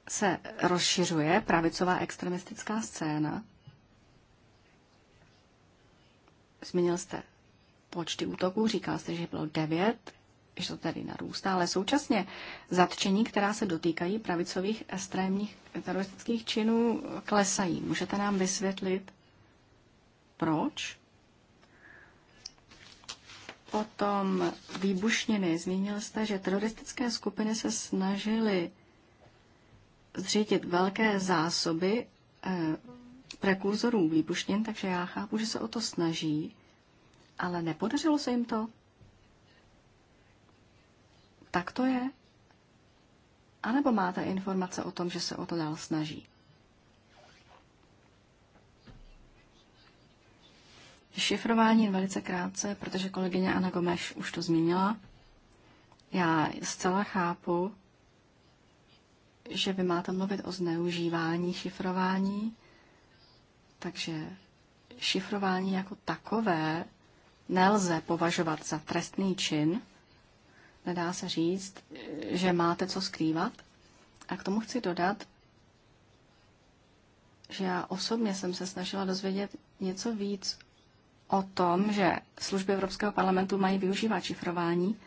se rozšiřuje pravicová extremistická scéna. Zmínil jste počty útoků. Říkal jste, že bylo devět, že to tady narůstá, ale současně zatčení, která se dotýkají pravicových extrémních teroristických činů, klesají. Můžete nám vysvětlit, proč? Potom výbušniny. Zmínil jste, že teroristické skupiny se snažily zřídit velké zásoby eh, prekurzorů výbušnin, takže já chápu, že se o to snaží. Ale nepodařilo se jim to? Tak to je? A nebo máte informace o tom, že se o to dál snaží? Šifrování velice krátce, protože kolegyně Ana Gomeš už to zmínila. Já zcela chápu, že vy máte mluvit o zneužívání šifrování, takže šifrování jako takové nelze považovat za trestný čin, nedá se říct, že máte co skrývat. A k tomu chci dodat, že já osobně jsem se snažila dozvědět něco víc o tom, že služby Evropského parlamentu mají využívat šifrování.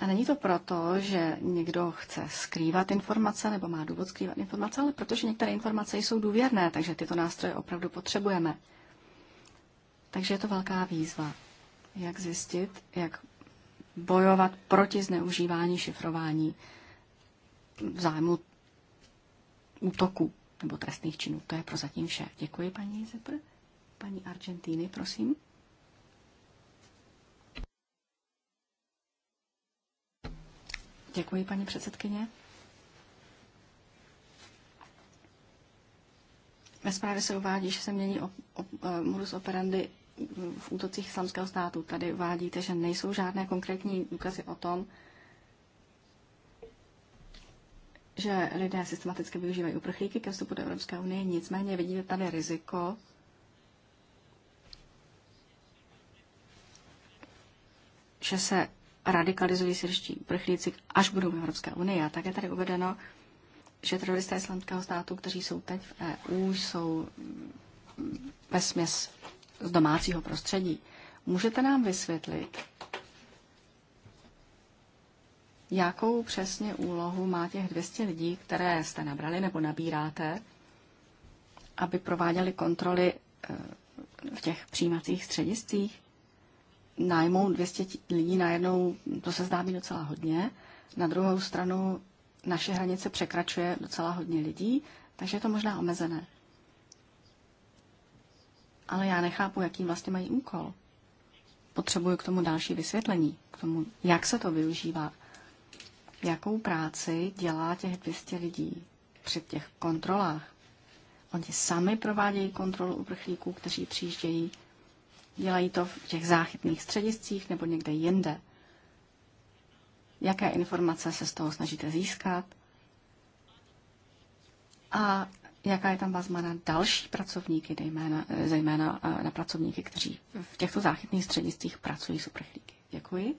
A není to proto, že někdo chce skrývat informace nebo má důvod skrývat informace, ale protože některé informace jsou důvěrné, takže tyto nástroje opravdu potřebujeme. Takže je to velká výzva, jak zjistit, jak bojovat proti zneužívání šifrování v zájmu útoků nebo trestných činů. To je prozatím vše. Děkuji, paní Zepr. Paní Argentíny, prosím. Děkuji, paní předsedkyně. Ve zprávě se uvádí, že se mění op, op, eh, modus operandi v útocích islamského státu. Tady uvádíte, že nejsou žádné konkrétní důkazy o tom, že lidé systematicky využívají uprchlíky ke vstupu do Evropské unie, nicméně vidíte tady riziko, že se radikalizují syrští uprchlíci, až budou v Evropské unii. A tak je tady uvedeno, že teroristé islamského státu, kteří jsou teď v EU, jsou ve směs z domácího prostředí. Můžete nám vysvětlit, jakou přesně úlohu má těch 200 lidí, které jste nabrali nebo nabíráte, aby prováděli kontroly e, v těch přijímacích střediscích? Najmou 200 lidí najednou, to se zdá být docela hodně. Na druhou stranu naše hranice překračuje docela hodně lidí, takže je to možná omezené. Ale já nechápu, jaký vlastně mají úkol. Potřebuju k tomu další vysvětlení, k tomu, jak se to využívá, jakou práci dělá těch 200 lidí při těch kontrolách. Oni sami provádějí kontrolu uprchlíků, kteří přijíždějí. Dělají to v těch záchytných střediscích nebo někde jinde jaké informace se z toho snažíte získat a jaká je tam vazba na další pracovníky, dejména, zejména eh, na pracovníky, kteří v těchto záchytných střediscích pracují s uprchlíky. Děkuji.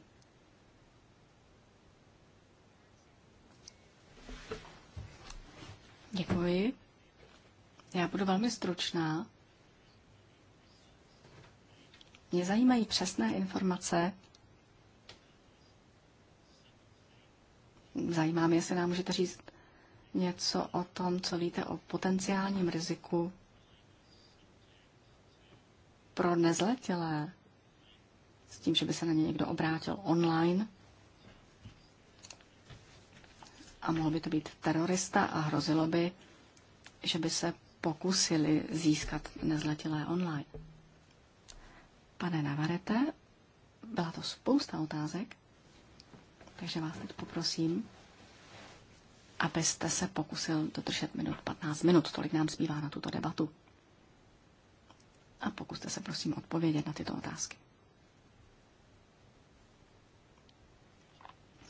Děkuji. Já budu velmi stručná. Mě zajímají přesné informace zajímá mě, jestli nám můžete říct něco o tom, co víte o potenciálním riziku pro nezletilé s tím, že by se na ně někdo obrátil online. A mohl by to být terorista a hrozilo by, že by se pokusili získat nezletilé online. Pane Navarete, byla to spousta otázek. Takže vás teď poprosím, abyste se pokusil dodržet minut 15 minut, tolik nám zbývá na tuto debatu. A pokuste se prosím odpovědět na tyto otázky.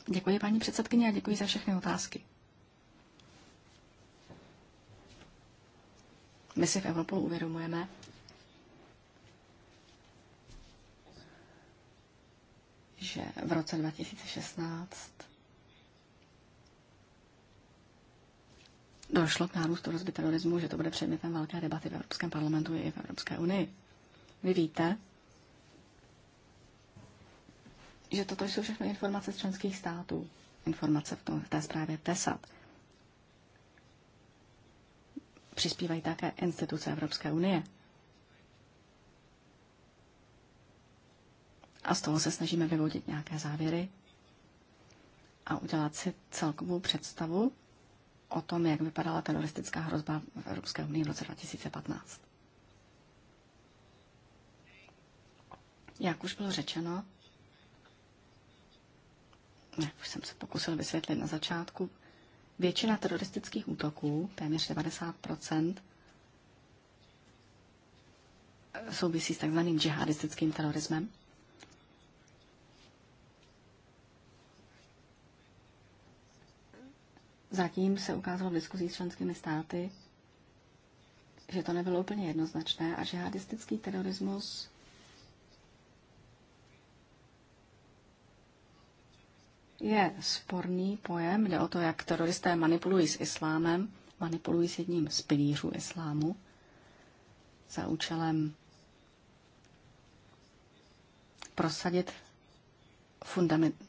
Děkuji paní předsedkyně a děkuji za všechny otázky. My si v Evropu uvědomujeme, že v roce 2016 došlo k nárůstu rozby terorismu, že to bude předmětem velké debaty v Evropském parlamentu i v Evropské unii. Vy víte, že toto jsou všechno informace z členských států, informace v, tom, v té zprávě TESAT. Přispívají také instituce Evropské unie, a z toho se snažíme vyvodit nějaké závěry a udělat si celkovou představu o tom, jak vypadala teroristická hrozba v Evropské unii v roce 2015. Jak už bylo řečeno, jak už jsem se pokusil vysvětlit na začátku, většina teroristických útoků, téměř 90 souvisí s takzvaným džihadistickým terorismem. Zatím se ukázalo v diskuzí s členskými státy, že to nebylo úplně jednoznačné a že jihadistický terorismus je sporný pojem. Jde o to, jak teroristé manipulují s islámem, manipulují s jedním z pilířů islámu za účelem prosadit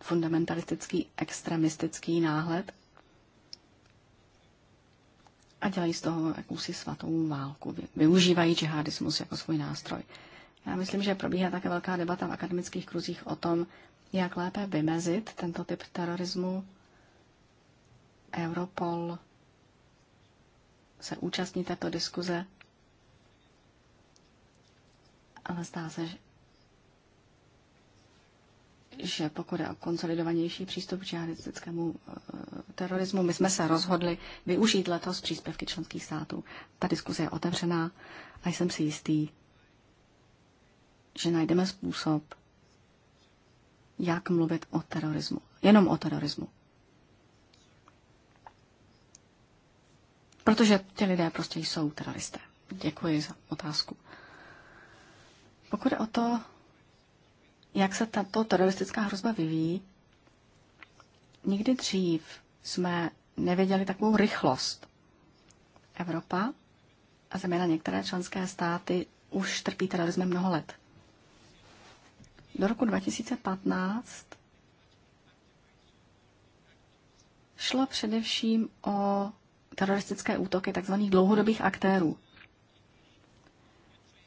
fundamentalistický, extremistický náhled a dělají z toho jakousi svatou válku. Využívají džihadismus jako svůj nástroj. Já myslím, že probíhá také velká debata v akademických kruzích o tom, jak lépe vymezit tento typ terorismu. Europol se účastní této diskuze, ale zdá se, že pokud je o konsolidovanější přístup k džihadistickému eh, terorismu, my jsme se rozhodli využít letos příspěvky členských států. Ta diskuze je otevřená a jsem si jistý, že najdeme způsob, jak mluvit o terorismu. Jenom o terorismu. Protože ti lidé prostě jsou teroristé. Děkuji za otázku. Pokud je o to, jak se tato teroristická hrozba vyvíjí. Nikdy dřív jsme nevěděli takovou rychlost. Evropa a zejména některé členské státy už trpí terorismem mnoho let. Do roku 2015 šlo především o teroristické útoky tzv. dlouhodobých aktérů.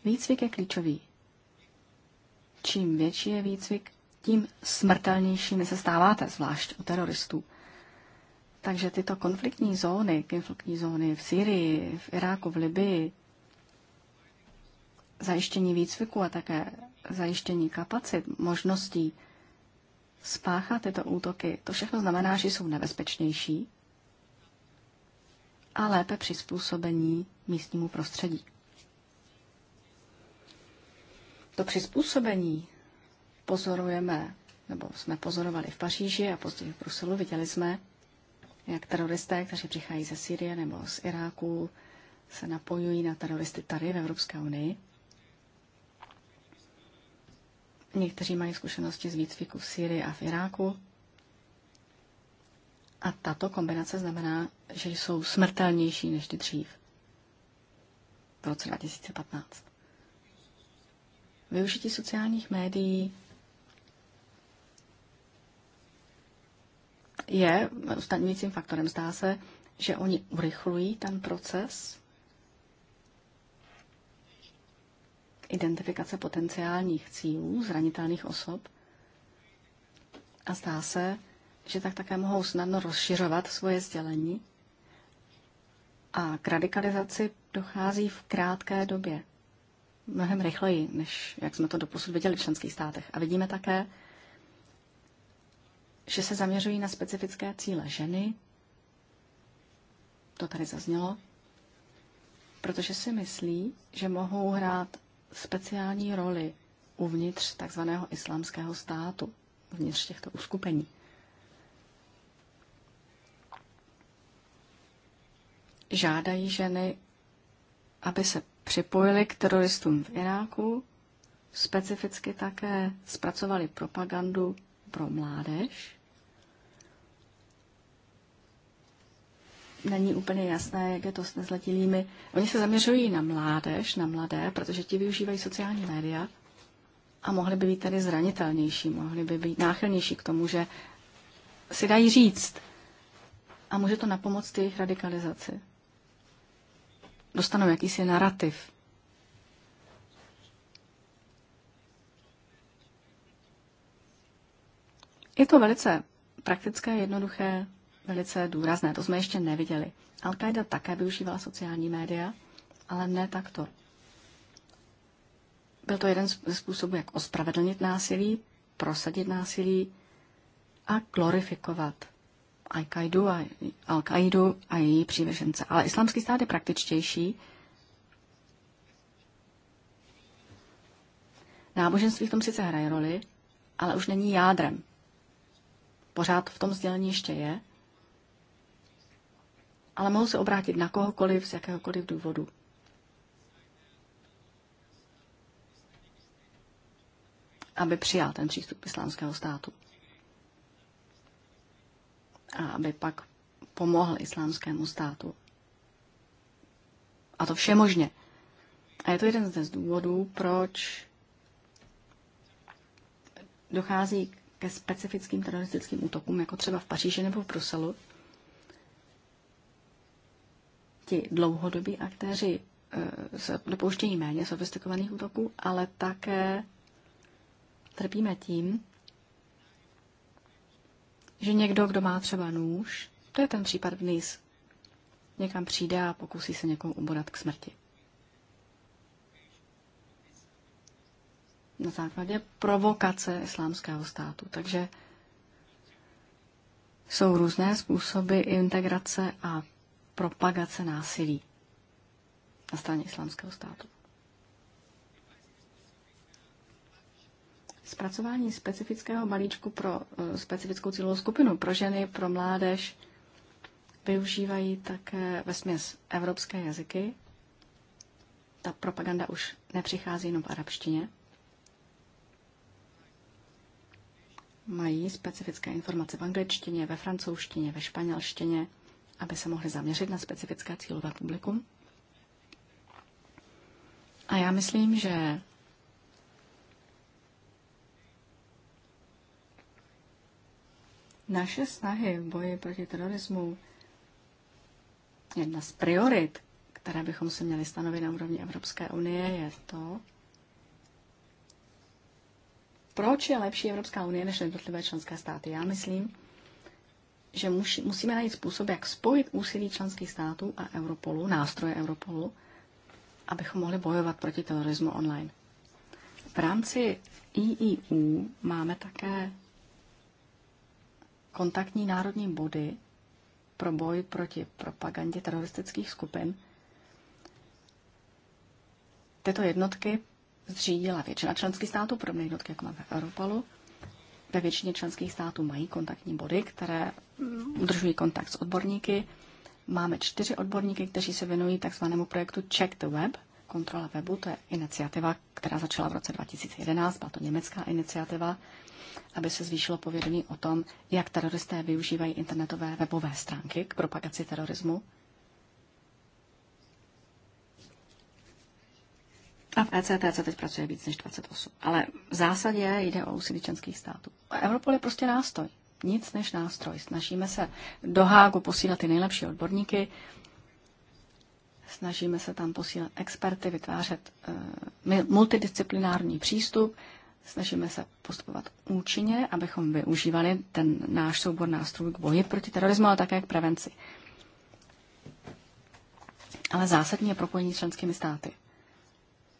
Výcvik je klíčový. Čím větší je výcvik, tím smrtelnějšími se stáváte, zvlášť u teroristů. Takže tyto konfliktní zóny, konfliktní zóny v Syrii, v Iráku, v Libii, zajištění výcviku a také zajištění kapacit, možností spáchat tyto útoky, to všechno znamená, že jsou nebezpečnější a lépe přizpůsobení místnímu prostředí. To přizpůsobení pozorujeme, nebo jsme pozorovali v Paříži a později v Bruselu. Viděli jsme, jak teroristé, kteří přicházejí ze Syrie nebo z Iráku, se napojují na teroristy tady v Evropské unii. Někteří mají zkušenosti z výcviku v Syrii a v Iráku. A tato kombinace znamená, že jsou smrtelnější než ty dřív. V roce 2015. Využití sociálních médií je ustanovujícím faktorem. Zdá se, že oni urychlují ten proces identifikace potenciálních cílů zranitelných osob a zdá se, že tak také mohou snadno rozšiřovat svoje sdělení a k radikalizaci dochází v krátké době mnohem rychleji, než jak jsme to doposud viděli v členských státech. A vidíme také, že se zaměřují na specifické cíle ženy, to tady zaznělo, protože si myslí, že mohou hrát speciální roli uvnitř takzvaného islámského státu, uvnitř těchto uskupení. Žádají ženy, aby se připojili k teroristům v Iráku, specificky také zpracovali propagandu pro mládež. Není úplně jasné, jak je to s nezletilými. Oni se zaměřují na mládež, na mladé, protože ti využívají sociální média a mohli by být tady zranitelnější, mohli by být náchylnější k tomu, že si dají říct a může to napomoct jejich radikalizaci dostanou jakýsi narrativ. Je to velice praktické, jednoduché, velice důrazné. To jsme ještě neviděli. Al-Qaida také využívala sociální média, ale ne takto. Byl to jeden ze způsobů, jak ospravedlnit násilí, prosadit násilí a glorifikovat Al-Qaidu a, Al a její přívěšence. Ale islamský stát je praktičtější. Náboženství v tom sice hraje roli, ale už není jádrem. Pořád v tom sdělení ještě je, ale mohou se obrátit na kohokoliv z jakéhokoliv důvodu. aby přijal ten přístup islámského státu a aby pak pomohl islámskému státu. A to vše možně. A je to jeden z důvodů, proč dochází ke specifickým teroristickým útokům, jako třeba v Paříži nebo v Bruselu. Ti dlouhodobí aktéři e, se dopouštějí méně sofistikovaných útoků, ale také trpíme tím, že někdo, kdo má třeba nůž, to je ten případ v někam přijde a pokusí se někoho ubodat k smrti. Na základě provokace islámského státu. Takže jsou různé způsoby integrace a propagace násilí na straně islámského státu. zpracování specifického balíčku pro eh, specifickou cílovou skupinu, pro ženy, pro mládež, využívají také ve směs evropské jazyky. Ta propaganda už nepřichází jenom v arabštině. Mají specifické informace v angličtině, ve francouzštině, ve španělštině, aby se mohli zaměřit na specifické cílové publikum. A já myslím, že Naše snahy v boji proti terorismu, jedna z priorit, které bychom si měli stanovit na úrovni Evropské unie, je to, proč je lepší Evropská unie než jednotlivé členské státy. Já myslím, že musíme najít způsob, jak spojit úsilí členských států a Europolu, nástroje Europolu, abychom mohli bojovat proti terorismu online. V rámci EEU máme také kontaktní národní body pro boj proti propagandě teroristických skupin. Tyto jednotky zřídila většina členských států, podobné jednotky, jako máme v Europolu. Ve většině členských států mají kontaktní body, které mm, udržují kontakt s odborníky. Máme čtyři odborníky, kteří se věnují takzvanému projektu Check the Web – Kontrola webu, to je iniciativa, která začala v roce 2011, byla to německá iniciativa, aby se zvýšilo povědomí o tom, jak teroristé využívají internetové webové stránky k propagaci terorismu. A v ECTC teď pracuje víc než 28. Ale v zásadě jde o úsilí členských států. Europol je prostě nástroj. Nic než nástroj. Snažíme se do Hágu posílat ty nejlepší odborníky, Snažíme se tam posílat experty, vytvářet eh, multidisciplinární přístup, snažíme se postupovat účinně, abychom využívali ten náš soubor nástrojů k boji proti terorismu, ale také k prevenci. Ale zásadní je propojení s členskými státy.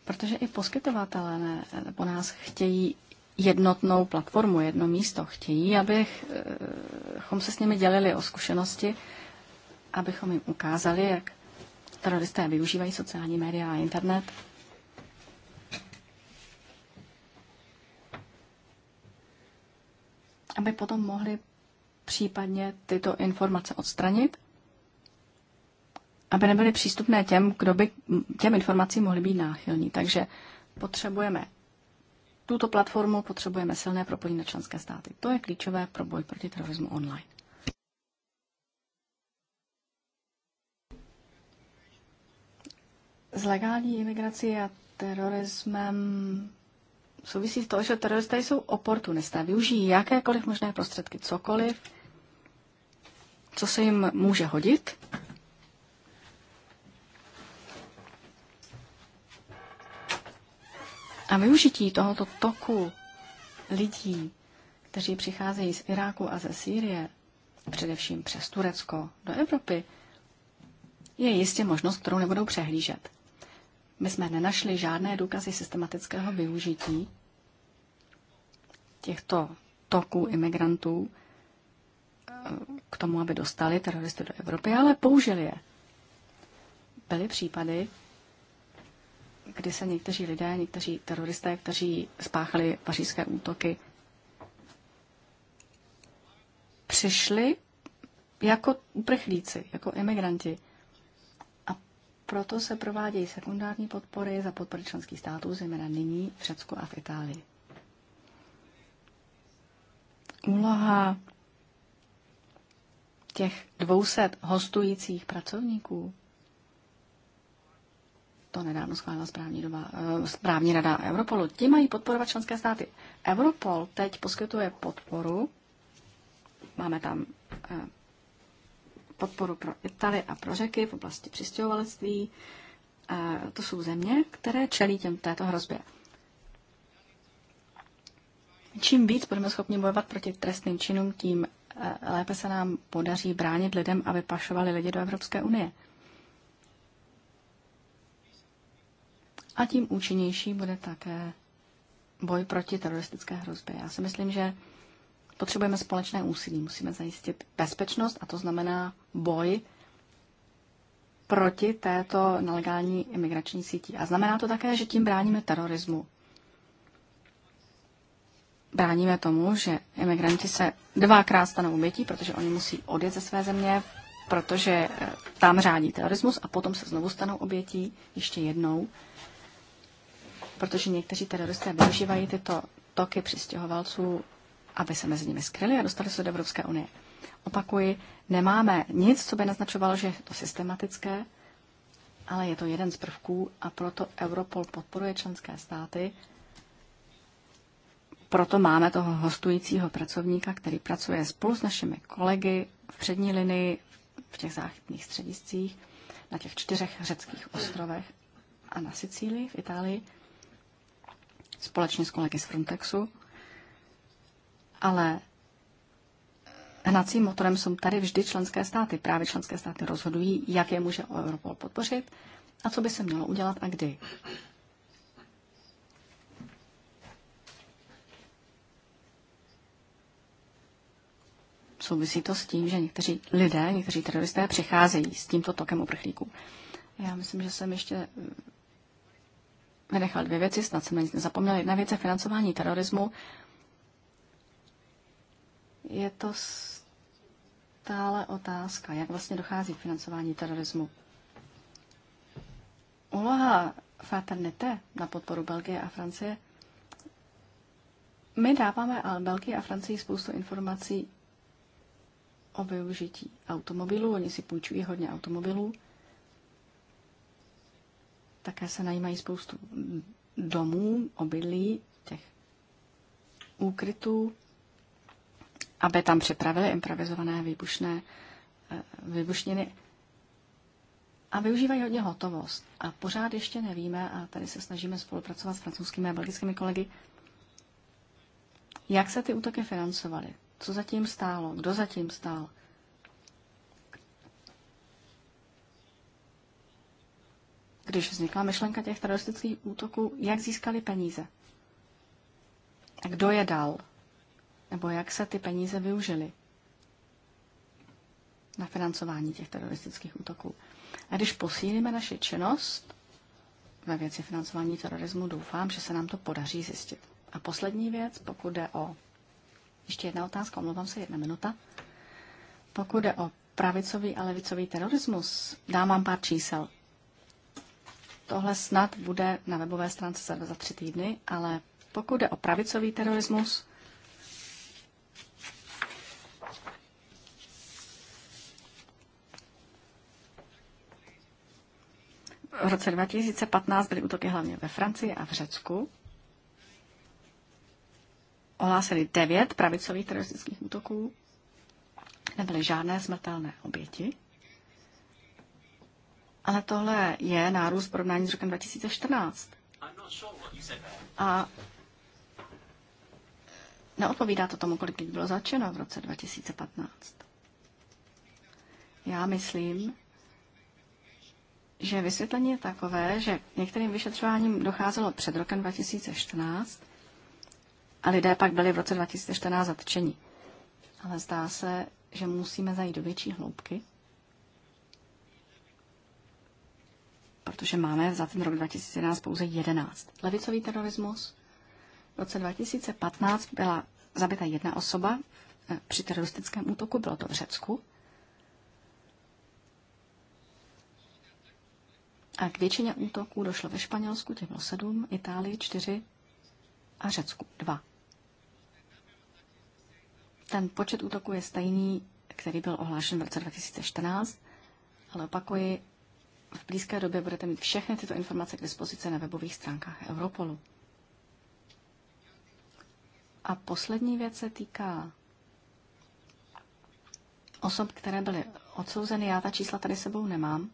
Protože i poskytovatelé ne, po nás chtějí jednotnou platformu, jedno místo. Chtějí, abychom eh, se s nimi dělili o zkušenosti, abychom jim ukázali, jak Teroristé využívají sociální média a internet. aby potom mohli případně tyto informace odstranit, aby nebyly přístupné těm, kdo by těm informacím mohli být náchylní. Takže potřebujeme tuto platformu, potřebujeme silné propojení na členské státy. To je klíčové pro boj proti terorismu online. s legální imigrací a terorismem souvisí s to, že teroristé jsou oportunisté, využijí jakékoliv možné prostředky, cokoliv, co se jim může hodit. A využití tohoto toku lidí, kteří přicházejí z Iráku a ze Sýrie, především přes Turecko do Evropy, je jistě možnost, kterou nebudou přehlížet my jsme nenašli žádné důkazy systematického využití těchto toků imigrantů eh, k tomu, aby dostali teroristy do Evropy, ale použili je. Byly případy, kdy se někteří lidé, někteří teroristé, kteří spáchali pařížské útoky, přišli jako uprchlíci, jako imigranti. Proto se provádějí sekundární podpory za podpory členských států, zejména nyní v Řecku a v Itálii. Úloha těch 200 hostujících pracovníků, to nedávno schválila správní, doba, eh, správní rada Europolu, ti mají podporovat členské státy. Europol teď poskytuje podporu, máme tam eh, podporu pro Italy a pro řeky v oblasti přistěhovalectví. To jsou země, které čelí těm této hrozbě. Čím víc budeme schopni bojovat proti trestným činům, tím eh, lépe se nám podaří bránit lidem, aby pašovali lidi do Evropské unie. A tím účinnější bude také boj proti teroristické hrozbě. Já si myslím, že Potřebujeme společné úsilí, musíme zajistit bezpečnost a to znamená boj proti této nelegální imigrační síti. A znamená to také, že tím bráníme terorismu. Bráníme tomu, že imigranti se dvakrát stanou obětí, protože oni musí odjet ze své země, protože eh, tam řádí terorismus a potom se znovu stanou obětí ještě jednou, protože někteří teroristé využívají tyto toky přistěhovalců aby se mezi nimi skryli a dostali se do Evropské unie. Opakuji, nemáme nic, co by naznačovalo, že je to systematické, ale je to jeden z prvků a proto Europol podporuje členské státy. Proto máme toho hostujícího pracovníka, který pracuje spolu s našimi kolegy v přední linii, v těch záchytných střediscích, na těch čtyřech řeckých ostrovech a na Sicílii v Itálii, společně s kolegy z Frontexu ale hnacím motorem jsou tady vždy členské státy. Právě členské státy rozhodují, jak je může Europol podpořit a co by se mělo udělat a kdy. Souvisí to s tím, že někteří lidé, někteří teroristé přicházejí s tímto tokem uprchlíků. Já myslím, že jsem ještě eh, vynechal dvě věci, snad jsem na nic nezapomněl. Jedna věc je financování terorismu je to stále otázka, jak vlastně dochází k financování terorismu. Úloha Fraternité na podporu Belgie a Francie. My dáváme ale Belgii a Francii spoustu informací o využití automobilů. Oni si půjčují hodně automobilů. Také se najímají spoustu domů, obydlí, těch úkrytů, aby tam připravili improvizované výbušné eh, výbušniny a využívají hodně hotovost. A pořád ještě nevíme, a tady se snažíme spolupracovat s francouzskými a belgickými kolegy, jak se ty útoky financovaly, co zatím stálo, kdo zatím stál. Když vznikla myšlenka těch teroristických útoků, jak získali peníze? A kdo je dal? nebo jak se ty peníze využily na financování těch teroristických útoků. A když posílíme naši činnost ve věci financování terorismu, doufám, že se nám to podaří zjistit. A poslední věc, pokud jde o. Ještě jedna otázka, omlouvám se, jedna minuta. Pokud jde o pravicový a levicový terorismus, dám vám pár čísel. Tohle snad bude na webové stránce za, tři týdny, ale pokud jde o pravicový terorismus, V roce 2015 byly útoky hlavně ve Francii a v Řecku. Ohlásili devět pravicových teroristických útoků. Nebyly žádné smrtelné oběti. Ale tohle je nárůst porovnání s rokem 2014. A neodpovídá to tomu, kolik lidí bylo začeno v roce 2015. Já myslím, že vysvětlení je takové, že některým vyšetřováním docházelo před rokem 2014 a lidé pak byli v roce 2014 zatčeni. Ale zdá se, že musíme zajít do větší hloubky, protože máme za ten rok 2011 pouze 11. Levicový terorismus. V roce 2015 byla zabita jedna osoba eh, při teroristickém útoku, bylo to v Řecku. A k většině útoků došlo ve Španělsku, těch bylo sedm, Itálii čtyři a Řecku dva. Ten počet útoků je stejný, který byl ohlášen v roce 2014, ale opakuji, v blízké době budete mít všechny tyto informace k dispozici na webových stránkách Europolu. A poslední věc se týká osob, které byly odsouzeny. Já ta čísla tady sebou nemám,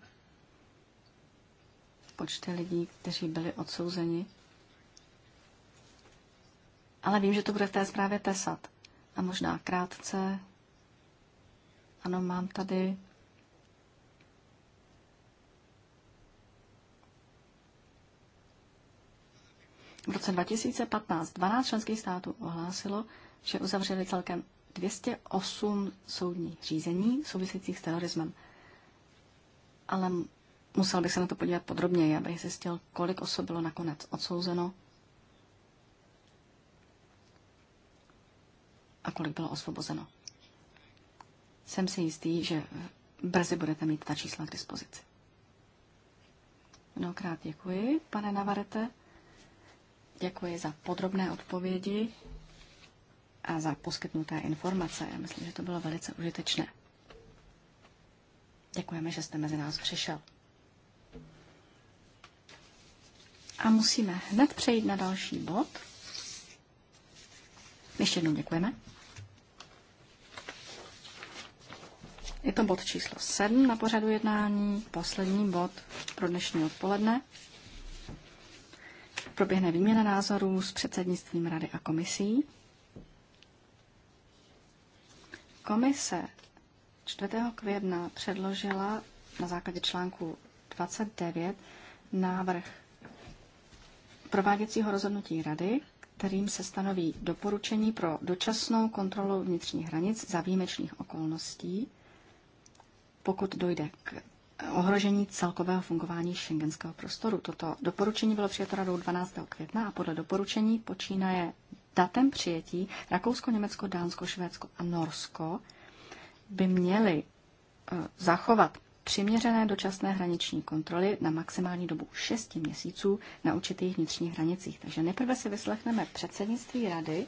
počty lidí, kteří byli odsouzeni. Ale vím, že to bude v té zprávě tesat. A možná krátce. Ano, mám tady V roce 2015 12 členských států ohlásilo, že uzavřeli celkem 208 soudních řízení souvisejících s terorismem. Ale Musel bych se na to podívat podrobněji, abych zjistil, kolik osob bylo nakonec odsouzeno a kolik bylo osvobozeno. Jsem si jistý, že brzy budete mít ta čísla k dispozici. Mnohokrát děkuji, pane Navarete. Děkuji za podrobné odpovědi a za poskytnuté informace. Já myslím, že to bylo velice užitečné. Děkujeme, že jste mezi nás přišel. A musíme hned přejít na další bod. Ještě jednou děkujeme. Je to bod číslo 7 na pořadu jednání, poslední bod pro dnešní odpoledne. Proběhne výměna názorů s předsednictvím Rady a komisí. Komise 4. května předložila na základě článku 29 návrh prováděcího rozhodnutí Rady, kterým se stanoví doporučení pro dočasnou kontrolu vnitřních hranic za výjimečných okolností, pokud dojde k ohrožení celkového fungování šengenského prostoru. Toto doporučení bylo přijato radou 12. května a podle doporučení počínaje datem přijetí Rakousko, Německo, Dánsko, Švédsko a Norsko by měly eh, zachovat přiměřené dočasné hraniční kontroly na maximální dobu 6 měsíců na určitých vnitřních hranicích. Takže nejprve si vyslechneme předsednictví rady,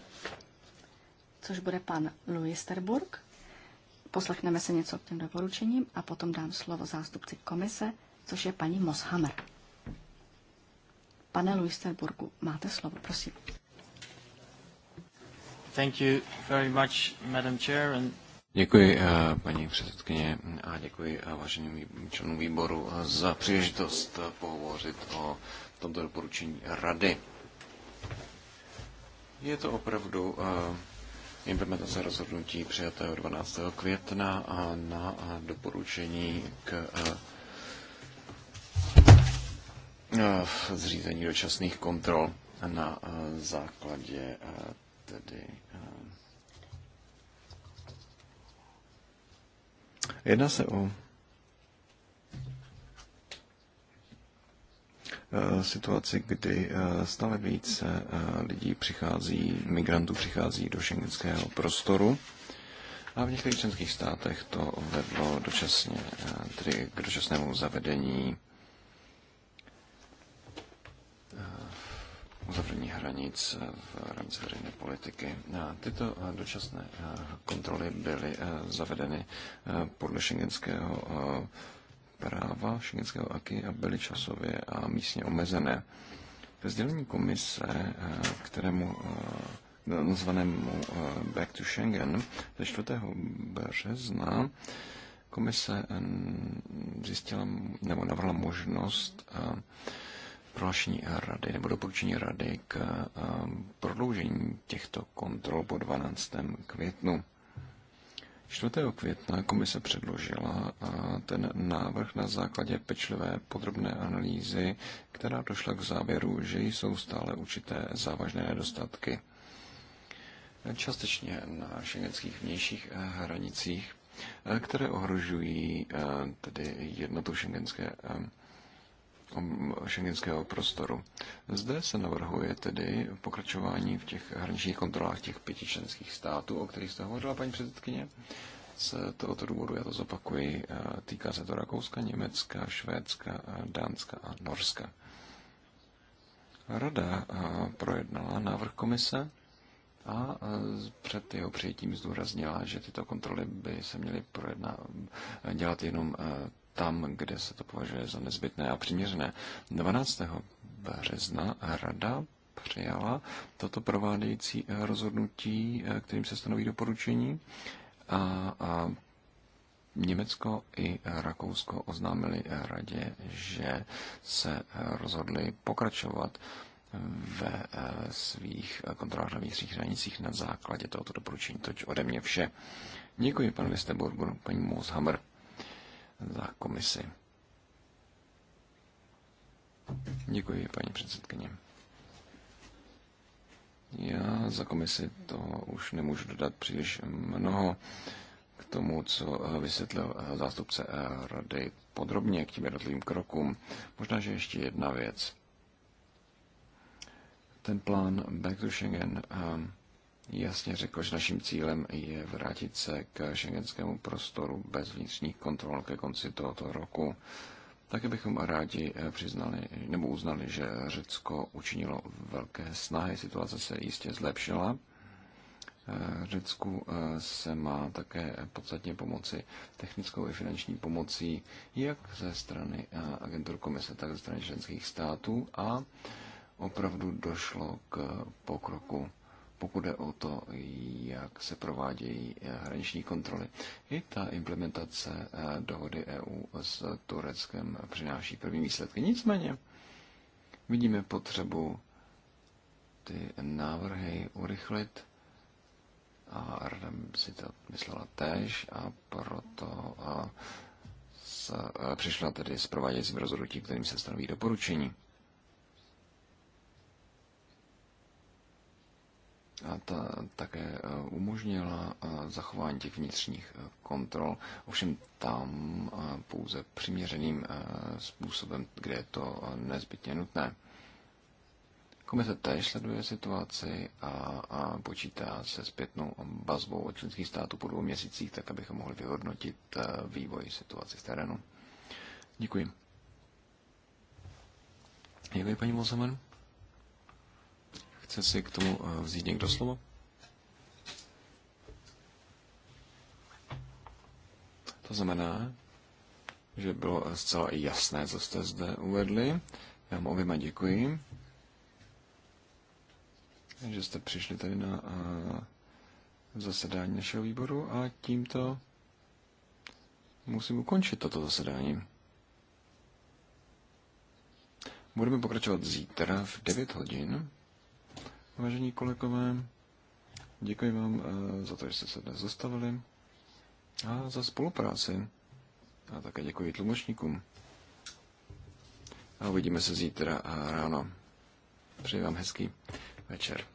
což bude pan Louis Terburg. Poslechneme se něco k těm doporučením a potom dám slovo zástupci komise, což je paní Moshammer. Pane Luisterburgu, máte slovo, prosím. Thank you very much, Madam Chair, and Děkuji, eh, paní předsedkyně, a děkuji eh, váženým členům výboru eh, za příležitost pohovořit o tomto doporučení rady. Je to opravdu implementace rozhodnutí přijatého 12. května a na doporučení k zřízení dočasných kontrol na základě tedy Jedná se o eh, situaci, kdy eh, stále více eh, lidí přichází, migrantů přichází do šengenského prostoru. A v některých členských státech to vedlo dočasně, tedy k dočasnému zavedení uzavření hranic v rámci veřejné politiky. A tyto dočasné kontroly byly zavedeny podle šengenského práva, šengenského aky a byly časově a místně omezené. Ve sdělení komise, kterému no, nazvanému Back to Schengen ze 4. března komise zjistila nebo navrhla možnost prohlášení rady nebo doporučení rady k eh, prodloužení těchto kontrol po 12. květnu. 4. května komise předložila eh, ten návrh na základě pečlivé podrobné analýzy, která došla k závěru, že jsou stále určité závažné nedostatky. Částečně na šengenských vnějších eh, hranicích, které ohrožují tedy jednotu šengenské Um, šengenského prostoru. Zde se navrhuje tedy pokračování v těch hraničních kontrolách těch pěti členských států, o kterých jste hovořila, paní předsedkyně. Z tohoto důvodu já to zopakuji. Eh, týká se to Rakouska, Německa, Švédska, eh, Dánska a Norska. Rada eh, projednala návrh komise a před jeho přijetím zdůraznila, že tyto kontroly by se měly projedna, dělat jenom tam, kde se to považuje za nezbytné a přiměřené. 12. března Rada přijala toto provádějící eh, rozhodnutí, eh, kterým se stanoví doporučení a, a Německo i Rakousko oznámili radě, že se eh, rozhodli pokračovat ve svých kontrolách na vnitřních hranicích na základě tohoto doporučení. Toť ode mě vše. Děkuji pan Vesteborgu, paní Mooshammer za komisi. Děkuji, paní předsedkyně. Já za komisi to už nemůžu dodat příliš mnoho k tomu, co vysvětlil zástupce rady podrobně k těm jednotlivým krokům. Možná, že ještě jedna věc. Ten plán Back to Schengen um, jasně řekl, že naším cílem je vrátit se k šengenskému prostoru bez vnitřních kontrol ke konci tohoto roku. Také bychom rádi eh, přiznali nebo uznali, že Řecko učinilo velké snahy, situace se jistě zlepšila. Eh, Řecku eh, se má také podstatně pomoci technickou i finanční pomocí jak ze strany agentur komise, tak ze strany členských států a opravdu došlo k pokroku pokud jde o to, jak se provádějí eh, hraniční kontroly. I ta implementace eh, dohody EU s Tureckem přináší první výsledky. Nicméně vidíme potřebu ty návrhy urychlit a Rada si to myslela též a proto a eh, s, a přišla tedy s prováděcím rozhodnutím, kterým se stanoví doporučení. ta také e, umožnila e, zachování těch vnitřních e, kontrol, ovšem tam pouze přiměřeným způsobem, kde je to nezbytně nutné. Komise též sleduje situaci a, a počítá se zpětnou bazbou od členských států po dvou měsících, tak abychom mohli vyhodnotit vývoj situace v terénu. Děkuji. Děkuji, paní Mozaman. Chce si k tomu eh, vzít někdo slovo? To znamená, že bylo eh, zcela jasné, co jste zde uvedli. Já vám oběma děkuji, že jste přišli tady na eh, zasedání našeho výboru a tímto musím ukončit toto zasedání. Budeme pokračovat zítra v 9 hodin. Vážení kolegové, děkuji vám eh, za to, že jste se dnes zastavili a za spolupráci. A také děkuji tlumočníkům. A uvidíme se zítra a eh, ráno. Přeji vám hezký večer.